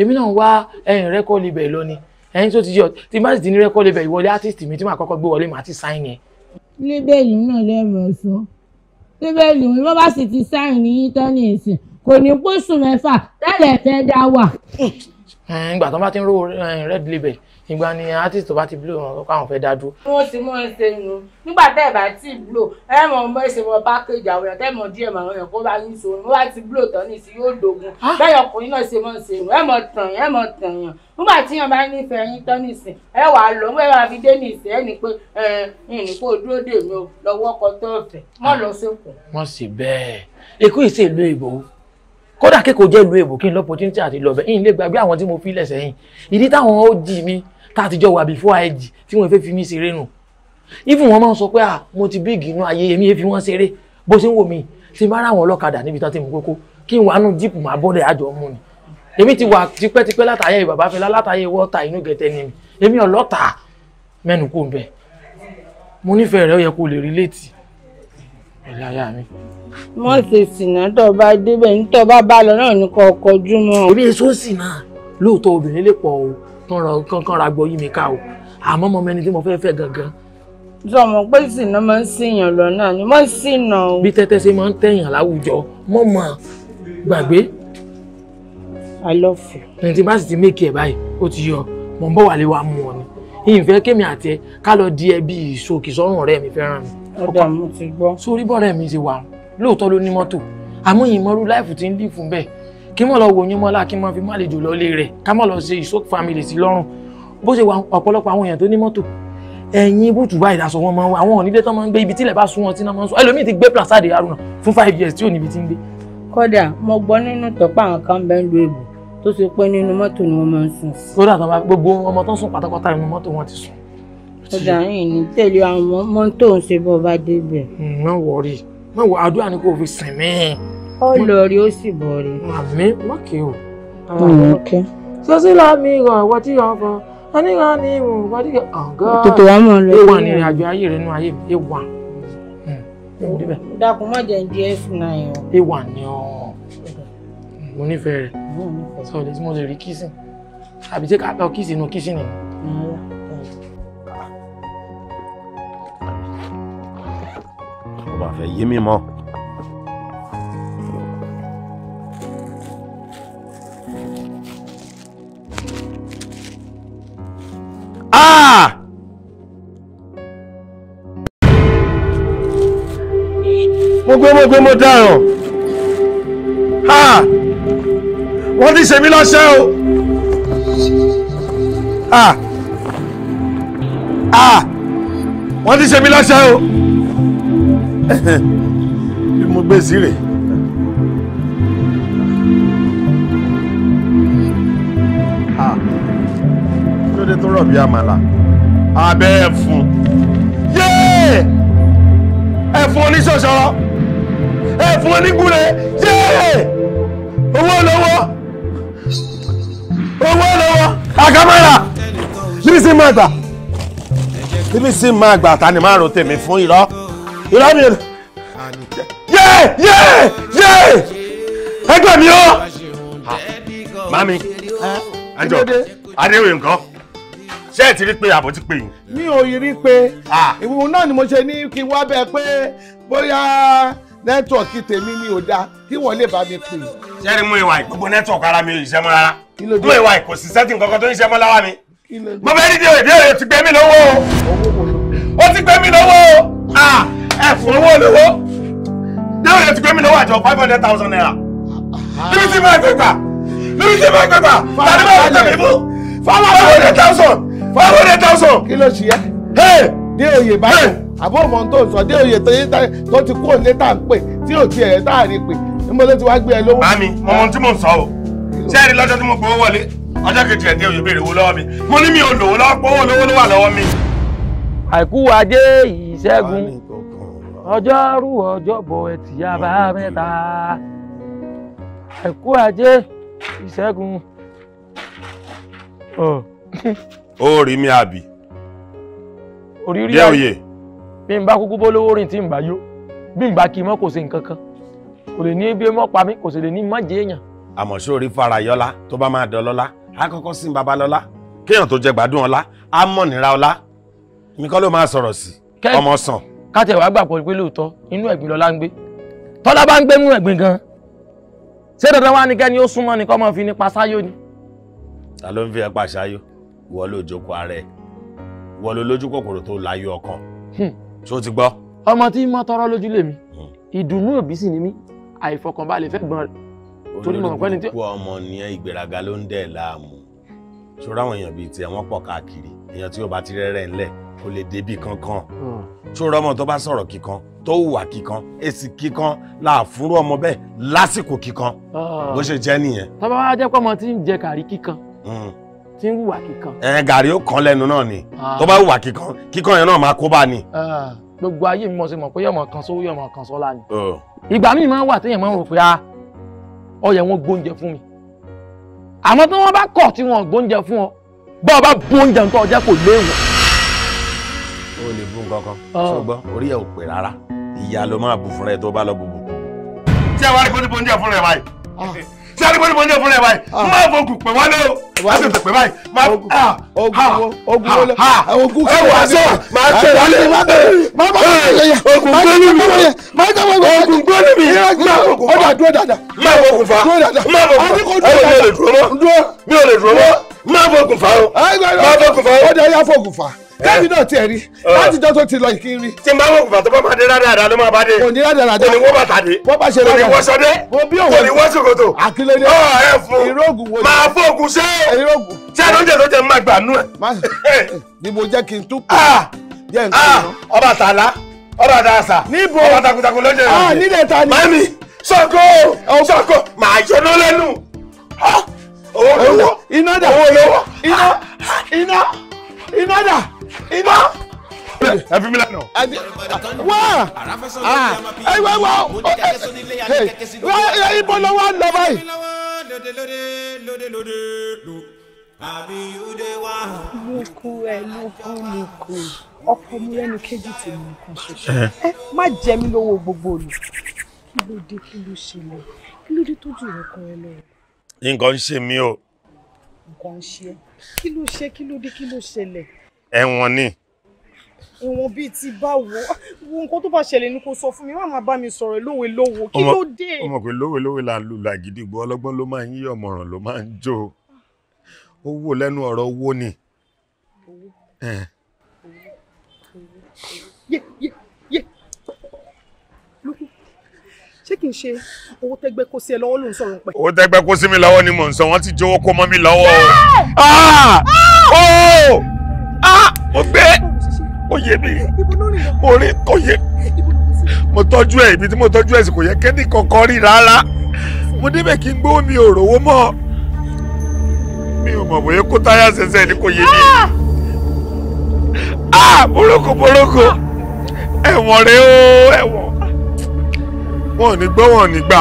èmi náà wá ẹyìn rẹ́kọ̀ọ́ libẹ̀ lọ ni ẹyin tó ti jẹ́ tí má sì ti ní rẹ́kọ̀ọ́ libẹ̀ ìwọlé artist mi tí màá kọ́kọ́ gbé wọlé màá ti sáìnì ẹ̀. líbẹ̀lì náà lẹ́rọ sọ líbẹ̀lì òun bá sì ti sáìnì ní ìsìn kò ní pósù mẹ́fà tẹ́lẹ̀ fẹ́ dá wà. ìgbà tó bá ti ń ro red label ìgbà ni artist tó bá ti blow wọn lọ́kọ̀ àwọn fẹ́ dá dúró. wọ́n ti mú ẹsẹ̀ nù nígbà tẹ́ ẹ̀ bá ti blow ẹ mọ̀ ọmọ ẹsẹ̀ wọn package àwọn èèyàn tẹ́ mọ̀ díẹ̀ mọ̀ àwọn èèyàn kó bá yín so wọn bá ti blow tán nìsí yóò dogun ah! bẹ́ẹ̀ ọkùnrin náà ṣe mọ̀ ṣe nù ẹ mọ̀ tàn yẹn ẹ mọ̀ tàn yàn nígbà tí yàn bá nífẹ̀ẹ́ yín tán nìsín ẹ wà á lọ wẹ́ẹ́ máa fi dé nìsín ẹ ní pé ẹ ní kó dúró dè mí o lọ́wọ́ ọkọ tó fẹ́ mọ́ lọ sókun. wọ́n sì bẹ́ẹ̀ èkó ìṣe ìlú ìbò kódà kékeré jẹ́ ìlú èbò kí n lọ́pọ̀ tí ń tẹ́ àti lọ́bẹ̀ yìí lè gbàgbé àwọn tí mo fi lẹ̀ sẹ́yìn ìdí táwọn ó jì mí tá a ti jọ wà before IG tí wọ́n fẹ́ fi mí ṣeré nù even wọ́n máa ń sọ pé ah mo ti big inú ayé èmi èfi wọ́n ṣeré bó ṣe ń wò mí ṣe bá ra àwọn ọlọ́kadà níbi tán ti mú kókó kí n wàánu jíìpù máa bọ́dẹ̀ àjọ mú ni èmi ti wà tipẹ́tipẹ́ látàyè bàbá fẹlá látàyè wọ́ọ̀tà inú gẹ̀tẹ́ ni mi èmi ọlọ́tà mẹ́nu kò ń bẹ̀ mo nífẹ̀ẹ́ rẹ̀ ó yẹ kó lè relate pẹ̀lú aya mi. mo ṣe sìnà tó bá débẹ̀ ní tó bá bá lọ náà ní kò kọjú mọ́. èmi èso sìnà lóòótọ́ obìnrin lè pọ̀ kọ́ńkọ́ńra gbọ́ yí mi ká o àmọ́ mọ mẹni tí mo fẹ́ fẹ́ gangan. jọ mọ pé ìsìnà máa ń ṣèyàn lọ́nà ni mo ṣìnà o. bí tẹ́tẹ́ ṣe máa ń tẹ̀yàn láwùjọ mo mọ̀ gbàgbé. I love you. ẹni tí bá sì ti mékì ẹ̀ báyìí ó ti yọ mò ń bọ̀ wálé wa mú ọ ni ìfẹ́ kémi àti ẹ ká lọ di ẹbí ìṣòkì sọ́rùn ọ̀rẹ́ mi fẹ́ràn mi. ọ̀dà mo ti gbọ́. sórí bọ́ọ̀rẹ́ mi ti wà lóòótọ́ ló ní mọ́tò àmọ́ ìmọ̀rú láìfù ti ń dì fún bẹ́ẹ̀ kí mọ̀ lọ wòyún mọ́lá kí mọ̀ fi má àlejò lọ lé rẹ̀ ká mọ̀ lọ ṣe ìṣó family sí lọ́rùn bó ṣe wà ọ̀pọ̀lọpọ̀ àwọn èèyàn tó ní mọ́tò ẹ̀yìn bùtù báyìí lásán wọn máa ń wá àwọn onílé tó máa ń gbé ibi tílẹ̀ bá sún wọn tí náà máa ń sọ ẹlòmíì ti gbé plasade aruna fún five years tí ò níbi tí ń gbé. kódà mo gbọ́ nínú tọ́pọ̀ àwọn kan bẹ́ẹ̀ ń lo èbù tó ṣe pé nínú mọ́tò ni wọ́n máa ń sùn. kódà tó bá gbogbo ọmọ tó ń sùn pátápátá inú mọ́tò wọn ti sùn. kódà yìí ní tẹ̀lé àwọn mọ́tò ń ṣe bọ́ bá débẹ̀. Hmm, má wọrí má wọ àdúrà ni kò fi sìn mí ó lọ rí ó sì bọ̀ rí. àmì mọ́kì o. mọ́kì. sọ́sílà mi ràn wọ́n tí yàn fọ́ oníran ni ìwò wọ́n tí yàn ọ̀gá. tètè wàá mọ̀ lọ. ewa ni ìrìnàjò ayé rẹ nínú ayé mi ewa. Hmm. dákun má jẹ́ di f9 o. ewa ni ọ hmm. mo nífẹ̀ẹ́ rẹ̀ sọ lè tí mo lè rí kìsìn àbí tí ká lọ kìsìn inú kìsìn ni. kò bá fẹ́ yé mi mọ́. Ah! mo gbé mo gbé mo dáràn ha wọ́n ti ṣèmi lọ́ṣẹ́ o ha ha wọ́n ti ṣèmi lọ́ṣẹ́ o bí [LAUGHS] mo gbé sí rèé. rọ̀ bí àmàlà abẹ́ ẹ̀fun yéè ẹ̀fun oníṣọ̀ṣọ́ ẹ̀fun onígbúre yéè owó lọ́wọ́ owó lọ́wọ́ àgàmọ́ra níbi sí máa gbà níbi sí máa gbà ta ni máa ro tèmi fún irọ́ irọ́ mi yéè yéè yéè ẹgbẹ́ mi ó mami ẹjọ adéwìn nǹkan ṣé ẹ ti rí pé àbọ̀ ti pè yín. mi ò rí pé ìwúwo náà ni mo ṣe ní kí n wá bẹ́ẹ̀ pé bóyá nẹ́tíwọ̀kì tèmi ni ò dáa kí wọ́n lè bá mi pè. ṣé rí mú ìwà ìgbogbo nẹ́tíwọ̀kì ara mi ò ṣiṣẹ́ mọ́ rárá mú ìwà ìkò sí sẹ́tìn kankan tó ń ṣiṣẹ́ mọ́ lára mi. mo fẹ́ dídí òde òde ti gbé mi lọ́wọ́ o ti gbé mi lọ́wọ́ o ẹ̀fọ́ owó olówó déwòye ti gbé mi lọ́wọ́ àjọ five hundred thousand naira níbi tí mo gbẹgbà níbi tí mo gbẹgbà tàbí mo gbẹgbà fún Five hundred thousand five hundred thousand. kí ló ṣe é. dé oyè báyìí àbó mọ̀ tó sọ dé oyè tó ti kúrò ní tá à ń pè tí ò tiẹ̀ tá à rí pè níbo ló ti wá gbé ẹ lówó. bá mi ohun tí mò sọ o ṣé ẹ rí lọ́jọ́ tí mo gbowó wọlé ọjọ́ kejì ẹ̀ dé oyè béèrè owó lọ́wọ́ mi mo ní mi ò lówó lọ́wọ́ pé lówó ló wà lọ́wọ́ mi. àìkú ajé ìṣẹ́gun ọjọ́rú ọjọ́bọ̀ ẹtì yaba àìkú ajé ìṣẹ́gun. [LAUGHS] ó rí mi àbí. orí rí àyè bí n bá kúkú bó lówó rìn tí n bá yó bí n bá kí mọ́ kò sí nǹkan kan kò lè ní ebi mọ́ pa mí kò sì lè ní mọ́ jẹ́ èèyàn. àmọ́ ṣé orí farayọ́lá tó bá máa dán lọ́lá á kọ́kọ́ sin babalọ́lá kéèyàn tó jẹ gbádùn ọlá á mọ̀ nira ọlá èmi kọ́ ló máa sọ̀rọ̀ sí ọmọ sàn. káàtì ẹ̀wà gbàgbọ́ pé lóòótọ́ inú ẹ̀gbìn lọ́lá ń gbé tọ́lá bá ń gbé nínú ẹ̀gbìn gan ṣé dandan wá ní kẹ́ni ó súnmọ́ ni kọ́ mọ́ fi nípa sáyó ni. ta ló ń fi ẹ pa ṣáyó ìwọ ló jókòó ara ẹ ìwọ ló lójú kòkòrò tó láyọ̀ ọkàn hmm. ṣó ti gbọ́. ọmọ tí mo tọrọ lójú lèmi hmm. ìdùnnú òbí sì ni mí àìfọkànbalẹ̀ fẹ́ gbọ́n rẹ̀ torí mo mọ̀ pẹ́ni tí. olórí kó ọmọ ní ìgbéraga ló ń dẹ̀ láàmú ṣòro àwọn èèyàn bíi tiẹ̀ wọ́n pọ̀ káàkiri èèyàn tí ó bá ti rẹ́rẹ́ ńlẹ̀ kò lè débi kankan hmm. ṣòro ọmọ tó bá sọ̀rọ̀ kíkan tó hùwà kíkan èsì kíkan láàfúrú ọmọ bẹ́ẹ̀ lásìkò kíkan ah. bó ṣe jẹ́ nìyẹn. tọ́ba wa jẹ́ pé ọmọ tí ń jẹ kàrí kíkan tí ń wùwà kíkan. ẹ gàrí ó kàn lẹ́nu náà ni ah. tó bá wùwà kíkan kíkan yẹn náà máa kó bá ni. Ah, gbogbo ayé mi mọ̀ sí mọ̀ pé yọ̀mọ̀ kan sówó yọ̀mọ̀ kan sọ́lá ni. Oh. ìgbà míì máa ń wà téèyàn máa ń rò pé a ah, ọyẹ wọn gbóúnjẹ fún mi àmọ́ tí wọ́n bá kọ̀ tí wọ́n gbóúnjẹ fún ọ bá ọ bá gbóúnjẹ ń tọ́ kò léèwọ̀. o lè bú nǹkan kan ṣùgbọ́n orí ẹ̀ ò pè rárá ìyá ló máa bù fúnra ẹ̀ tó bá lọ bùbù. tí ẹ wá rí kó ní bóúnjẹ fúnra ẹ báyìí tí a ní pẹ́ẹ́lú mo ní òfin rẹ̀ báyìí ah. máa fògùn pẹ̀ wálé o láti pẹ̀ báyìí máa ogun ah. ogun ah. wọlé ogun kí wọ́n sọ máa tẹ̀ wálé máa bá ogun gbólú mi máa tẹ̀ wálé ogun gbólú mi máa ogun fa ọjà dúró dáadáa máa ogun fa máa ogun fa mi ò lè dúró mọ́ mi ò lè dúró mọ́ máa ogun fa o máa ogun fa o ó dẹ̀ yá fògùn fa kẹ́mi eh. náà tiẹ̀ rí eh. láti jọ́ tó ti lọ ìkín rí. tí n bá wọ bàbá tó bá máa dé rádàrá ló máa bá dé. kò ní rádàrá dé. kò ní wọ́ bàtà dé. bó bá ṣe rádàrá. kò ní wọ́ sọdé. wo bí òwe. kò ní wọ́ ṣòkòtò. àkìlẹ̀ dé. ọ ah, ẹ fún. ìrógùn wo ni. máa fóògùn ṣé. ìrógùn. ṣé àdóńjẹ tó jẹ máa gbà nú ẹ. Eh. ni mo jẹ́ kí n tún kù. Ah. jẹ́ nǹkan. Ah. ọba tàlá ọba tàṣà. níbo ọba takuntakun ló jẹ oh. iná dà iná iná iná iná dà iná. ẹ fi mi lẹ́nu. wá ẹ wá wá wá ibo ló wá lọ báyìí. lukú ẹ lukú lukú ọkọ mi lẹ́nu kejì tí mo kàn ṣoṣo ẹ má jẹ mí lówó gbogbo olù kí ló dé kí ló ṣẹlẹ̀ kí ló dé tó jù rẹ kọ ẹ lọ. nǹkan ń ṣe mí o. nǹkan ń ṣe é kí ló ṣe kí ló dé kí ló ṣẹlẹ̀. ẹ̀wọ̀n ni. ẹ̀wọ̀n bíi ti báwo wo nǹkan tó bá ṣẹlẹ̀ ni kò sọ fún mi má máa bá mi sọ̀rọ̀ lówe lówo kí ló dé. o pé lówe lówe la lù làgídìgbò ọlọ́gbọ́n ló máa ń yí ọ̀mọ̀ràn ló máa ń jó o wò lẹ́nu ọ̀rọ̀ owó ni. owó owó owó ṣé kì í ṣe owó tẹ́gbẹ́ kó sí ẹ lọ́wọ́ ló ń sọ̀rọ̀ pẹ̀. owó tẹ́gbẹ́ kó sí mi lọ́wọ́ ni mò ń sọ wọ́n ti jówó kó mọ́ mi lọ́wọ́ ah! Ah! Ah! mo gbé oyè mi mo rí oyè mo tọ́jú ẹ̀ ibi tí mo tọ́jú ẹ̀ sì kò yẹ kẹ́ni kankan rí rárá mo débẹ̀ kí n gbówó mi ò rówó mọ́ mi ò mọ̀ bóyá kó táyà ṣẹ̀ṣẹ̀ ni kò yé mi boroko boroko ẹ̀wọ̀n rẹ o ẹ̀wọ̀n wọn ò ní gbọ́ wọn ò ní gbà.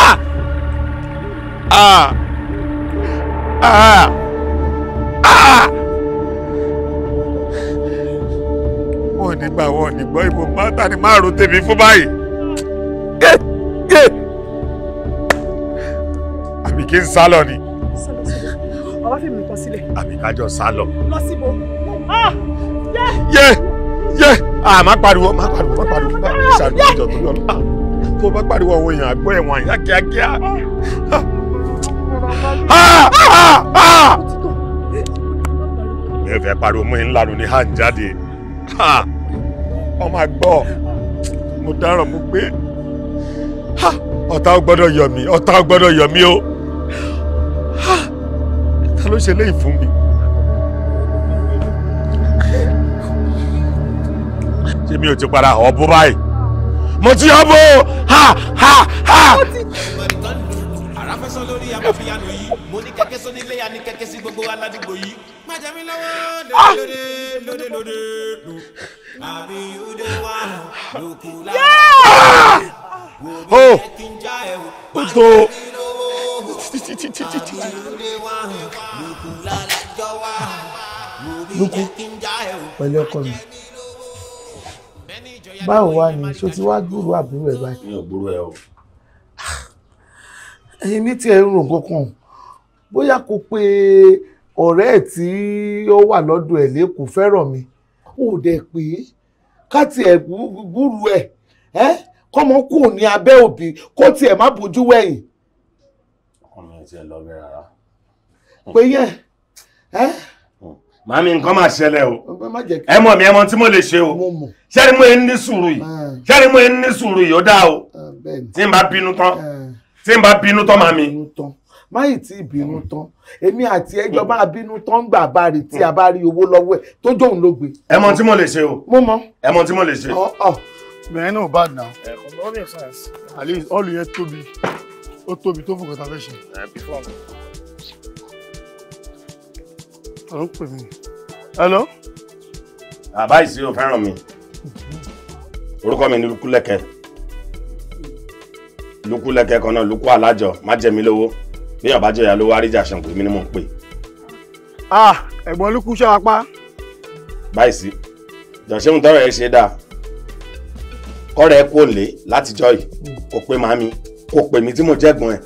Ah! Ah! Ah! wọn ò ní gbà wọn ò ní gbọ́ ìbò pátá ni máa ro tèmi fún báyìí. àbí kí n sálọ ni. ọba fèmí kan sílẹ̀. àbí kájọ sálọ. lọ síbo. yé yé àmà pariwo má pariwo má pariwo má pariwo sàrùn ìjọ tó yọ lọ tó bá pariwo àwọn èèyàn àgbọ̀ ẹ̀wọ̀n àyà kíákíá. Ah. ẹ fẹ́ pariwo mú ńlá lóní hàn jáde ọmọ àgbọ̀ mo dáràn mú pé ọ̀tá ò gbọ́dọ̀ yọ̀ mí ọ̀tá ò gbọ́dọ̀ yọ̀ mí o ta ló ṣe léyìí fún mi. ṣé mi ò ti padà ọ̀ bú báyìí mo ti yọ bó ha ha ha. àràfẹ́sọ lórí amófiyanu yìí mo mi báwo wá ni ṣó ti wá gbúrò àbúrò ẹ báyìí. mi ò gbúrò ẹ o. ẹyin ní tiẹ̀ ń rò kankan bóyá kò pé ọ̀rẹ́ ẹ̀ tí ó wà lọ́dọ̀ ẹ̀ lẹ́kọ̀ọ́ fẹ́ràn mi ò dẹ̀ pé ká tiẹ̀ gbúrò ẹ̀ ẹ́ kọ́mọ kù ní abẹ́ òbí kó tiẹ̀ má bójú wẹ̀yìn. ọkùnrin ò tiẹ̀ lọ bẹ́ẹ̀ rárá. pé yẹn ẹ́ màámi nǹkan máa ṣẹlẹ̀ o ẹ mọ̀ mi ẹ mọ̀ tí mo lè ṣe o ṣẹ́ni mo ní sùúrù yìí ah. ṣẹ́ni mo ní sùúrù yìí ó dáa o ah, tí n bá bínú tán ah. tí n bá bínú tán màámi máyì tí ìbínú tán èmi àti ẹjọ máa bínú tán ń gbà bá rí tí a bá rí owó lọ́wọ́ ẹ̀ tó jóun ló gbé. ẹ mọ tí mo lè ṣe o. mo mọ. ẹ mọ tí mo lè ṣe. bẹ́ẹ̀ náà bad now. Eh, all yẹn tóbi ó tóbi tó fún kọta fẹ́ ṣe. Eh, ó ń pè mí. hello. bàbá ìṣirò fẹ́ràn mi orúkọ mi ni lukulẹ̀kẹ́ lukulẹ̀kẹ́ kan náà lukú alájọ má jẹ mí lówó bí yàn bá jẹ ìyá lówó àríjà ṣàǹkó èmi ni mò ń pè. Ah, ẹ̀gbọ́n lukú ṣe apá. báyìí sí jọ̀ṣẹ́hùn tọrọ ẹ ṣe dáa kọ́rẹ́ ẹ kò lé látijọ́ yìí kò pé màmí kò pè mí tí mo jẹ́ gbọ́n ẹ̀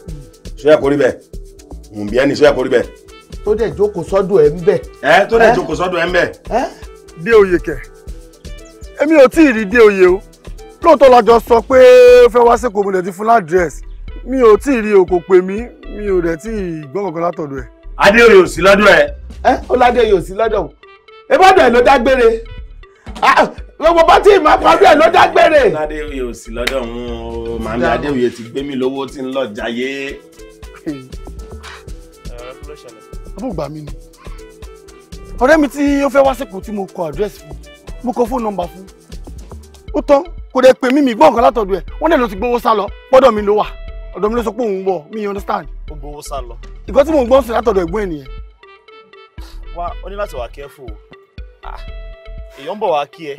ṣó yẹ kó rí bẹ́ẹ̀ ẹni ṣó yẹ kó rí tó dẹ̀ jókòó sọ́dọ̀ ẹ̀ ń bẹ̀. ẹ tó dẹ̀ jókòó sọ́dọ̀ ẹ̀ ń bẹ̀. dé oyè kẹ èmi ò tí ì rí dé oyè o lóòótọ́ la jọ sọ pé ó fẹ́ wá sẹ́kọ̀ọ́ mo dẹ̀ ti fún ládírẹ́sì mi ò tí ì rí òkò pè mí mi ò dẹ̀ tí ì gbọ́ kankan látọ̀dọ̀ ẹ̀. adéoyè ò sí lọ́dọ̀ ẹ. ẹ ó ládéoyè ò sí lọ́dọ̀ o ìbádọ̀ ẹ̀ ló dágbére gbogbo pátí ìmọ̀pọ̀ bẹ́ẹ̀ ló dágbére. ládéoyè ò sí lọ́dọ̀ òun o màmí adéoyè ti gbé mi lówó tí ń lọ jayé. ẹ ẹ fúlẹ́ṣẹ̀ lẹ abó gbà mí ni ọ̀rẹ́ mi tí ó fẹ́ wá sẹ́kọ̀ọ́ tí mo kọ àdírẹ́sì fún mo kọ fóònù nọ́mbà fún ó tán kò dẹ̀ pè mí mi gbọ́ nǹkan látọ̀dọ̀ ẹ̀ wọ́n dẹ̀ ló ti gbowó sá lọ gbọ́dọ̀ mi ló wà ọ̀dọ̀ mi ló sọ pé òun wọ̀ mi understand. ó gbowó sá lọ. ìgbọ́ tí mò ń gbọ́ sí látọ̀dọ̀ ẹ̀gbọ́n ènìyàn. wá ó ní láti wà careful o èèyàn ń bọ̀ wá kí ẹ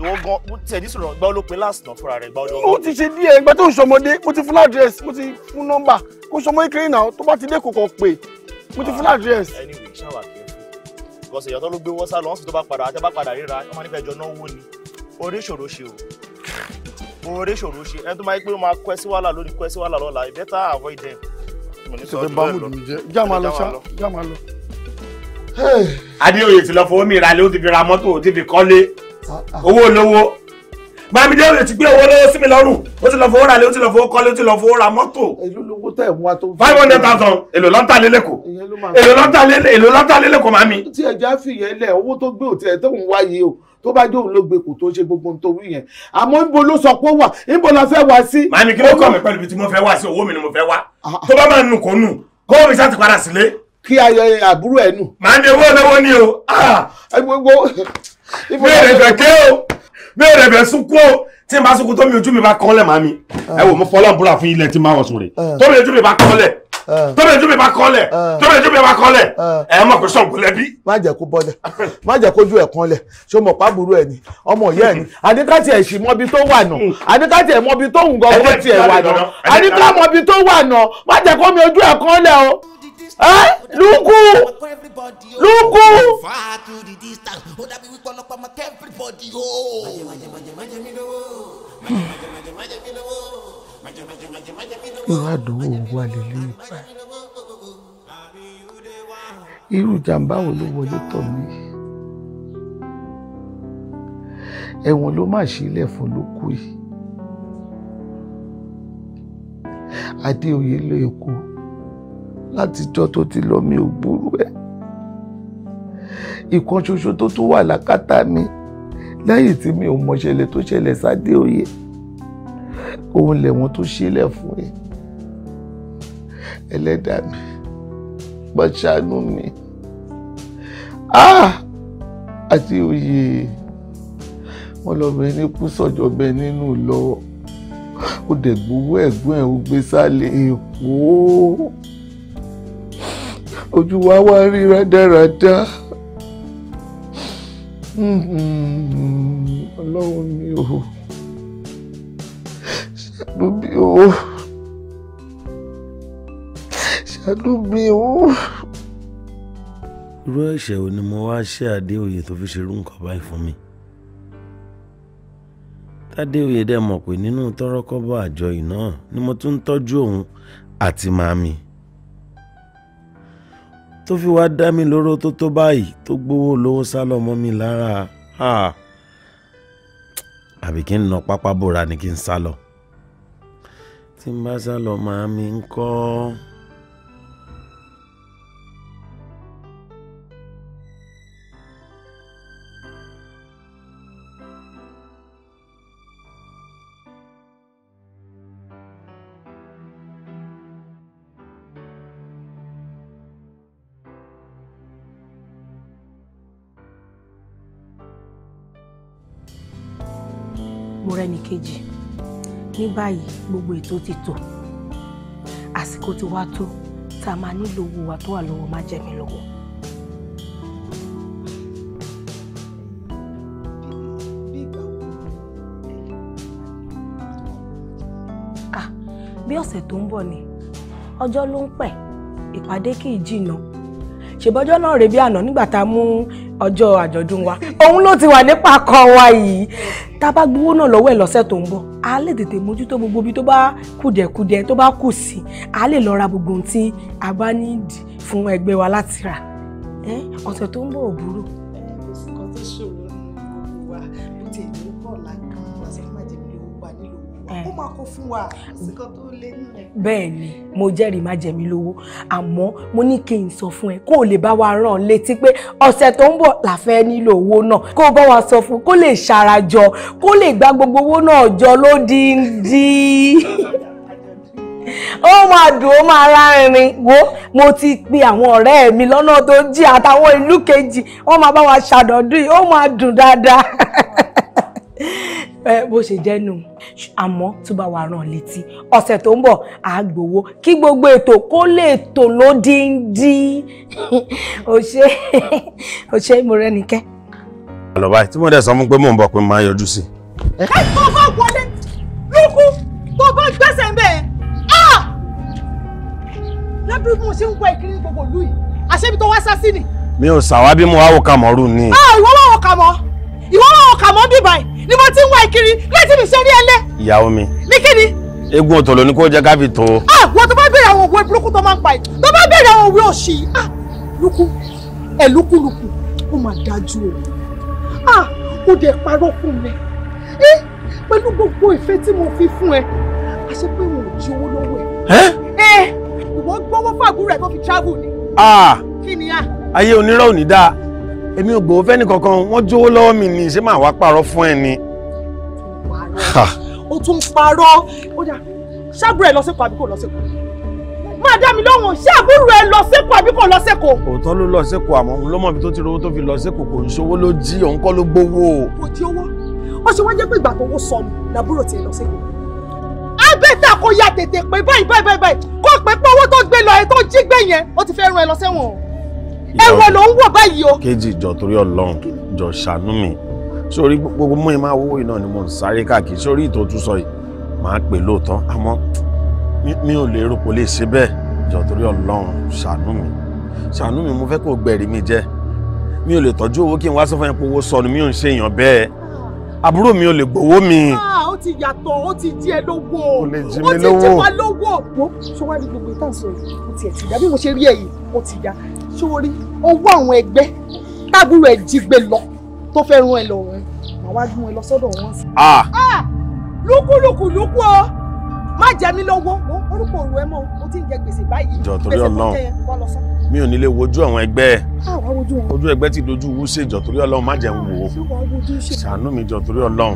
ìwọ gan tiẹ̀ ní sọ̀rọ̀ gbá olópin last fúnra rẹ̀ gbá ọdún ọgbọ́n. ti ṣe díẹ̀ ìgbà tó ń ṣọmọdé mo ti fún address mo ti fún nọ́mbà kó ṣọmọ ìkéré náà tó bá ti dé kò kàn pé mo ti fún address. anyway ṣáwà kẹfù gọ̀ọ́sẹ̀ ìyàtọ̀ ló gbé wọ́n sá lọ wọ́n sì tó bá padà àti bá padà ríra ọmọ nípa ẹjọ́ náà wó ni orí ìṣòro ṣe o orí ìṣòro ṣe ẹni tó máa ń pé ó máa kọ́ ẹ sí wàhálà lónìí kọ́ ẹ sí wàhálà lọ́la you better avoid them. ṣètò bámúdù mi jẹ já máa lọ ṣá já máa lọ. adéoyè ti lọ fowó mi ìràlẹ̀ ó ti fi ra mọ́tò ó ti fi kọ́lé ah, ah. owó olówó Bàmídé ò ti gbé owó lọ́wọ́ sí mi lọ́rùn. Ó ti lọ fowó ra lé, ó ti lọ fowó kọ́lé, ó ti lọ fowó ra mọ́tò. Èló lówó tẹ̀ mú wa tó. Five hundred thousand èló lọ́ntà lélẹ́kọ̀. Èló lọ́ntà lélẹ̀ èlò lọ́ntà lélẹ́kọ̀ máa mi. Tí ẹja fìyẹn lẹ̀, owó tó gbé òtí ẹ̀ tó ń wáyé o. Tó bá jó òun ló gbé kò tó ṣe gbogbo ohun tó wí yẹn. Àmọ́ níbo ló sọ pé ó wà? Níbo la fẹ́ wá sí? Màámi kí ló kọ́ mi pẹ̀lú ibi tí mo fẹ́ wá sí owó mi ni mo fẹ́ wá. Ah. Tó bá máa nù kó nù, kó mi sá ti padà sílé. Kí ayọ̀ àbúrò ẹ̀ nù mi ò rẹ̀bẹ̀ sunkún o tí n bá sunkún tó mi ojú mi bá kán lẹ̀ máa mi ah. ẹ wò mo fọlọ́ búra fún ilẹ̀ tí máa wọ̀ sùn rè ah. tó mi ojú mi bá kán lẹ̀ ah. tó mi ojú mi bá kán lẹ̀ tó mi ojú mi bá kán lẹ̀ ẹ mọ̀ pé sọ̀gbọ́n lẹ́bí. má jẹ́ kó bọ́lẹ̀ má jẹ́ kójú ẹ̀ kan lẹ̀ ṣé mo pa burú ẹ̀ ni ọmọ ìyá ẹ̀ ni àdínkàtì ẹ̀ sì mọbi tó wà nà hmm. àdínkàtì ẹ̀ mọbi tó ń gọ́gọ́ tiẹ̀ wà nà àdínkà mọbi tó wà nà má jẹ́ kó mi ojú ẹ̀ kan lẹ̀ o ẹ lukú lukú. far to the distance ó dàbí wípé ọlọ́pàá mọ everybody o. irú àdánwò wà lélẹ́ ìgbà irú jàǹbá wo ló wọlé tọ̀ mí ẹ̀wọ̀n ló má sílẹ̀ fún lókù yìí adéoyè ló èkó látijọ́ tó ti lọ mi ò gbúrú ẹ̀ ìkan ṣoṣo tó tún wà lákàtà mi lẹ́yìn tí mi ò mọ̀ṣẹ̀lẹ̀ tó ṣẹlẹ̀ sáde òye òun lẹ̀wọ̀n tó ṣílẹ̀ fún ẹ ẹlẹ́dàá mi gbọ́ṣánú mi ah! àti òye wọn lọ́bẹ̀ ní kú sọ̀jọ̀ bẹ nínú lọ́wọ́ ó dẹ̀ gbowó ẹ̀gbọ́n ẹ̀ ó gbé sálẹ̀ èkó ojú wa wá rí rádáradá ọlọ́run mi ò ṣàánú mi ò ṣàánú mi ò. irú ẹ̀ṣẹ̀ wo ni mo wá ṣe Adéoyè tó fi ṣerú nǹkan báyìí fún mi tádéoyè dẹ̀ mọ̀ pé nínú tọ́rọ́kọ́bọ̀ àjọ yìí náà ni mo tún ń tọ́jú òun àti màmí tó fi wá dá mi lóró tó tó báyìí tó gbowó lówó sá lọ mọ́ mi lára àbí kí n nà pápá bòra ni kí n sá lọ tí n bá sá lọ màá mi ń kọ́ mo rẹ́ni kejì ní báyìí gbogbo ètò ti tò àsìkò ti wá tó tá a máa nílò owó wa tó wà lọ́wọ́ má jẹ́ mi lọ́wọ́. Ah, bí ọ̀sẹ̀ tó ń bọ̀ ni ọjọ́ ló ń pẹ́ ìpàdé kì í jìnnà ṣèbọjọ́ náà rèé bí àná nígbà tá a mú ọjọ́ àjọ̀dún wa òun ló ti wà ní pàkọ́ wa yìí tá a bá gbowó náà lọ́wọ́ ẹ̀ lọ́sẹ̀ tó ń bọ̀ a lè tètè mójútó gbogbo ibi tó bá kùdẹ̀kùdẹ̀ tó bá kù sí a lè lọ ra gbogbo ohun tí a bá nídìí fún ẹgbẹ́ wa láti rà ọ̀sẹ̀ tó ń bọ̀ ò burú. máa kó fún wa síkan tó lé nílẹ̀. bẹ́ẹ̀ ni mo jẹ́rìí má jẹ mí lówó àmọ́ mo ní kí n sọ fún ẹ kó o lè bá wa rán an létí pé ọ̀sẹ̀ tó ń bọ̀ la nílò owó náà kó o bá wa sọ fún kó lè ṣarajọ kó lè gba gbogbo owó náà jọ lódìndín ó máa dùn ó máa rárin wo mo ti pe àwọn ọ̀rẹ́ mi lọ́nà tó jí àtàwọn ìlú kejì wọ́n máa bá wa ṣàdọ̀dún ó máa dùn dáadáa. [LAUGHS] [LAUGHS] Eh, bó ṣe jẹ́ nù àmọ́ tó bá wà ràn létí ọ̀sẹ̀ tó ń bọ̀ á gbowó kí gbogbo ètò kó lè tò lódìndí ó ṣe ó ṣe mo rẹ́ nìkẹ́. ọ̀nà báyìí tí mo dẹ̀ sọ fún pé mò ń bọ̀ pé máa yọjú sí. ẹ kọ́ kọ́ wọlé lókù tó bá gbẹ́sẹ̀ ń bẹ̀ ẹ́ lábúrú bí mo ṣe ń wá ìkíni gbogbo ìlú yìí àṣẹbi tó wá sá sí ni. mi ò sàwábí mo wá wò kàmọ́rù ni. ìwọ wá wò kàmọ́ ìwọ wá wò kàmọ́ bíbáyìí ni mo ti ń wá ìkiri láti mi sórí ẹlẹ́. ìyàwó mi. ní kí ni. eégún ọ̀tọ̀ ló ní kó jẹ́ ká fi tó. ah wọ́n tó bá bẹ̀rẹ̀ àwọn òwe burúkú tó máa ń pa yìí tó bá bẹ̀rẹ̀ àwọn òwe òṣì yìí ah lukú ẹ̀ lukúlukú ó máa dájú o ah ó dẹ̀ parọ́ fún mi ẹ pẹ̀lú gbogbo ìfẹ́ tí mo fi fún ẹ àṣẹ pé mo ò jí owó lọ́wọ́ ẹ. ẹ ìwọ gbọ́wọ́ fàgùrẹ̀ tó fi travel ni. ah kí ni a. ayé onírọ̀ ò ní dáa èmi ò gbowó fẹ́ni kankan wọ́n jówó lọ́wọ́ mi ni ṣé màá wá parọ́ fún ẹ ni. o tún parọ́ ó dà ṣàbúrò ẹ lọ sẹ́kọ̀ọ́ àbí kò lọ sẹ́kọ̀ọ́ máa dá mi lóhùn ṣàbúrò ẹ lọ sẹ́kọ̀ọ́ àbí kò lọ sẹ́kọ̀ọ́. òótọ́ ló lọ sẹ́kọ̀ọ́ àmọ́ òun ló mọ̀ bí tó ti rówó tó fi lọ sẹ́kọ̀ọ́ kò ń ṣòwò ló jí òun kọ́ ló gbowó. kò jí owó ó ṣe wọ́n jẹ́ pé ìgbà tó wó sọnù làbúrò tiẹ̀ lọ sẹ́kọ̀ọ́. ábẹ́tà kò ya tètè pé báyìí báyìí ẹ̀wọ̀n ló ń wọ̀ báyìí o. kejì jọ torí Ọlọ́run jọ ṣàánú mi sórí gbogbo mú ẹ máa wó iná ni mo ń sáré káàkiri sórí ìtòtú sọ yìí màá pè lóòótọ́ àmọ́ mi ò lè rò kò lè ṣe bẹ́ẹ̀ jọ torí Ọlọ́run ṣàánú mi ṣàánú mi mo fẹ́ kó gbẹ̀rí mi jẹ́ mi ò lè tọ́jú owó kí n wá sọ fún ẹ pé owó sọnù mi ò ń ṣe èèyàn bẹ́ẹ̀ àbúrò mi ò lè gbowó mi. Ah, ó ti yàtọ̀ ó ti jí ẹ lówó ó ti jí wa lówó. wo sọ wá ní gbogbo ìtàn sọ yìí ó ti ẹ̀ ti dá bí mo ṣe rí ẹ yìí ó ti dá sórí owó àwọn ẹgbẹ́ tábúrò ẹ̀ jígbe lọ tó fẹ́ rán ẹ lọ rẹ màá wá mú ẹ lọ sọ́dọ̀ wọn sí. lúkúlùkù lúkú o má jẹ mí lọ́wọ́ orúkọ òru ẹ mọ o ti ń jẹ gbèsè báyìí gbèsè tó jẹ yẹn wá lọ sọ. mi ò ní lè wojú àwọn ẹgbẹ́ ojú ẹgbẹ́ ti dojú wú sí ìjọ torí ọlọ́run má jẹ́ ń wò ó ṣàánú mi jọ torí ọlọ́run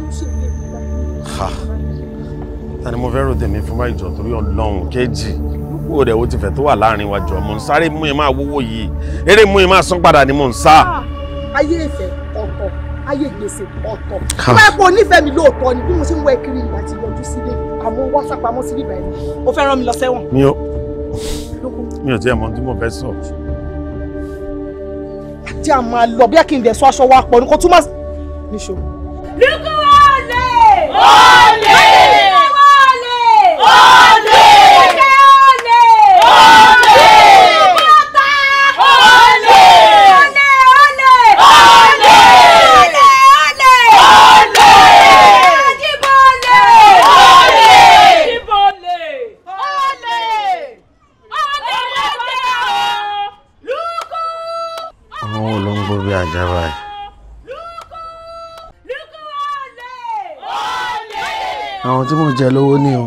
ta ni mo fẹ́ rò tèmi fún bá ìjọ torí ọlọ́run kéjì kúrò rẹ̀ ó ti fẹ̀ tó wà láàrin wa jọ ń sáré mú yẹn máa wówó yìí eré mú yẹn máa sán padà ni mò ń sá. Ah, ayé ìfẹ́ ọ̀tọ̀ ayé gbèsè ọ̀tọ̀ wọ́n ẹ̀pọ̀ onífẹ̀ẹ́ mi lóòótọ́ ni bí mo ṣe ń wọ ẹkiri ìgbà ti yọjú sílé àmọ́ wá sápamọ́ sí bíbá ẹni o fẹ́ rán mi lọ sẹ́wọ̀n. mi ò mi ò tí ẹ mọ tí mo fẹ́ sọ. àti àmọ́ àlọ́ bí akéǹdẹ̀ sọ aṣọ wa pọ̀ ní kò níṣó. lukú wọlé. wọlé. lukú wọlé. wọlé. tí mò ń jẹ lówó ni o. mo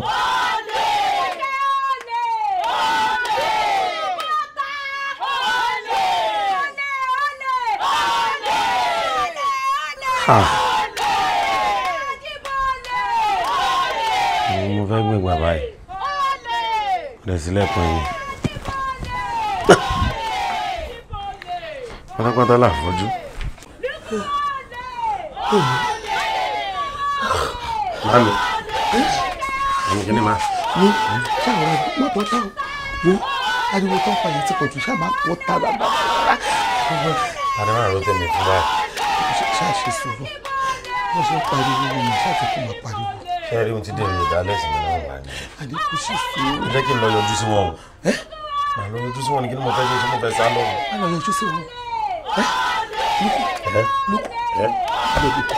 fẹ́ gbẹ̀gbà báyìí rẹ̀ sílẹ̀ pọ̀ yìí. pátápátá là Mami àmì kìíní ma. yé ṣáà wọ́n tó tá o wo ariwo tó ń fa yẹn ti pọ̀ jù ṣáà máa pọ̀ tààrà dáadáa. tàdé máa ro tèmi fún báyìí. ṣáà ṣe sọ̀rọ̀ wọ́n ṣe pariwo wọn ṣáà ti kó máa pariwo. ṣé ẹ rí ohun tí dèrò lè dá lẹ́sìn mi náà wà ní. àdínkù sì fún un. jẹ́ kí n lọ yọjú sí wọn o. màá lọ yọjú sí wọn ni kí ni mo fẹ́ ṣe ṣé mo fẹ́ sá lọ. má lọ yọjú sí wọn. lukú lukú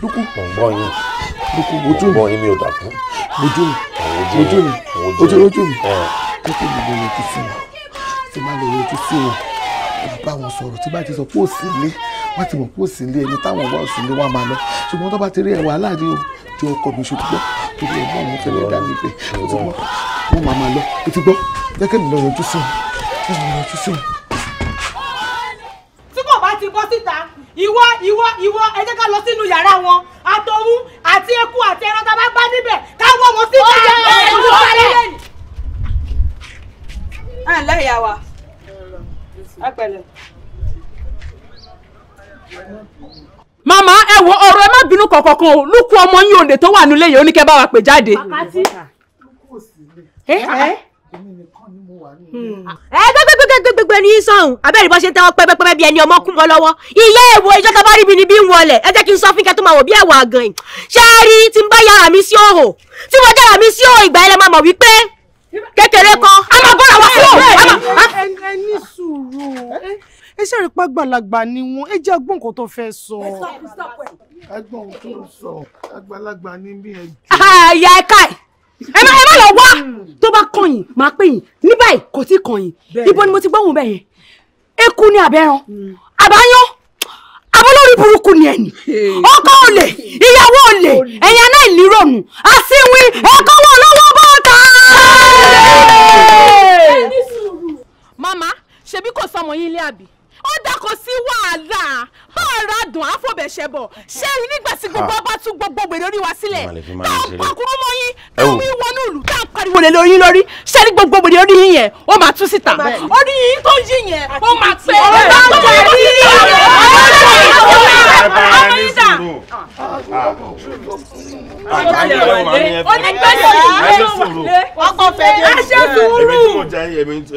lukú mọ̀ ń gbọ́ yín lóko mojú mi. bọ́ọ̀ yín mi ò dàkú. mojú mi kókó mi lè retí sí wọn tí má lè retí sí wọn èmi bá wọn sọ̀rọ̀ tí bá ti sọ pé òsì ilé wọ́n ti mọ̀ pé òsì ilé ẹni táwọn wá òsì ilé wọn máa lọ ṣùgbọ́n tó bá ti rí ẹ̀wà aláàdé o jọ ọkọ mi ṣùgbọ́n torí ẹ̀ náà mo fẹ́ lè dá mi bẹ̀ wọ́n máa máa lọ o ti gbọ́ jẹ́kẹ́ mi lọ yọjú sí wọn mi kò bá ti bọ́ síta ìwọ ìwọ ìwọ ẹ jẹ́ ká lọ sínú yàrá wọn àtọ̀hún àti eku àti ẹran tá a bá gbá níbẹ̀ káwọ́ wọn sí ká ẹ̀rọ ló wọlé. à ń láyà wa ẹ pẹ̀lẹ́. màmá ẹ wo ọ̀rọ̀ ẹ má bínú kankan o lukú ọmọ yín òǹdè tó wà nílé yìí ó bá wa pè jáde ẹ gbẹgbẹgbẹgbẹgbẹ ní hmm. ah. eh, sọhùn abẹ́rẹ́ bó ṣe ń tẹ́wọ́ pẹ́pẹ́pẹ́ bí ẹni ọmọ kú mọ́ lọ́wọ́ ìyá èwo ìjọ tá bá rí mi ni bí ń wọlé ẹ jẹ́ kí n sọ fún kẹ́ wò bí ẹ̀wọ̀ àgàn yìí ṣé ẹ rí tí n bá yára mi sí òhò tí mo jára mi sí òhò ìgbà ẹ lè máa mọ̀ wípé kékeré kan a máa bọ́ra wá sí òhò. ẹ ní sùúrù ẹ ṣe àrípá gbàlagbà ni wọn ẹ jẹ́ agbọn nǹkan tó fẹ́ sọ. ẹ̀gbọ́n tó sọ àgbàlagbà ni bí ẹ jù. àyà ẹ̀ka ẹ̀ ẹ má ẹ má lọ wá tó bá kàn máa pè yín ní báyìí kò tí kàn ibo ni mo ti gbóhùn bẹ́ẹ̀ yẹn eku ni àbẹ́ràn àbáyán abolórí burúkú ni ẹni ọkọ olè ìyàwó olè ẹ̀yàn náà ìlírònù àsìnwín ẹ̀kọ́wọ́ lọ́wọ́ bọ́ọ̀tà. màmá ṣebí kò sọmọ yín ilé àbí ó dákọ̀ sí wàhálà bá ara dùn àfọ̀bẹ̀ṣẹ̀ bọ̀ ṣé rí nígbà tí gbogbo ọba tún gbogbo gbèrè orí wa sílẹ̀ tá a pọkùrú mọ́ yín tá a wíwọ́ ní ìlú tá a pariwo lè lórí lórí ṣé rí gbogbo gbèrè orí yín yẹn ó máa tú síta orí yín tó yí yẹn ó máa pẹ́ ọ̀rọ̀ náà ń jẹ́ rí rí ọ̀rọ̀ onígbèsè yìí ọkọ̀ fẹ́ẹ́ ṣe sùúrù.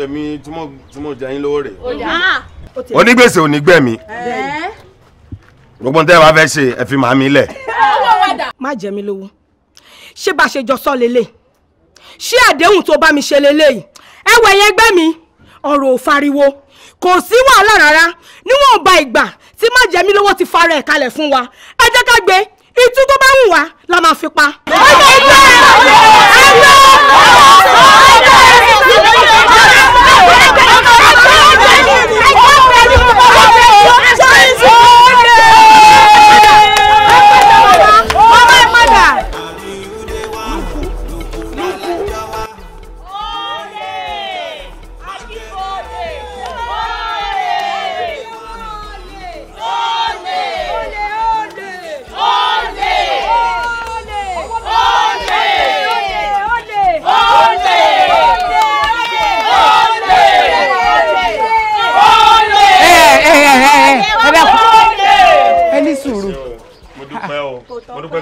èmi tí mo jẹ́ yín lówó rẹ̀ onígbèsè onígbẹ̀mí gbogbo tẹ́ ẹ bá fẹ́ ṣe ẹ fi màmí lẹ̀. má jẹ mí lówó ṣé bá a ṣe jọ sọ lélẹ̀ ṣé àdéhùn tó bá mi ṣe lélẹ̀ ẹ wẹ̀ yẹn gbẹ́ ọ̀rọ̀ ò fariwo kò sí wàhálà rárá níwọ̀nba ìgbà tí má jẹ mí lówó ti fara ẹ̀ kalẹ̀ fún wa ẹ jẹ́ ká gbé itú tó bá wù wá la máa fi pa. ẹ̀rọ ẹ̀rọ ẹ̀rọ. 加油！一油！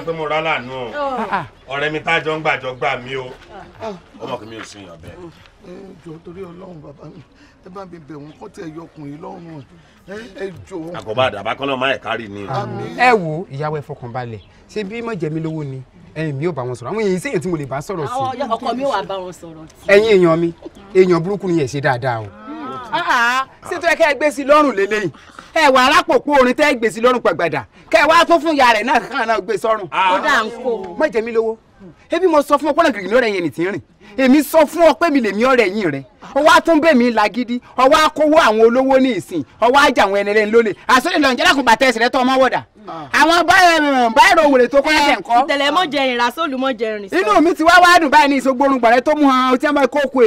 pé mo rà lànà ọ̀rẹ́ mi tájọ ń gbàjọ gbà mí o ọmọ ah. kì mí ò sìn yàn bẹ́ẹ̀. jọ̀ọ́ torí Ọlọ́run bàbá mi ẹ bá mi bẹ̀ wọ́n kọ́ tẹ yọkùnrin lọ́rùn ẹ jọ̀ọ́. àgọ́bá àdàbà kọ́lọ́ máa ẹ̀ kárì ni. ẹ wo ìyàwó ẹ fọkàn balẹ̀ ṣé bí mọ̀jẹ̀mí lówó ni ẹ̀yin mi ò bá wọn sọ̀rọ̀ àwọn èyí sẹ́yìn tí mo lè bá sọ̀rọ̀ sí. àwọn ọkọ mi ò wá bá wọn sọ̀rọ̀. ẹ̀yin èèyàn mi èèyàn burúkú ni ẹ ṣe dáadáa o. Ah, ah. ṣé tó yẹ kẹ́ ẹ gbé sí lọ́rùn lélẹ́yìn ẹ wà arápòpó orin tẹ́ gbèsè lọ́rùn pàgbàdà kẹ wá tó fún ìyá rẹ̀ náà kàn náà gbé e sọ́rùn. Ah. ó dà ń kó. má jẹ mí lówó ebi mo sọ fún ọ pọ́nà gírígì lọ́rẹ̀ yẹn nì tí ń rìn èmi sọ fún ọ pé mi lèmi ọ̀rẹ́ yín rẹ̀ ọwọ́ àtúnbẹ̀mí làgídí ọwọ́ àkówó àwọn olówó ní ìsìn ọwọ́ àjà àwọn ẹni lólè àsọ̀rọ̀ ìlànà ìjọba kò bàtẹ́ ìsìlẹ̀ tó ọmọ wọ̀dà. Ah. àwọn báyìí hmm, wòlé tó kọ́ ẹ̀sẹ̀ ńkọ́. ìtẹ̀lẹ̀ mọ́ jẹ ìrìn rásọ́ọ̀lù mọ́ jẹ ìrìn. inú mi ti wá wá dùn báyìí ní ìṣògbórun gbọ̀rẹ́ tó mú hàn tí wọ́n bá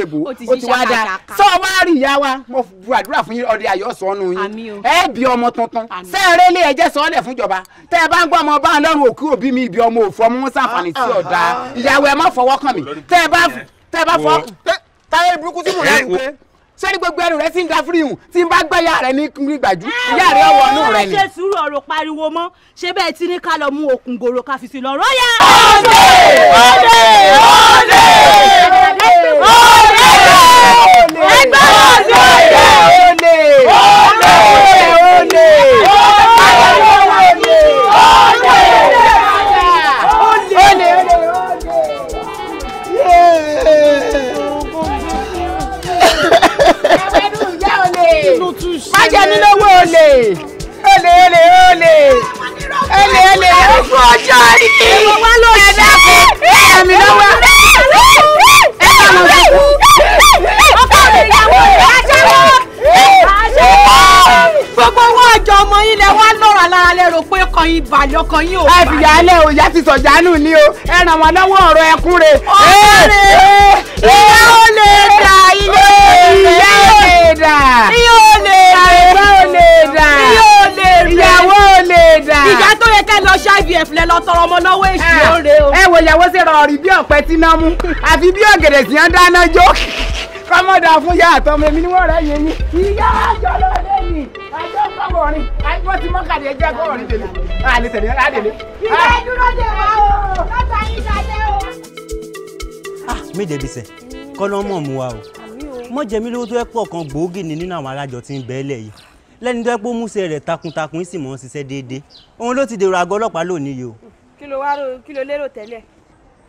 èbó ó ti wá dáa sọ wá rí ìyá wa mo bu àdúrà fún yín ọdẹ ayọ̀ sọnù yín ẹ bí ọmọ tuntun sẹ́ẹ̀rẹ́ ilé ẹjẹ́ sọ́ọ́lẹ̀ fúnjọba tẹ́ ẹ bá ń gbọ́ ọmọ bá ń lọ́rùn òkú òbí mi ìbí ọmọ òfò ọmọ wọn sàǹfààní sí ah, ah, ọ̀dà ìyàwó ẹ má fọwọ́ kàn mí tẹ́ ẹ bá fọ́ táyé burúkú tí mò ń rẹ́ pé sẹ́ni gbogbo ẹnu rẹ̀ ti ń da fíríhùn tí n bá gbá yá rẹ̀ ní gbàjú yá rẹ̀ ọwọ́ inú rẹ̀ ni. ẹ sùúrù ọ̀rọ̀ pariwo mọ́ ṣé bẹ́ẹ̀ ti ní ká lọ mú okùn gòrò ká fi sí lọ rọ́ yá. ọ̀dẹ ọ̀dẹ ọ̀dẹ ọ̀dẹ ẹgbẹ́ ọ̀dẹ ọ̀dẹ ọ̀dẹ ọ̀dẹ ọ̀dẹ. ajẹnilówó olè olè olè olè olè olè ẹ̀fọ́ ọjọ́ rí ẹ̀fọ́ wa ló ṣe ẹ̀dá mi lọ́wọ́ ẹ̀fọ́ mi lọ́wọ́ ọkọ mi ìyàwó rẹ̀ ajáwó gbogbo owó ọjọ́ ọmọ yín lẹ wá lọ́rọ̀ alára lẹ́rọ pé ọkàn yín balẹ̀ ọkàn yín ò balẹ̀. ẹ fìyà alẹ́ o ìyá ti sọ̀jánù ni o ẹ ràn wọ́n lọ́wọ́ ọ̀rọ̀ ẹkún rẹ̀. ọ̀rẹ́ ìyá ò lè dà ilé ìyá ò lè dà. ìyá dà mi ò lè rẹ ìyàwó ò lè dà ìyá tó yẹ kẹ́ lọ ṣe IVF lẹ lọ tọrọ ọmọ lọ́wọ́ èṣù lóore ah, o. ẹ wo ìyàwó ṣe rọrì bí ọ̀pẹ tí náà mú àfi bí ọ̀gẹ̀dẹ̀ tí wọ́n dáná jó kọ́mọ́dà fún yá àtọmọ èmi ni wọ́n rẹ̀ yẹn ni ìyá àjọ lọ́dẹ ni àjọ kọ́mọ̀rin àjọ tí mọ́kàdé jẹ́ kọ́mọ̀rin tẹ̀lé àlè tẹ̀lé àdèlé. ìyá ah méje bisẹ kọ́nà mọ̀ mu wa o mọ̀jẹ̀mí lówó tó yẹ pọ̀ kan gbòógì ni nínú àwọn alájọ tí ń bẹ́ẹ̀ lẹ̀ yìí lẹ́ni tó yẹ pé ó múṣẹ́ rẹ̀ takuntakun sì mọ̀ ọ́n ṣiṣẹ́ déédéé òun ló ti dèrò àgọ́ ọlọ́pàá lónìí yìí o. kí ló wá rò kí ló lérò tẹ́lẹ̀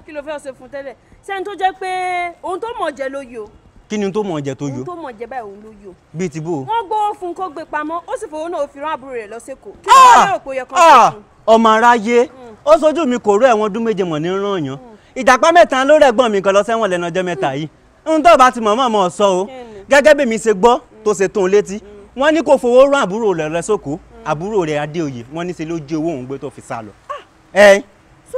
kí ló fẹ́ ṣe fún tẹ́lẹ̀ sẹ́ni tó jẹ́ pé ohun tó mọ̀ jẹ́ ló yọ. kí ni ohun tó mọ̀ jẹ́ tó yọ. ohun tó mọ̀ jẹ́ báyìí òun ló yọ. bíi ti bó. wọ́n gbówó fún kó gbé pamọ́ ó sì fowó náà fi rán àbúrò rẹ̀ lọ sẹ́kọ̀ọ́ kí ló ah! wá lérò pé ó yẹ kán fẹ́ ah! fún. ọmọ aráyé hmm. ó sojú mi kò rọ ẹ̀wọ̀n ọdún méje mọ̀ ní ràn hmm. hmm. gẹ́gẹ́ bí mi ṣe gbọ́ tó ṣe tó ń létí wọ́n ní kò fowó rán àbúrò rẹ̀ lọ sóko àbúrò rẹ̀ adéoyè wọ́n ní ṣe ló jẹ́ owó òun gbé tó fi sá lọ. Ah! so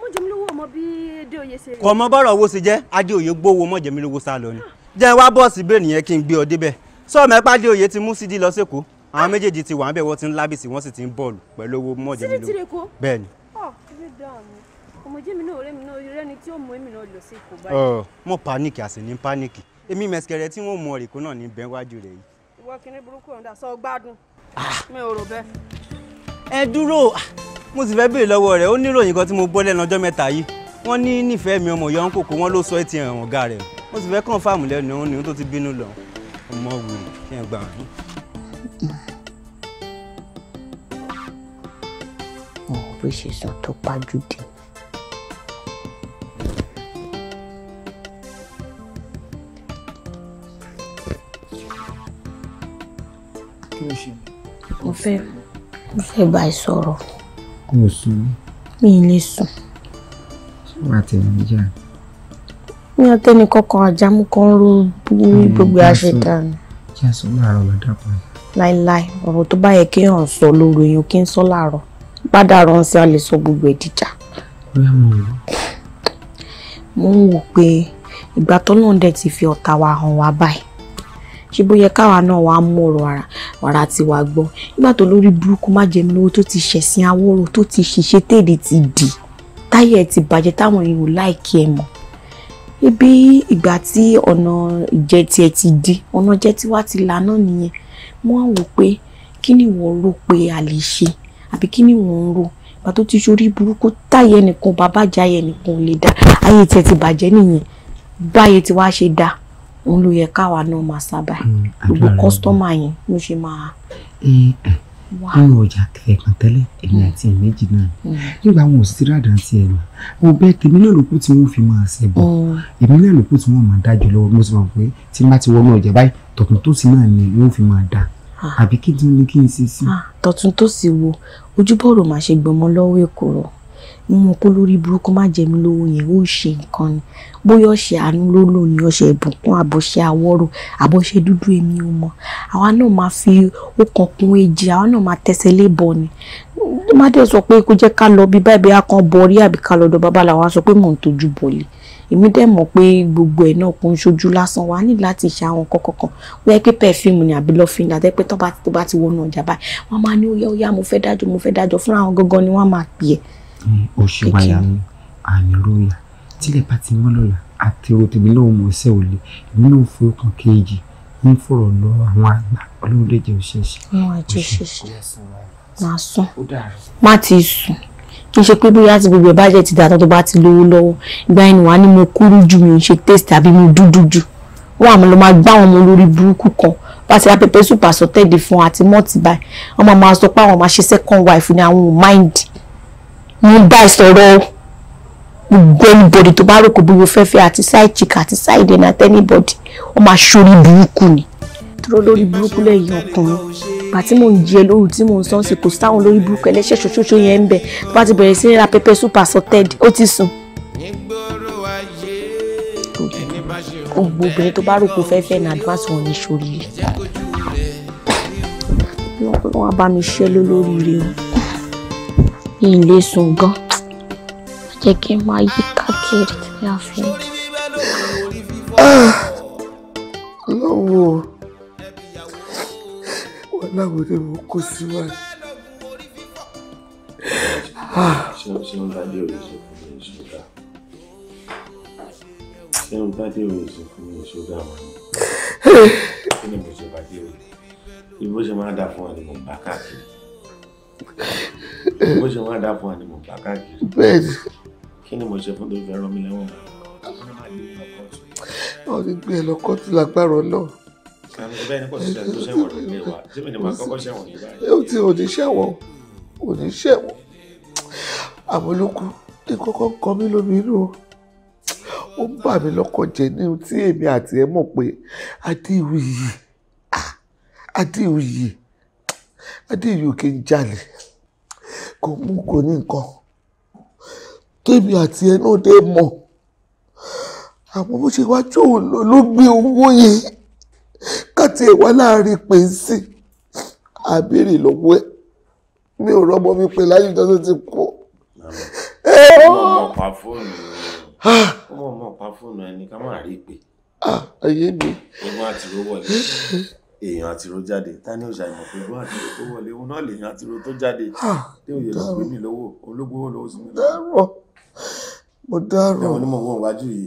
mọ̀jẹ̀mílówó ọmọ bí adéoyè ṣe. kò mọ bọ́rọ̀ owó ṣe jẹ́ adéoyè gbówó mọ̀jẹ̀mílówó sá lọ ni ah! jẹ́ wá bọ́ọ̀sì bẹ́ẹ̀ nìyẹn kí n gbé ọ débẹ̀ sọ mẹ́pà adéoyè ti mú sídìí lọ sẹ́kọ̀ọ́ àwọn ah! méjèèjì ti wà ń bẹ̀ wọ́n ti ń lábìsì wọ́n sì ti ń bọ́ọ̀lù pẹ̀lú owó mọ̀jẹ̀mílówó bẹ́ẹ̀ ni mo panic àsì ní panic èmi mẹsìkẹrẹ tí wọn mọ ọrẹkọ náà ní bẹẹ wájú rẹ yìí ìwọ kìíní burúkú ọ̀dà sọ gbádùn ah. mi ò rò bẹ́ẹ̀. ẹ dúró mo sì fẹ́ béèrè lọ́wọ́ rẹ̀ ó níròyìn kan tí mo gbọ́ lẹ́nu ọjọ́ mẹ́ta yìí wọ́n ní nífẹ̀ẹ́ mi ọmọ ìyá òǹkòkò wọn ló sọ ẹ̀ ti hàn ọ̀gá rẹ̀ mo sì fẹ́ kàn fáàmù lẹ́nu òun nìyó tó ti bínú lọ ọmọ wèrè kí ẹ gbà wọn ò ṣe sọ tó pájú dé. kí ló ṣe mo fẹ́ mo fẹ́ bá ẹ sọ̀rọ̀. kò sùn. mi ì lè sùn. ṣé wàá tẹ̀lé mi jà. mi ò tẹ́ni kankan àjámú kan ro gbogbo àṣetà ni. kí a sọ láàárọ̀ lọ dàpọ̀ yìí. láíláí ọ̀rọ̀ tó bá yẹ kéèyàn sọ lóru èèyàn kí n sọ láàárọ̀ padà ránṣẹ́ a lè sọ gbogbo ẹ̀ dìjà. bóyá mo rò. mo ń wò pé ìgbà tó náà dẹ̀ ti fi ọ̀tá wa hàn wá báyìí ṣé bó yẹ káwa náà wàá mú ọ̀rọ̀ ara wàrà tí wàá gbọ́ nígbà tó lórí burúkú má jẹ mi lówó tó ti ṣẹ̀sìn awóró tó ti ṣiṣẹ́ tèdè ti dì táyà ẹ̀ ti bàjẹ́ táwọn èèyàn láìkí ẹ̀ mọ̀ ibi ìgbà tí ọ̀nà ìjẹ́ tiẹ̀ ti di ọ̀nà jẹ́ tiwa ti là náà nìyẹn mo á wò pé kí ni wọ́n rò pé a lè ṣe àbí kí ni wọ́n rò ìgbà tó ti ṣorí burúkú táyà ẹnìkan bàbá àjà ẹnìkan ò lè dá ayé tiẹ̀ ti bàjẹ́ nìyẹn báyé tiwa ṣe dáa òun ló yẹ káwa náà máa sábà hmm, gbogbo kọ́sítọ́mà yẹn ló ṣe máa. Eh, eh, nínú ọjà kẹẹkan tẹ́lẹ̀ èmi hmm. àti ẹ méjì náà hmm. nígbà wọn ò sí ràdà tí ẹ mà mo bẹ́ẹ̀ tèmi náà ló kù tí wọn fi máa ṣẹbọ èmi náà ló kù tí wọn máa dájú lọ́wọ́ mo sì mọ̀ pé tí n bá ti wọnú ọjà báyìí tọkùn tó sì náà ni wọn fi máa dà àbí kí n kí n ṣe sí. tọ̀tún tó sì wo ojúbọ̀rọ̀ máa ṣe gbọmọ lọ́wọ́ èkó rọ̀ mo mọ̀ pé lórí burúkú má jẹ mí lówó yẹn ó ṣe nǹkan ni bóyá ọṣẹ àánú ló lò ní ọṣẹ ìbùkún àbọṣẹ àwọrò àbọṣẹ dúdú èmi ò mọ̀ àwa náà máa fi ọkàn kún èjì àwa náà máa tẹsẹ̀ lébọ ni ó má dẹ̀ sọ pé kó jẹ́ ká lọ bí báyìí bíi akàn bọrí àbí ká lọ́dọ̀ babaláwo wá sọ pé mò ń tọ́jú bọ̀lì èmi dẹ̀ mọ̀ pé gbogbo ẹ̀ náà kò ń ṣojú lásán wa ní láti ṣe àwọn kọ̀kọ̀kan wọ́n yẹ pé pẹ̀fíìmù ni àbí lọ́fíìn àti pé tó bá ti wọnú ọjà báyìí wọ́n máa ní ó yá mo fẹ́ dájọ́ mo fẹ́ dájọ́ fúnra wọn gangan ni wọ́n máa pè é ó ṣe wáyà mi àníróyà tílẹ̀ bá ti mọ́ lọ́la àtẹ̀wò tèmi náà mọ̀ ọ́sẹ̀ ò lè èmi náà fún ọkàn kejì ń fọ̀rọ̀ lọ àwọn àgbà ọlọ́run lè jẹ́ òṣèṣe. wọn á jẹ òṣèṣe máa sùn má ti sùn kì í ṣe pé bóyá ti gbogbo ẹ̀ jẹ́ ti dàtọ́ tó bá ti lówó lọ́wọ́ ìgbà yẹn wà á ní mo kúrú ju mi ò ṣe taste àbí mo dúdú ju wọn àmọ́ ló máa gbá àwọn ọmọ olórí burúkú kan bá ti ra pẹpẹ súpà sọtẹ́ẹ̀dì fún àti mọ́ọ̀tì báyìí wọn máa sọ pé àwọn máa ṣe second wife ni àwọn ò máìndì mo bá ẹ sọ̀rọ̀ gbogbo anybody tó bá rò kó bí mo fẹ́ fẹ́ àti side chick àti side ẹ̀nà àti anybody ó máa ṣorí burúkú ni. dúró lórí burúkú lẹ́yìn ọkùnrin bá tí mò ń jẹ lóru tí mò ń sọ sí kò sáwọn lórí burúkú ẹlẹ́ṣẹ̀ ṣoṣoṣo yẹn ń bẹ̀ tó bá ti bẹ̀rẹ̀ sí ra pẹpẹ super sorted ó ti sùn. gbogbo obìnrin tó bá rò kó fẹ́ fẹ́ ní advance wọn ní ṣorí rẹ̀. wọ́n bá mi ṣẹ́ lólórí rẹ̀ o ilé sùn gan jẹ́ kí n máa yí káàkiri tí a fi ń. lọ́wọ́ wọn láwọn ni mo kó sí wa. ṣé wọn bá dé òye sọ fún mi ṣọdá ṣé wọn bá dé òye sọ fún dà fún wa ni mo bá káàkiri bó ṣe wọ́n á dáa fún wa ni mo gbà káàkiri. bẹ́ẹ̀ni. kí ni mo ṣe fún tó fẹ́ rán mi lẹ́wọ̀n bá. wọ́n ti gbé ẹ e lọ kóòtù lágbára náà. bẹ́ẹ̀ ni kò sí ẹni tó ti òní ṣẹ̀wọ̀n òní ṣẹ̀wọ̀n àmọ́lókù ìkọ́kọ́ ń kan mí lómi inú o ó ń bà mí lọ́kàn jẹ́ ní ohun tí èmi àti ẹ mọ̀ pé adéwì ah, yìí adéyòkè ń jalè kò mú kò ní nǹkan tèmi àti ẹ náà dé mọ̀ àmọ́ bó ṣe wájú òun ló gbé owó yẹn káti ẹ̀wá láàrin pé ń sìn àbèrè lọ́wọ́ ẹ̀ mi ò rọ́mọ mi pé láyé ìjọsìn ti kú. ọmọ ọ̀pá fóònù ah. ọmọ ọ̀pá fóònù ẹni ká má rí i pé. Ah, ayé mi. ẹ̀gbọ́n àti owó ẹ̀ èèyàn àtìró jáde ta ni òṣà ìmọ̀ pé bó àtìró tó wọlé òun náà lèèyàn àtìró tó jáde ah, tí òye ló gbé mi lówó ológbówó lówó sí mi lọ. mo dárò ẹ̀wọ̀n ni mo wọ iwájú yìí.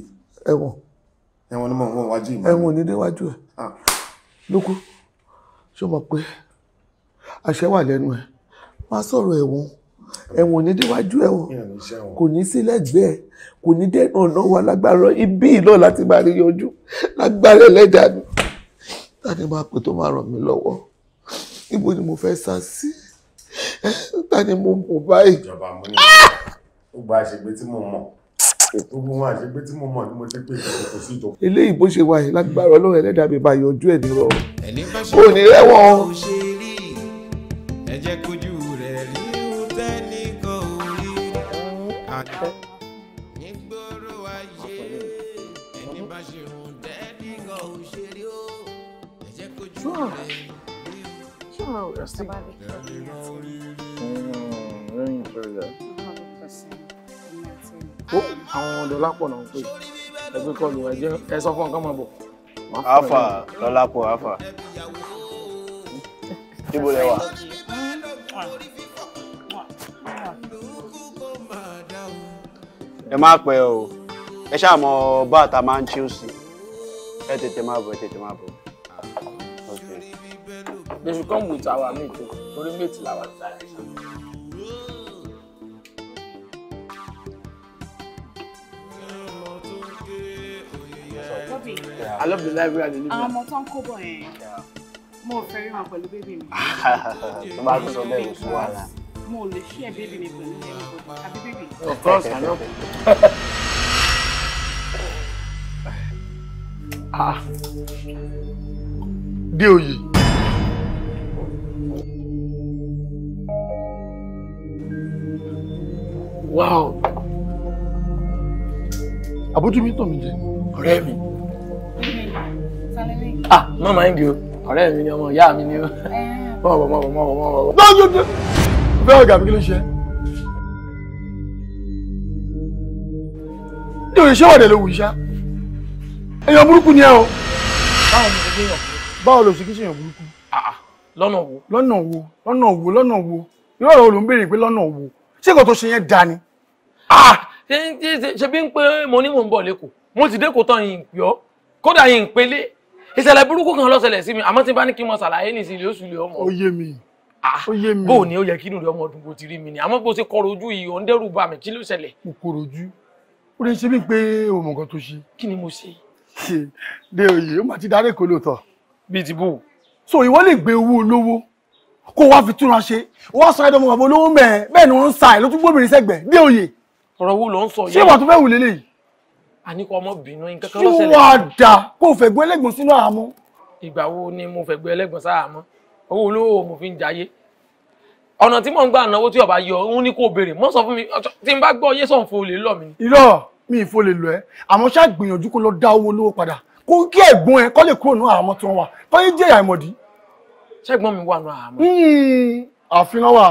ẹ̀wọ̀n ẹ̀wọ̀n ni mo wọ iwájú yìí. ẹ̀wọ̀n ni déwájú ẹ ah. lóko ṣó mọ̀ pé àṣẹ wà lẹ́nu ẹ máa sọ̀rọ̀ ẹ̀wọ̀n ẹ̀wọ̀n ní déwájú ẹ̀wọ̀n kò ní sí lẹ́gbẹ̀ẹ́ kò ní dẹ́nu ọ̀nà wa lágbára ibi ìlọ́ láti máa rí yọjú lágbára ẹlẹ́dàá ni tani máa pè tó máa ràn mí lọ́wọ́ ibo ni mo fẹ́ sá sí tani mo mọ̀ báyìí. ìjọba mo ní gbogbo àṣegbé tí mo mọ̀ gbogbo wọn àṣegbé tí mo mọ̀ ni mo ti pè é kò sí ìjọ. eléyìí bó ṣe wà yìí lágbára ọlọ́run ẹlẹ́dàá mi máa yọjú ẹ̀ nírọ̀ kò ní rẹ́wọ̀n. ẹ jẹ́ kójú rẹ̀ rí ó tẹ́ ní kò rí. Kim var orası? Lẹ́yìn ìfẹ́rẹ́. Ó àwọn Dọ́lápọ̀ náà ń pè. Ẹgbẹ́ kọlù ẹ̀jẹ̀ ẹ sọ fún ọkàn máa bọ̀. Alfa Dọ́lápọ̀ Alfa. Ibo lẹ wà? Ẹ má pẹ́ o. Ẹ ṣáà mọ bá àtà máa ń chíùsì. Ẹ tètè máa bọ̀, ẹ tètè máa bọ̀. They should come with our meat too. Oh. Torí méjì la wà. Yeah. I love the library and the living. Àwọn ọmọ tó ń kó bọ̀ yẹn. Mo fẹ́ rí wọn pẹ̀lú bébì More Tó baby. tó sọ Of course, I know. [LAUGHS] Ah. Dé you? Wow. Àbójú mi tàn mí jẹ. Ọ̀rẹ́ mi. Ah, má máa ń di o. Ọ̀rẹ́ mi ni ọmọ ìyá mi ni o. Eh. Mọ̀ bọ̀ mọ̀ bọ̀ mọ̀ bọ̀ mọ̀ bọ̀. Lọ́jọ́ dé. Bẹ́ẹ̀ ọ̀gá mi kí ló ṣe? Ní òṣìṣẹ́ wọ̀dẹ̀ ló wù iṣá. Èèyàn burúkú ni ẹ o. Báwo ni ìṣèjì èèyàn burúkú? Báwo lo ìṣèjì èèyàn burúkú? Ah, ah. Lọ́nà wo? Lọ́nà wo? Lọ́nà wo? Lọ́nà wo? Irú ọ̀rọ̀ wo pé lọ́nà wo? ṣé kò tó ṣe yẹn da ni. Ah! ṣe bí ń pé mo ní mò ń bọ̀ lẹ́kọ̀ọ́ mo ti dẹ́kọ̀ọ́ tán yìí yọ kódà yìí ń pélé ìṣẹ̀lẹ̀ burúkú kan ló ṣẹlẹ̀ sí mi àmọ́ tí bá ní kí n mọ ṣàlàyé ní ìsìlẹ̀ oṣù lè ọmọ. ó yé mi ah! ó yé mi. bó o ní ó yẹ kí inú rẹ ọmọ ọdún kò ti rí mi ni àmọ́ bó ṣe kọrọ ojú yìí ò ń dẹ́rù bà mí kí ló ṣẹlẹ̀. mo kọrọ ojú ó lè ṣe mí pé o mọ nǹkan tó ṣe. kí ni mo ṣe. ṣe de oyè ó mà ti darí kó lóòótọ́. bíi ti bù. so ìwọ lè gbé owó olówó kó wá fi túnra ṣe wọ́n sọ ẹ̀dọ̀ mọ̀gbọ́n olówó mẹ́ẹ̀ bẹ́ẹ̀ ni wọ́n ń sa ẹ̀ ló tún gbóbìnrin sẹ́gbẹ̀ẹ́ dé òye. ọ̀rọ̀ wo ló ń sọ yẹn. ṣé ìwà tó fẹ́ wù lélẹ̀ yìí. àníkọ ọmọbìnrin yín kankan lọ́sẹ̀ lẹ́yìn. ṣùwọ́n àdá kó fẹ́ gbé ẹlẹ́gbọ̀n sínú àhámọ́. ìgbà wo ni mo fẹ́ gbé ẹlẹ́gbọ̀n sáhámọ́ owó olówó mo fi ń jayé ọ̀nà tí mò ń gbà náwó tí ọba yọ òun ni kò béèrè mọ́ sọ fún mi ṣẹ́gbọ́n mi wà nù àmọ́. Hmm, àfilọ́wà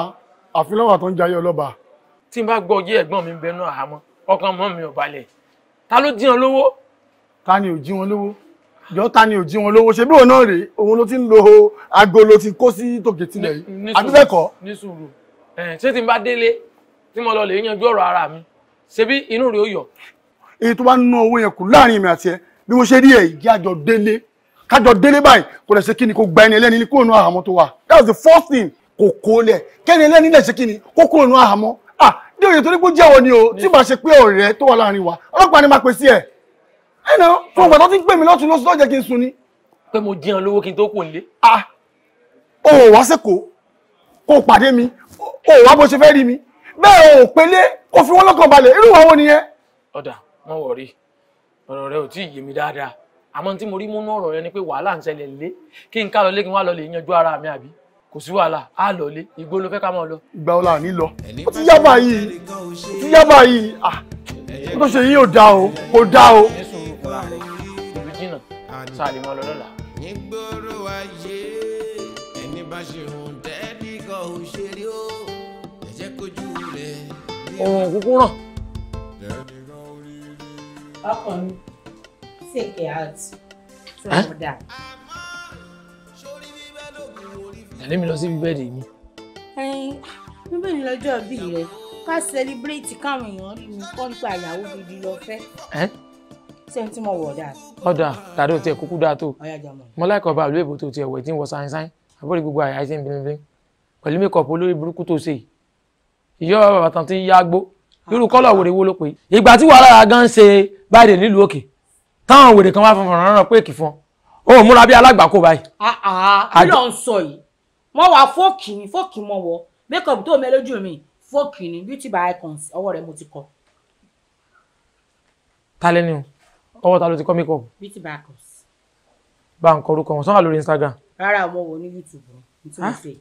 àfilọ́wà tó ń jayé ọlọ́ba. tí n bá gbọ́ yé ẹ̀gbọ́n mi ń bẹ nù àmọ́ ọkàn mọ́ mi ò balẹ̀ ta ló jí wọn lówó. ta ni ò jí wọn lówó jọ ta ni ò jí wọn lówó ṣe bí òun náà rèé òun ló ti ń lo agolo ti kó sí tòkè tilẹ̀ yìí àbí ní sùúrù ṣé tí n bá délé tí mo lọ lè yanjú ọ̀rọ̀ ara mi ṣebí inú rẹ̀ ó yọ. èyí tó bá ń ná owó yẹn kù láàrin èmi àti ẹ bí mo ṣe rí ẹ ìjẹ́ àjọ délé kájọ délé báyìí kò lè ṣe kí ni kò gba ẹni ẹlẹ́ni ní kúrò nínú àhámọ́ tó wà that's the first thing kò kó lẹ̀ kẹ́ni ẹlẹ́ni lè ṣe kí ni kó kúrò nínú àhámọ́ à ní òye tó ní kó jẹ́wọ́ ni o tí bá ṣe pé ọ̀rẹ́ tó wà láàrin wa ọlọ́pàá ni máa pè sí ẹ̀ ẹ̀nà fún ọgbà tó ti ń pè mí lọ́tún lọ́sùn lọ́jẹ́ kí n sun ni. pé mo jiyàn lówó kí n tó kù nílé. a ah, ò wá sẹ́kọ̀ọ́ kó pàdé mi ò wá bó ṣe fẹ́ rí mi bẹ́ẹ̀ ò pélé kó fi wọ́n lọ́kàn balẹ̀ irú àwọn nìyẹn. ọ̀dà wọn wọ̀ rí ọ̀rọ̀ rẹ ò tí ì yé mi dáadáa àmọ́ tí mo rí múnú ọ̀rọ̀ rẹ ni pé wàhálà ń ṣẹlẹ̀ lé kí n ká lọ kí n wá lọ lè yanjú ara mi àbí kò sí wàhálà á lọ lé igbó ló fẹ́ ká máa lọ. ìgbà wo la lọ ó ti yá báyìí ó ti yá báyìí ó tó ṣe yín ò dáa o kò dáa o. ìlú jìnnà sáà lè máa lọ lọ́la. nígboro ayé ẹni bá ṣe hùn dẹ́ẹ́dì kan ò ṣe rí o ẹ̀jẹ̀ kojú rẹ̀. ọ̀rọ̀ kúkú ràn take her out. So huh? that. Ẹ̀rí mi lọ sí bíbẹ́ẹ̀dì mi. Bíbẹ́ẹ̀dì lọ́jọ́ bí rẹ̀ ká sẹlibrétì káwọn èèyàn rí mi kọ́ nípa ìyàwó gidi lọ fẹ́. Ṣé n tí mo wọ̀ dáa? Ọ̀dà tàbí o tiẹ̀ kúkú dáa tó. Mo láìkọ̀ ọba àlú èbó tó tiẹ̀ wẹ̀ tí ń wọ sáyẹ́nsáyẹ́n. Àbúrò gbogbo àyà ẹ̀ṣẹ̀ ń bínibín. Pẹ̀lú mékọ̀pù olórí burúkú tó ṣe yìí. Ìyá bàbá tán ti yá gbó. Irú kọ́lọ̀ wèrè wo ló pè é? Ìgbà tí wàhálà gan ṣe báyìí nílùú òkè táwọn wèrè kan wá fọnfọn ránran pé kì fún ọ múra bí alágbàkó báyìí. àà ah, ah, kí ló ń sọ yìí wọn wà fóòkì ni fóòkì mọ wọ makeup tó mẹ lójú mi fóòkì ni beauty by icons ọwọ́ rẹ̀ mo ti kọ. ta lẹ́ni o ọwọ́ ta ló ti kọ́ makeup. beauty by icons. bá a ń kọ orúkọ wọn sọ́nà lórí Instagram. rárá mo wò ní YouTube nítorí ah. ṣe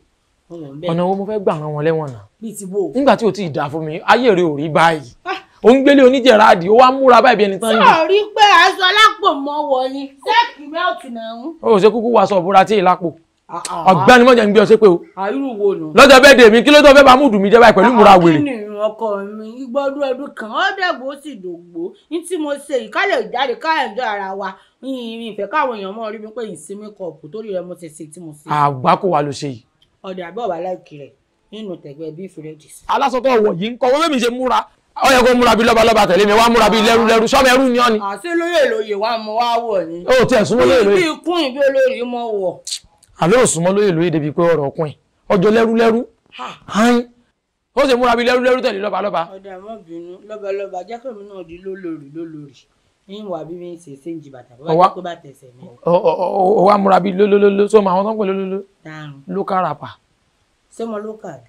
ọ̀nà owó mo fẹ́ gbà wọn lẹ́wọ̀n náà. bíi ti wo. nígbà tí o ti dà fún mi ayé rẹ ò rí báyìí. ó ń gbélé oníjẹ̀ráàdì ó wá múra báyìí bí ẹni tán ń dì. sọ̀rí aṣọ alápò mọ́ wọ ni sẹ́ẹ̀kì mẹ́ọ̀tì náà ń. o ò ṣe kúkú wá aṣọ òbúra tí ì lápò ah, ah, ah. ọ̀gbẹ́ni mọ̀jẹ̀ ń gbé ọ ṣépè o. àyùrù wo nù. lọ́jọ́ bẹ́ẹ̀ dèmi kí ló tó fẹ́ bá múdù mi jẹ́bàá pẹ̀lú ìmúra wèrè. kí ni ọkọ mi gbọ́dọ̀ ọdún kan ó dẹ̀gbó sì dògbó ní tí mo ṣe ìkálẹ̀ ìjáde káyọ̀dọ̀ ara wa yìnyín ìfẹ́ káwọn èèyàn mọ̀ rí mi pé ìsín mékọ̀ọ̀pù torí rẹ mo ṣe ṣe tí mo ṣe. àgbá kò wá ló ṣe yìí. ọ̀dà àbẹ́wò aláìkiri nínú tẹ̀gbẹ́ bí fúrẹ́dì. alásọ̀tọ̀ ọ̀wọ̀ yìí ń kọ́ wọ́n fẹ́ mi ṣe múra ó yẹ kó múra bí lọ́balọ́ba tẹ̀lé mi wá múra bí lẹ́rú lẹ́rú sọ́mọ ẹrú ni ọ́ ni. àti lóye lóye wa mọ wá wọ̀ ni. ó tẹ̀ súnmọ́ lóye lóye. bí ikún ìbí olórí mọ wọ̀. àlọ́ ò súnmọ́ lóye lóye débi pé ọ̀rọ̀ ọkùn ẹ̀ ọjọ́ lẹ́rú lẹ́rú ó sì múra bí lẹ́rú lẹ́rú tẹ̀lé lọ́balọ́ba. ọ̀dà mọ́ bínú lọ́balọ́ba jẹ́ pé mi náà di lólórí lólórí níwà bí mi ṣe ṣe ń jì bàtà bó bá tó bá tẹ̀sẹ̀ mi. ó wá múra bí lólólóló sọ́mọ àwọn tó ń pè lólóló lókàràpà. sọ́mọ lókàrà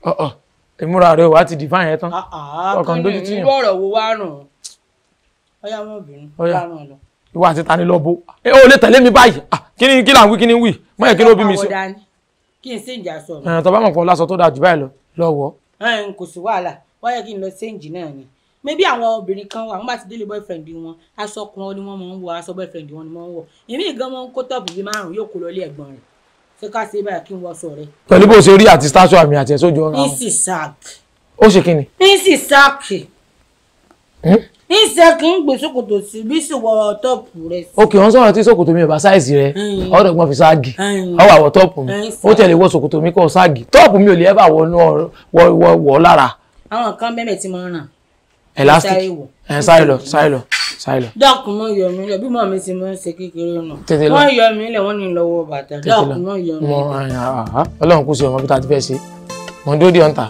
ìmúra rẹ wà ti dìfáàn yẹn tán ah, ah, ọkàn lójú tí yàn. bọ́ọ̀rọ̀ wo wá rùn ọyá mọ̀ bínú wá rùn lọ. ìwà àti tani lọ bó ẹ ò lè tẹ̀lé mi báyìí ah, kí ni kí là ń wí kí ni wí mọ̀ yẹn kí ló bí mi sí. kí n séǹjì aṣọ mi. tọ́ba mọ̀ pọ̀ lásọ tó dáa jù báyìí lọ lọ́wọ́. kò sí wàhálà wọ́n yẹ kí n lọ séǹjì náà ni maybe àwọn obìnrin kan wà wọ́n bá ti délé boyfriend wọn aṣọ kan ni wọ́n máa ń wọ aṣọ boyfriend wọn ni wọ́n ń wọ èmi gan mọ́ bíi márùn yóò kó lọ ilé ẹ̀gbọ́n rẹ̀ ṣé ká ṣe báyìí kí n wọṣọ rẹ. pẹ̀lú bó ṣe rí àti stasio àmì àti ẹ̀sọ́jọ́ ọ̀rọ̀ àwọn. ní sísàkì. ó ṣe kíni. ní sísàkì. ní sẹ́kì ń gbé ṣòkòtò sí bí ṣòwò tọ́pù rẹ ok wọn sọ̀rọ̀ tí ṣòkòtò mi ò bá sáìsì rẹ hmm. ọ̀dọ̀ gbọ́n fi ságì ọwọ́ hmm. àwọ̀ tọ́pù mi ó tẹ̀lé hmm, wọ ṣòkòtò mi kọ́ ságì tọ́pù mi ò lè ẹ́ bà wọ lára. àwọn kan bẹ́ẹ̀ tí mo ràn elastic ẹ sáré lọ sáré lọ sáré lọ. dákun mọ yọ mí lẹ bí mọ mi ti mọ ṣe kékeré nù tètè lọ wọn yọ mí lẹ wọn ní lọ́wọ́ bàtà dákun mọ yọ mí lẹ. ọlọ́run kù sí ọmọ bí ta ti fẹ́ ṣe mọ̀ ń dóde ọ̀ǹtà.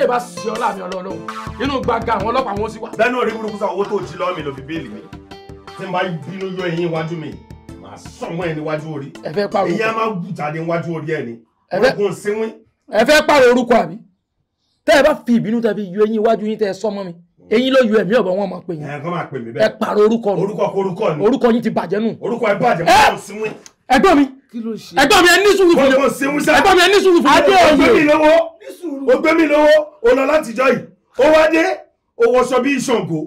bí ìbá ṣe ọlá mi ọlọ́run inú gbàgà àwọn ọlọ́pàá wọn sì wà. bẹ́ẹ̀ náà rí burúkú sá owó tó jí lọ́wọ́ mi ló fi béèlì mi tí n bá bínú yọ eyín iwájú mi màá sọ̀mọ́ ẹ níwájú orí ẹ fẹ́ pàrọ̀ èyí á máa gùn jáde níwájú orí ẹ ni ogun síwín. ẹ fẹ́ pàrọ̀ orúkọ àbí tẹ́ ẹ bá fi ìbínú tẹ́ fi yọ eyín iwájú yín tẹ́ ẹ sọ́mọ́ mi eyín ló yọ ẹ̀mí ọ̀bọ wọn máa pè yín ẹ pàrọ̀ orúkọ orúkọ yín ti bàjẹ́ nù orúkọ ẹ bàjẹ́ mọ́ síwín kí mi ẹ ní sùúrù fún mi ẹ̀gbọ́n mi ẹ ní sùúrù fún mi. adé òye ògbé mi lówó ògbé mi lówó ó lọ látijọ́ yìí ó wá dé ó wọṣọ bí Ṣàngó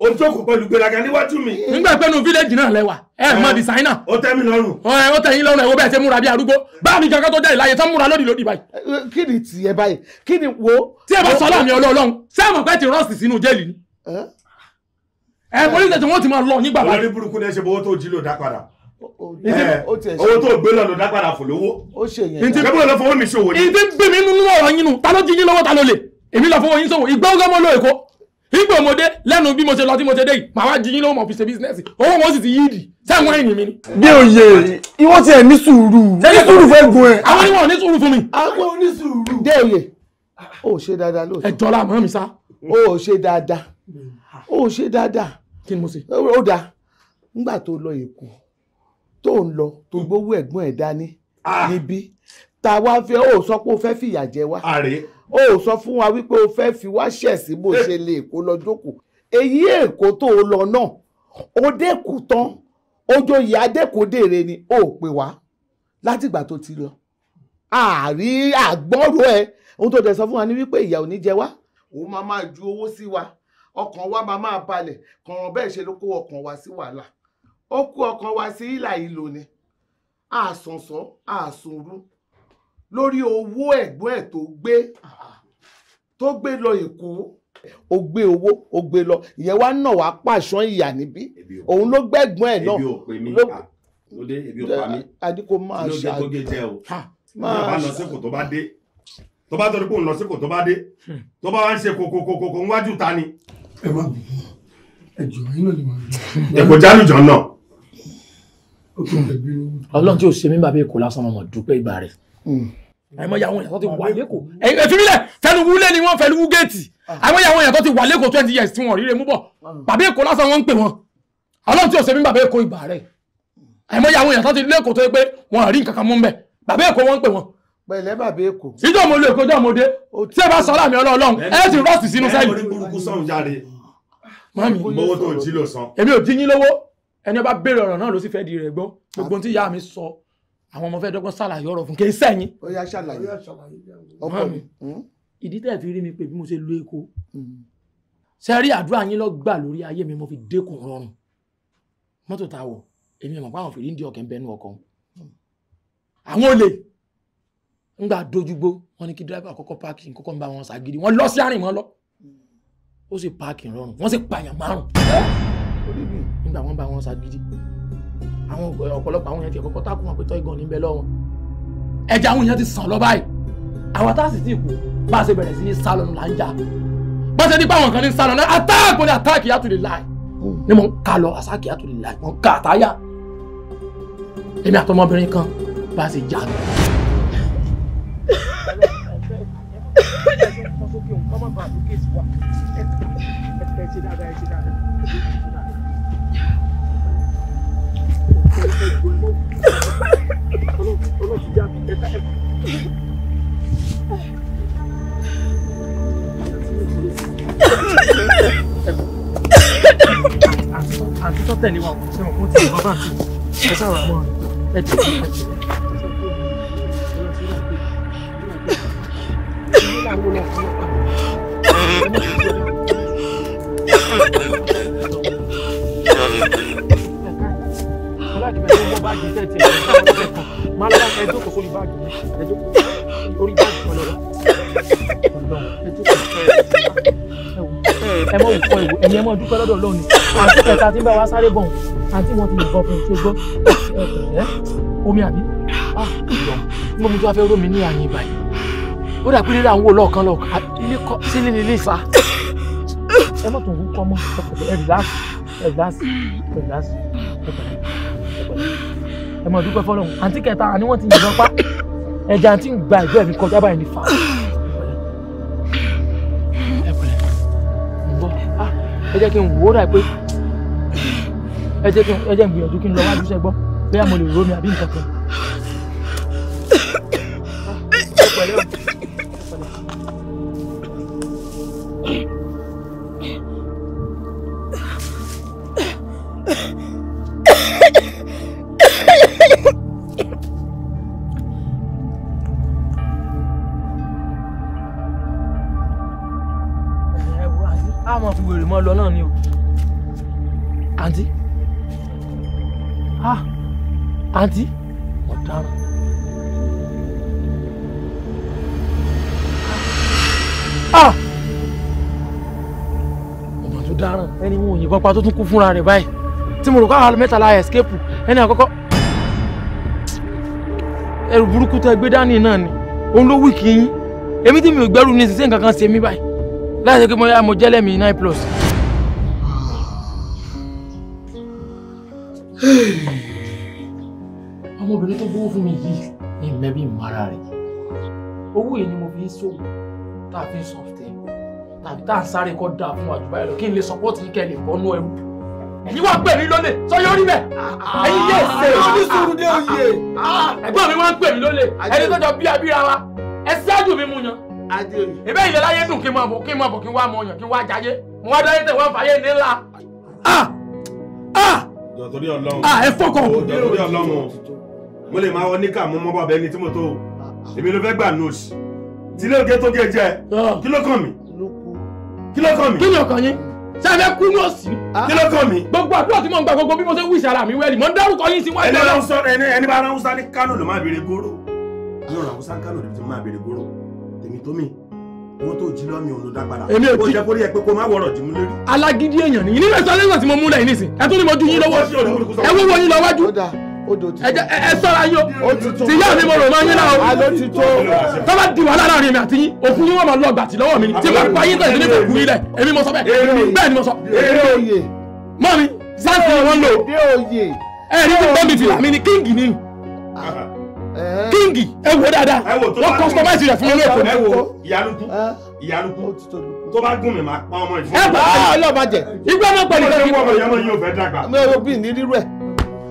ó jókòó pẹ̀lú gbèrágà níwájú mi. nígbà pẹ́ nu fílẹ̀jì náà lẹ́wà ẹ mọ dìsáínà. ó tẹ́ mi lọ́rùn. ẹ ó tẹ́ yín lọ́rùn ẹ wo bẹ́ẹ̀ ṣe múra bí arúgbó bá mi kankan tó jẹ́ ìlàyé tán múra lódì lódì báyìí. kí ni tiẹ̀ báyìí kí ni wo. tí ẹ bá sọ láàmì ọlọ́ọ̀lọ́hún sẹ́ẹ̀mọ̀ pẹ́ ti rọ́ọ̀sì sínú jẹ́ẹ̀lì ni. ẹ polisi tẹ̀sán wọn ti máa lọ nígbà báyìí owó tó gbé lọ ló dá padà fò lówó. ó ṣe yẹn ní ti gbé lọ fowó mi ṣòwò ni. ìdí gbé mi nínú ọ̀rọ̀ yín nu ta ló jí yín lọ́wọ́ ta ló lè èmi lọ fowó yín ṣòwò ìgbà ọgá mo lọ èkó ìgbà òmòdé lẹ́nu bí mo ṣe lọ tí mo ṣe dé yìí màá wá jí lọ́wọ́ mọ̀ fi ṣe bísínẹ́sì owó wọn sì ti yídì sẹ́wọ̀n ẹ̀yìn mi ni. bí òye ìwọ ti ẹ̀ ní sùúrù ní sùúrù fẹ́ gun ẹ̀. àwọn onímọ̀ ní sùúrù fún mi. àwọn onísùúrù. dé òye o ò ṣe dáadáa lóòótọ́. ẹ jọra mọ́ mi sá. o ò ṣe dáadáa o ò ṣe dáadáa. kí ni mo ṣe. ó dáa nígbà tó lọ èkó tó ń lọ tó hmm. gbówó ẹ̀gbọ́n ẹ̀ dání ah. níbí ta wá fẹ́ ó sọ pé o fẹ́ fìyà jẹ wá ah, ó sọ fún wa wípé o fẹ́ fi wá ṣẹ̀sí bó eh. ṣe lè kó lọ jókòó èyí èkó tó o lọ náà ó dẹ́kù tán ojú oyè adẹ́kòdèrè ni ó pè wá látìgbà tó ti lọ àárí àgbọ́rò ẹ ohun tó dẹ̀ sọ fún wa ni wípé ìyà ò jẹ wá òun máa máa ju owó sí wa ọkàn wa máa máa balẹ̀ kọ̀ọ̀ràn bẹ́ẹ̀ ṣe ló kó ọkàn wa sí wàhálà ó kú ọkàn wa sí ìlà ìlò ni àsànsán àsùnrú lórí owó ẹ̀gbọ́n ẹ̀ tó gbé tó gbé lọ èkó ó gbé owó ó gbé lọ ìyẹn wá náà wá pàṣán ìyà níbí òun ló gbẹ́gbọ́n ẹ̀ náà lóde ebi ò pa mí adiko máa ṣe àgbẹ̀ máa ṣe àgbẹ̀ tó bá lọ sí kò tó bá dé tó bá torí pé òun lọ sí kò tó bá dé hmm. tó bá wá ń ṣe kòkòkòkò níwájú ta ni. ẹ má bì í ẹ jọ iná ni màá. ẹ kò jálù jọ náà ọlọ́run tí ò ṣe mí bàbá èkó lásán ọmọ dúpẹ́ ìgbà rẹ̀ hmm. àìmọye àwọn èèyàn tó ti wà lẹ́kọ̀ọ́ ẹ̀yìn ẹ̀fínlẹ̀ fẹnu wúlé ni wọ́n fẹnu wú géètì ah. àìmọye àwọn èèyàn tó ti wà lẹ́kọ̀ọ́ twenty years tí wọ́n rí remú bọ̀ hmm. bàbá èkó lásán wọ́n ń pè wọ́n ọlọ́run tí ò ṣe mí bàbá èkó ìgbà rẹ̀ àìmọye àwọn èèyàn tó ti lẹ́kọ̀ọ́ tó yẹ pé wọ́n rí nǹkan kan mú ń bẹ̀ bàbá èkó wọ́n ń pè wọ́n pẹ̀lẹ́ bàbá èkó. ìjọ mo lo èkó jọ mo dé tí ẹ bá sọ láàmì ọlọ́ọ̀lọ́hún ẹ ti rọ́ọ̀sì sínú sẹ́yìn. ẹ mọ̀ ní burúkú sọ̀hún jáde. mọ́mí èmi ò dín yín lówó ẹni ọba béèrè ọ̀rọ̀ náà ló sì fẹ́ di rẹ̀ gbọ́ gbogbo tí ìyá mi sọ àwọn ọmọ fẹ́ dọ́gbọ́n ṣàlàyé ọ̀rọ̀ fún kí n sẹ́yìn. ó yá ṣàlàyé ọkọ mi. Hmm? ìdí tẹ́ fi rí mi pé bí mo ṣe lu èkó hmm. ṣe rí àdúrà yín lọ gbà lórí ayé mi mo fi dẹ́kun rọrùn mọ́tò tá a wọ̀ èmi mọ̀ pé àwọn fèrè ń di ọ̀kẹ́ ń bẹnu ọkọ̀ hmm. àwọn olè ńgbà dojúgbó wọn ní kí dírẹ́bà kọ́kọ́ páàkì kọ́kọ́ ń bá wọn ṣàgídí wọn lọ sí àrìn wọn lọ ó sì páàkì rọrùn wọn sì pààyàn márùn-ún nígbà wọn bá wọn ṣàgídí àwọn ọ̀pọ̀lọpọ̀ àwọn yẹn ti kọ́kọ́ tákùn àpètọ́ ìgàn níbẹ̀ lọ́wọ́ ẹja àwọn yẹn ti sàn lọ báyìí àwọn táàsì tí kù bá a ṣe bẹ̀rẹ̀ sí ní sálọ ńlá ń jà bá a ṣe nípa àwọn kan ní sálọ náà atáàkì ni atáàkì yàtò lè láì ni mò ń kà lọ àsáàkì yàtò láì mò ń kà àtáyà èmi àtọmọbìnrin kan bá a ṣe jà lọ. ẹ ẹ ṣe dáadáa ẹ ṣe dáadáa àti tó tẹ̀lé wa ṣe mọ̀ fún ti ìwọ bá ti ẹ sára mọ́ ẹ jù sí ẹjù. Thank you láti bẹ̀rẹ̀ mọ́ báàgì tẹ̀ tiẹ̀ máa lọ́wọ́ ẹ jókòó sórí báàgì ẹ jókòó orí báàgì kan lọ́wọ́ ọlọ́run ẹ jókòó ẹ mọ òkú ẹ̀wò ẹ̀yìn ẹ mọ dúpẹ́ lọ́dọ̀ lónìí àti kẹta tí ń bá wa sáré bọ̀ àti wọn ti lè bọ̀ fún ṣogbọ́ ẹ omi àbí mo mú tí wàá fẹ́ rómi ní àyìn ìbàyí ó dà rírà ń wò lọ́ọ̀kan lọ́ọ̀kan sílé nílé ìfà ẹ tó ń kọ́ mọ́ ẹ rìláàsì ẹ that's. ẹ gíláàsì ẹ pẹ̀lẹ́ ẹ pẹ̀lẹ́ ẹ mọ̀ dúpẹ́ fọlọ́run àǹtí kẹta àní wọ́n ti yìnbọn pa ẹja àǹtí ń gba ìgbẹ́ mi kọjá báyìí ní fa. ẹ pẹ̀lẹ́ ń bọ̀ ẹ jẹ́ kí n wò ó dà pé ẹ jẹ́ kí n gbìyànjú kí n lọ wájú sẹ́gbọ́n bẹ́ẹ̀ mo lè ro mi àbí nǹkan kan. adi ọ̀daràn. ọmọ tó dáràn ẹni wọn ò yìnbọn pa tó tún kú fúnra rẹ̀ báyìí tí mo rò káwọn mẹ́ta la escape ẹni àkọ́kọ́ ẹrù burúkú tẹ gbé dání náà ni òun ló wí kí yín èmi tí mi ò gbẹ́rù ní sísé nǹkan kan ṣe mí báyìí láti ṣe pé mo yá mo jẹ́lẹ̀ mi nine plus fún mi yìí ní mẹ́bí ìmọ̀ra rẹ̀ owó yìí ni mo fi ń ṣòwò tá a tàbí tá a sáré kọ́ dáa fún àjùbá ẹ̀rọ kí n lè sọpọ́ọ̀tì yìí kẹ́ bọ́nú ẹrú ẹ̀yin wá gbẹ̀mí lólè sọyọ́ rí bẹ̀ ẹ̀yin yé ṣe é ní sùúrù dé oyè ẹ̀gbọ́n mi wá ń gbẹ̀mí lólè ẹni tó bí abíra wa ẹ ṣáájú mi mú yan ebe ilẹ̀ láyé dùn kí n máa bọ̀ kí n máa bọ̀ kí n wá mọ yàn kí n wá jayé mo wá dáyé tẹ̀ wá fàyè nílá. ah ah! Ah! ah ẹ fọkàn mo lè máa wọ níkà mú mọ́ bàbá ẹni tí mo tó o èmi ló fẹ́ gbà nọ́ọ̀sì tí ilé oge tó gé jẹ kí ló kàn mí kí ló kàn mí. kí ló kàn yín sáfẹ́ kú ní òsì. Ah. kí ló kàn mí. gbogbo àdúrà tí mo ń gba gbogbo bí mo ṣe ń wí ìṣàrà mi wẹ́ẹ̀lì mo ń dárúkọ yín sí wájú. ẹni ẹni bá rán húsá ní kánò ló máa béèrè góró yóò rán húsá kánò ló máa béèrè góró tèmi tó mi wọn tó jí lọ́mí òun ló dá padà. èmi ò jí o jẹ kórìí ẹ pé kó má wọrọ dì mú lórí. alágídí èèyàn nìyí nígbà tí wọn lè sọ tí mo múlẹ̀ yìí nísìn ẹ tún ni mo ju yín lọ́wọ́ ẹ wúwo yín lọ wájú ẹ sọ́ra yín o ti yá mi mo rò máa yín náà o tó di wàhálà láàrin mi àti yín òkú yín wọ́n máa lọ gbàtì lọ́wọ́ mi ni tí wọ́n pa yín tẹ̀lé nípa òkú yín èmi mo sọ bẹ́ẹ̀ bẹ́ẹ̀ ni mo sọ. mọ mi sáàsì ni wọ́n lò ẹ ní kí bọ́ mi fìlà mi ni kíngì ni ah. eh. kíngì ẹ wò dáadáa wọ́n customize rẹ̀ fún mi ni. ìyálùkù eh. tó bá gún mi máa pa ọmọ ìfún ẹ bá ọlọ́ọ̀bàjẹ́ ìgbà máa pẹ̀lú. ọmọ ìyá mọ̀ yóò fẹ́ dàgbà. mi ò bí ní rírú ẹ̀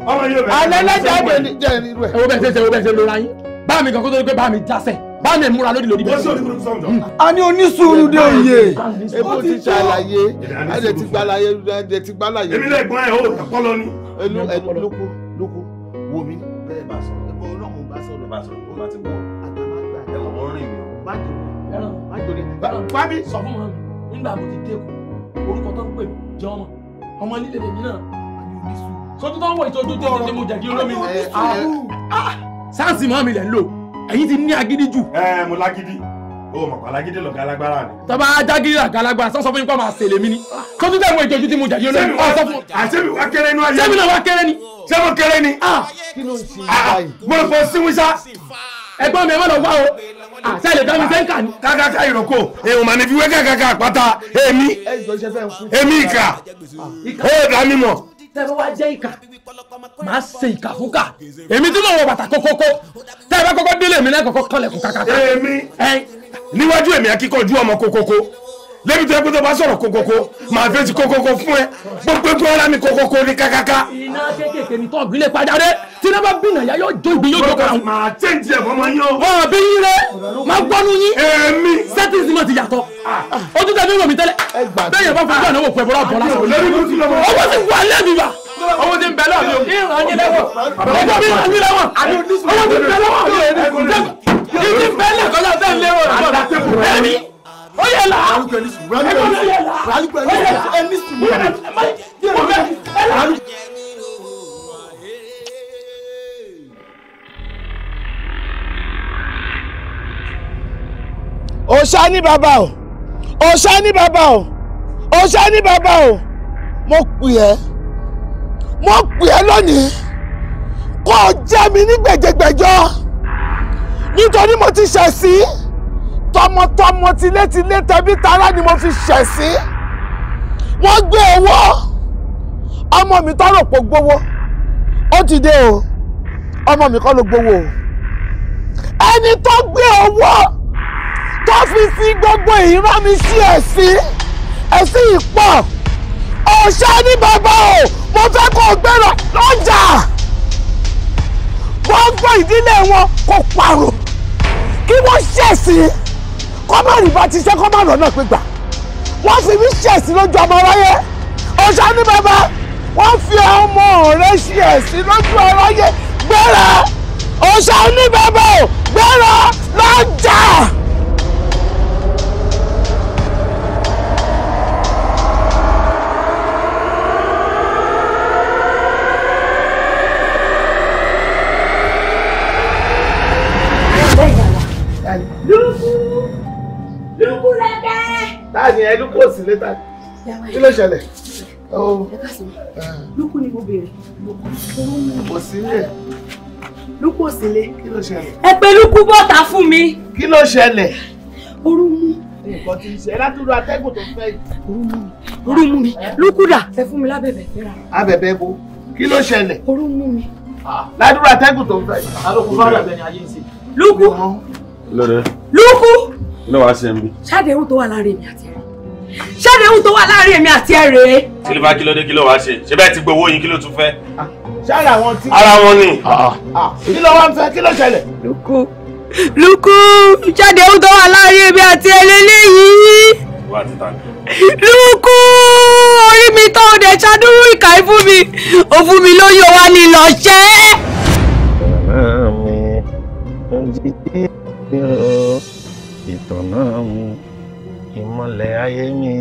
alẹ́ lẹ́jà jẹ́ irú ẹ̀. owó bẹ́ẹ̀ ṣe ṣe owó bẹ́ẹ̀ ṣe lóra yín bá mi kan kó tó di pé bá mi jásẹ̀ bá mi múra lórí lórí bẹ́ẹ̀. Hmm. a ní onísùúrù dé òye. èpo ti ṣàlàyé ẹ̀jẹ̀ ti gbàlàyé ẹ̀jẹ̀ ti gbàlàyé. èmi lè gbọ́n ẹ̀ o ẹ̀kọ́ lọ ni. ẹnu ẹnu lóko lóko wo mi. bẹ́ẹ̀ bá sọ ẹ̀kọ́ ọlọ́run bá sọ lọ́ba sọ lọ́ba ti gbọ́ àtàlágbà ẹ̀wọ̀n wọn rìn mí. májò májò ni bábí. sọ fún wọn nígbà mo ti dé kù orúkọ tó ń pè jọ́nà ọmọ líle lèmi náà a ní onísùúrù sojú tó ń wọ ìtọ́jú tó ti mú jẹ̀dí olómi. Ah. Ah. sáǹsì mọ́ mi lẹ̀ ń lò ẹ̀yin ti ní agídí jù. ẹ mo lágídí o mọ̀ pa lágídí lọ̀gá alágbára ni. tọ́ba ajágídí àga alágbára sọ́sọ́ fún yín kó máa ṣèlè mi ni sojú tó ń wọ ìtọ́jú tí mo jẹ̀dí olómi. sẹ́mi wá ah, kéré ní ayé. sẹ́mi náà wá kéré ni. sẹ́mi kéré ni. mo fọ síwúsá ẹ̀gbọ́n mi ẹ má lọ wá o àṣà lè dá mi sẹ́ńkà ni. kákàká ìrókò èèwọ̀n màá ní fi wé kákàká àpáta èmi èmi ìkà tẹ́ bá wá jẹ́ ìkà màá ṣe ìkà fún èmi tí mo wọ bàtà kókókó tẹ́ bá délé mi náà kọ́kọ́ kọ́lẹ̀kùn kàkàkà. èmi níwájú èmi akíkanjú ọmọ kókókó lébi tó yẹ kó tó bá sọ̀rọ̀ kokoko màá fẹ́ ti kokoko fún ẹ gbogbo ẹgbẹ́ ọ̀la mi kokoko ní kakaka. iná kékèké ni tọ́ọ̀gì lè padà dé tí iná bá bínà yá yóò jó ìgbé yóò jó kọ́ra. màá tẹ̀ ń tiẹ̀ fọmọ yín o. ọ̀ bí yín rẹ máa gbọ́nu yín. èmi. sẹ́tìsì mọ̀ ti yàtọ̀ ojú tẹ̀ nínú mi tẹ́lẹ̀ bẹ́ẹ̀ yẹn bá fún ìgbà náà wò pẹ̀ bọ́lá bọ́lá. owó ti wà lẹ́bi wa owó ti ń bẹ lọ́wọ́ mi o. ìrànlọ́wọ́ mi lọ́wọ́ owó mi ràn mí lọ́wọ́ owó ti ń bẹ lọ́wọ́ mi o. ìdí ń bẹ lẹ́kọ̀ọ́ lọ́wọ́ bẹ́ẹ̀ lé wọn. alùpùpù ẹni sùn ẹni sùn yẹn lọ sí ní bàbá o òṣà ní bàbá o òṣà ní bàbá o mo pè ẹ́ mo pè ẹ́ lónìí kó o jẹ́ mi ní gbẹ̀jẹ̀gbẹ̀jọ nítorí mo ti ṣẹ̀ sí tọmọtọmọ tilétilé tẹbí tará ni mo fi ṣẹ̀ sí. Si wọ́n gbé owó ọmọ mi tọrọ pọ̀ gbowó ó ti dé o ọmọ mi kọ́ ló gbowó o ẹni tó gbé owó tó fi fi gbogbo ìran mi sí ẹ̀sìn ẹ̀sìn ìpọ̀ ọ̀ṣẹ́ ní bàbá o mo fẹ́ kó o gbéra lọ́jà gbogbo ìdílé wọn kò parun kí wọ́n ṣẹ̀sìn kọ́ má rí bá ti ṣe kọ́ má rọ̀ náà pé gbà wọ́n fi mí ṣẹ̀sín lójú ọmọ aráyé ọ̀ṣà ní bàbá wọ́n fi ọmọ rẹ̀ ṣẹ̀sín lójú aráyé gbéra ọ̀ṣà ní bàbá ò gbéra lọ́jà. sí létà kí ló ṣẹlẹ̀. Oh. Ah. lókù ni mo béèrè lókù sílẹ̀. lókù òsínlé. kí ló ṣẹlẹ̀. ẹ pé lókù bọ́ta fún mi. kí ló ṣẹlẹ̀. orú mú nǹkan ti ṣe ládùúrú atẹ́gùn tó fẹ́ yìí. orú mú mi orú mú mi ah. lókùdà ẹ fún mi lábẹ̀bẹ̀ fẹ́ra. abẹ̀bẹ̀ bo kí ló ṣẹlẹ̀. orú mú mi. Ah. ládùúrú atẹ́gùn tó fẹ́ yìí. alókùn fara bẹ́ẹ̀ ayé ń ṣe. lókù lókù. kí ló ṣe ń bí. ṣáde ohun tó wà láàrin èmi àti ẹ̀rọ ṣé àdéhùn tó wà láàrin èmi àti ẹ rèé. kí ló bá kí ló dé kí ló wá ṣe ṣé bẹ́ẹ̀ ti gbowó yín kí ló tún fẹ́. Ah, ṣáàrà wọn ti. ara wọn ni. Ah, ah, kí ló wá ń fẹ́ kí ló ṣẹlẹ̀. lukú lukú jáde ohun tó wà láàrin èmi àti ẹ lélẹ́yìí. lukú orí mi tó ọdẹ ṣàdúró ìkà ìfún mi òfun mi ló yọ wá ní lọ ṣẹ́. ìtàn náà mi ìtàn náà mi ọlẹ̀ ayé mi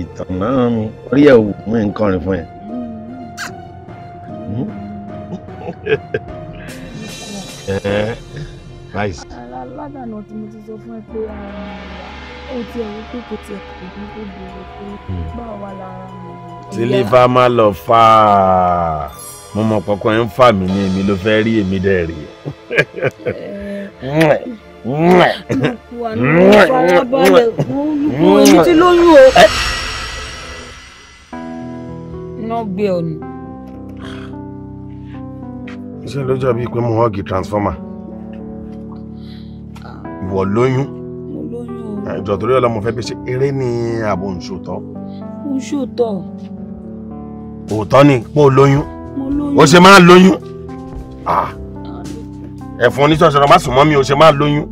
ìtànná mi orí ẹ̀ wù mí nǹkan rìn fún ẹ. Hmm. láìsí. [LAUGHS] aládàáná eh, tí mo ti sọ fún ẹ pé ara mi ò tí ẹ wí pé kò tiẹ̀ kò ní kó béèrè pé hmm. báwo wà lára mi. tí lífà lọ fà á mo mọ̀ pọ̀kan ń fà mí ní èmi ló fẹ́ rí èmi dẹ̀ rí. [LAUGHS] Eh, hmm wà ní farabalẹ̀ olùkọ́ èyí tí lóyún o. iná gbé ọ ni. ló jọ bíi pé mo họ́ọ̀gì transformer ìwọ lóyún ìjọ torí ọlọmọ fẹ́ pé ṣe eré ní ààbò nsòótọ́. nsòótọ́. òótọ́ ni pé o lóyún o ṣe máa lóyún. Ah ẹ̀fọn oníṣọ́ṣọ́ má sùn mọ́ mi ò ṣe má lóyún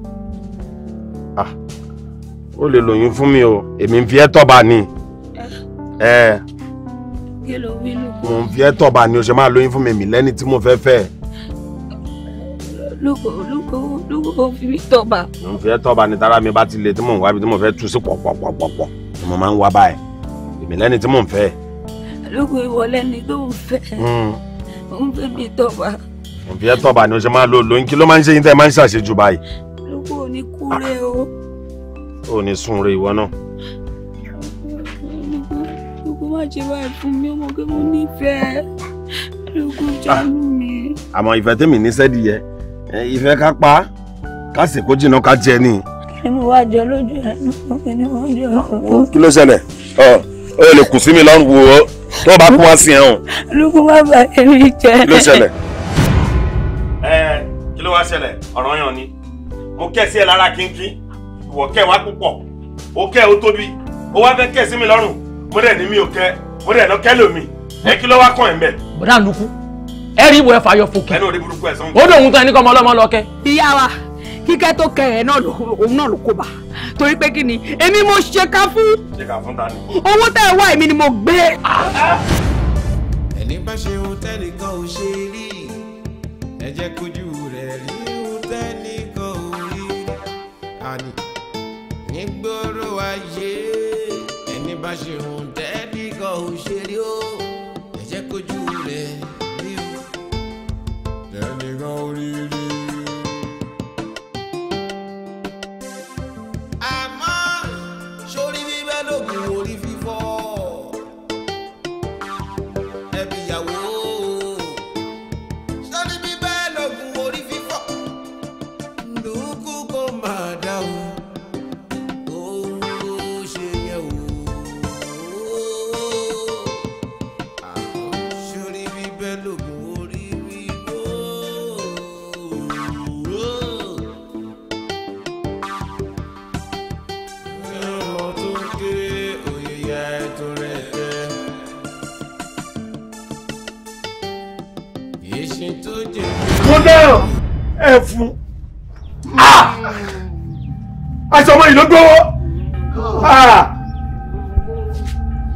ah, ó lè lóyún fún mi o èmi ń fi ẹ́ tọ́ba ni mo ń fi ẹ́ tọ́ba ni o ṣe má lóyún fún mi mi lẹ́ni tí mo fẹ́ fẹ́ lóko lóko lóko fi mi tọ́ba. mo ń fi ẹ́ tọ́ba ni tára mi bá ti le tí mò ń wá ibi tí mo fẹ́ tu sí pọ̀pọ̀pọ̀pọ̀ ni mo máa ń wá báyìí èmi lẹ́ni tí mò ń fẹ́. lóko ìwọ tó ń fẹ́ hmm. ń fẹ́ mi tọ́ba òbí ẹ tọ́ba ni o ṣe máa lo lóyún kí ló máa ń ṣe yín tẹ́ ẹ máa ń ṣàṣejù báyìí. lóko ò ní kúrẹ́ o. ò ní sunre ìwọ náà. lóko má ṣe báyìí fún mi ọmọ pé mo nífẹ̀ẹ́ lóko jánu mi. àmọ́ ìfẹ́ tèmi ní sẹ́ẹ̀dì yẹ ìfẹ́ ká pa ká sì kó jìnnà ká jẹ ni. kí mo wá jọ lójú ẹ ní mo jọ. kí ló ṣẹlẹ̀ ọ ọ lè kù sí mi lọ́rùn wo tó bá kú wá sí ẹ̀ hàn. lóko má bàa ẹni jẹ. kí ló ṣẹlẹ̀ ló wá ṣẹlẹ̀ ọ̀ràn yàn ni mo kẹ́ sí ẹ lára kínkín ìwọ kẹ́ wá púpọ̀ ó kẹ́ ó tóbi ó wá fẹ́ kẹ́ sí mi lọ́rùn mo dẹ̀ ní mi ò kẹ́ mo dẹ̀ lọ kẹ́ lómi ẹ kí ló wá kàn ẹ̀ mbẹ́. bọ́dà lukú ẹ rí ìwọ ẹ fàyọ fòkè ẹnu orí tán ẹni kọ́ ọmọ ọlọ́mọ lọ kẹ́. ìyá wa kíkẹ́ tó kẹ ẹ̀ náà òun náà ló kó bá torí pé kí ni èmi mo ṣe ká fún. owó tẹ ẹ wá èmi ni mo gbé. ẹni bá ṣe ohun tẹ́nìkan ò ṣe rí ẹ jẹ́ kójú Kùránì. nígboro ayé ẹni bá ṣe hùn tẹ́bí kan ò ṣeré o. ẹ fún ah! aṣọ ọmọ yìí ló gbowó ah!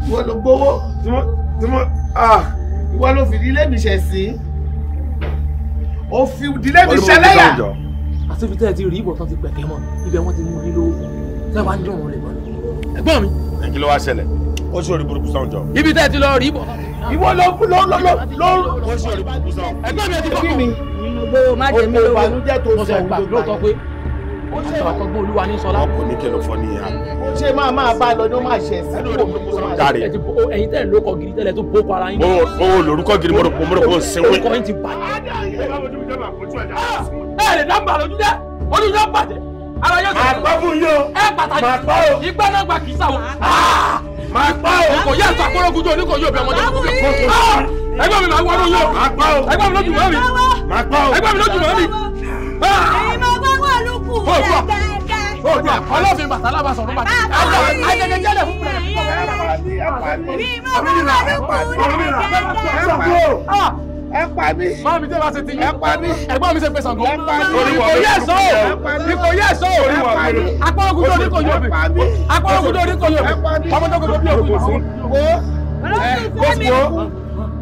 ìwọ ló gbowó ah! ìwọ ló fi ìdílé mi ṣẹ̀ sí O fi ìdílé mi ṣẹ̀ lẹ́yà. àti ibi ti rí ìbọn tán ti pẹ̀kẹ́ mọ́ ibẹ̀ wọ́n ti mú mi lówó tẹ́ wàá dùn ún rẹ̀ bọ́lá. ẹ̀gbọ́n mi. ẹ ló wá ṣẹlẹ̀ ó ṣe orí burúkú sáwọn jọ. ibi tẹ́ ti lọ rí ìbọn. ìwọ ló ló ló ló ó ṣe orí burúkú sáwọn. ẹ̀gbọ́n mi ẹ ti bọ́ gbogbo má jẹ mí lówó mo sọ gbà lóòótọ́ pé àtọ̀kọ́gbọ́n olúwa ní sọlá. ọkọ ní kẹlẹ fọ nìyà. ṣé máa máa bá a lọ ní ó máa ṣe sí. ẹ̀yin tẹ́lẹ̀ ló kọ gidi tẹ́lẹ̀ tó bó kọ ara yín. o lórúkọ gidi mo rò mo rò kó sinwó. orúkọ yín ti bàjẹ́. ẹ ah! ẹ lè dábàá lójú dẹ ojú yóò bàjẹ́ ara yóò sọ. màá pa fún yín o. ẹ pàtàkì ìgbà náà gba kìí sáwọn. màá pa ah! o. kò yẹ àtàkùrọ̀ gúdú oníkòyí òbí ọmọdé ẹgbẹ́ mi máa wá lóyún o máa pa o ẹgbẹ́ mi lójú mọ́ mi máa pa o ẹgbẹ́ mi lójú mọ́ mi. èyí máa wá wà lókù rẹ̀ dáadáa. òòlù ọlọ́fin bàtà alábà sọ̀rọ̀ bàtà. àbọ̀ àjẹjẹ jẹ́lẹ̀ fún pẹ̀lẹ́ fún pẹ̀lẹ́. èyí máa wá wà lókù rẹ̀ dáadáa ẹ pa mí. máa mi tẹ́ bá ṣe ti yín. ẹ pa mí. ẹ̀gbọ́n mi ṣe pèsè àgọ́. ẹ pa mí. oríwọ̀ mi yẹ sọ. ẹ pa mí. ikọ̀ yẹ oríwọ̀ mi rè. akọ́rọ́gùn tó ní kò yóò bì. ẹ pa mí. akọ́rọ́gùn tó ní kò yóò bì. ẹ pa ọmọdé kò tó bí òkú. o ẹ kó sí o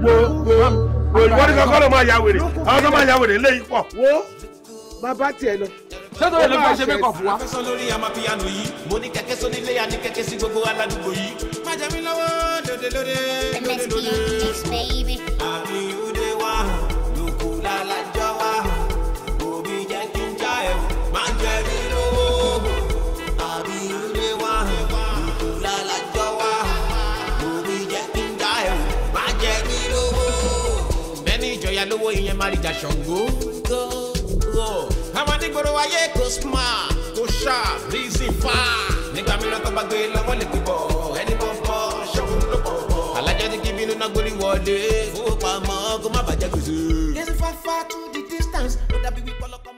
wo wo ní ló máa ya wèrè àwọn tó máa ya wèrè lé ipò. wo bàbá tiẹ̀ lọ. sọ́dọ̀ ẹ̀ ló fẹ́ ṣe mẹ́kọ̀ fún wa. afẹ́sọ́ lórí amapiano yìí mo ní kẹ̀kẹ́ sọ nílé ya ní kẹ̀kẹ́ sí gbogbo aládùúgbò yìí. má jẹ́ mi lọ́wọ́ lóde lóde lóde lóde. àmì ìwúde wa lóko lálájọ wa òbí jẹ́ kí n já ẹ̀wò má jẹ́ mi lówó ìyẹn má rí ìjà ṣàngó. àwọn adigboro ayé kò smart kò sharp lizzy fa. nígbà mìíràn tó bá gbé lọ́wọ́ lè pípọ̀ ẹni bọ́ bọ́ ṣọ́kù ló bọ̀ bọ̀. alájọ ti kí bínú náà gbórí wọlé fowópamọ́ kó má bàjẹ́ gbèsè. gẹ́sì fáfá to the distance ló dàbí wípé ọlọ́pàá.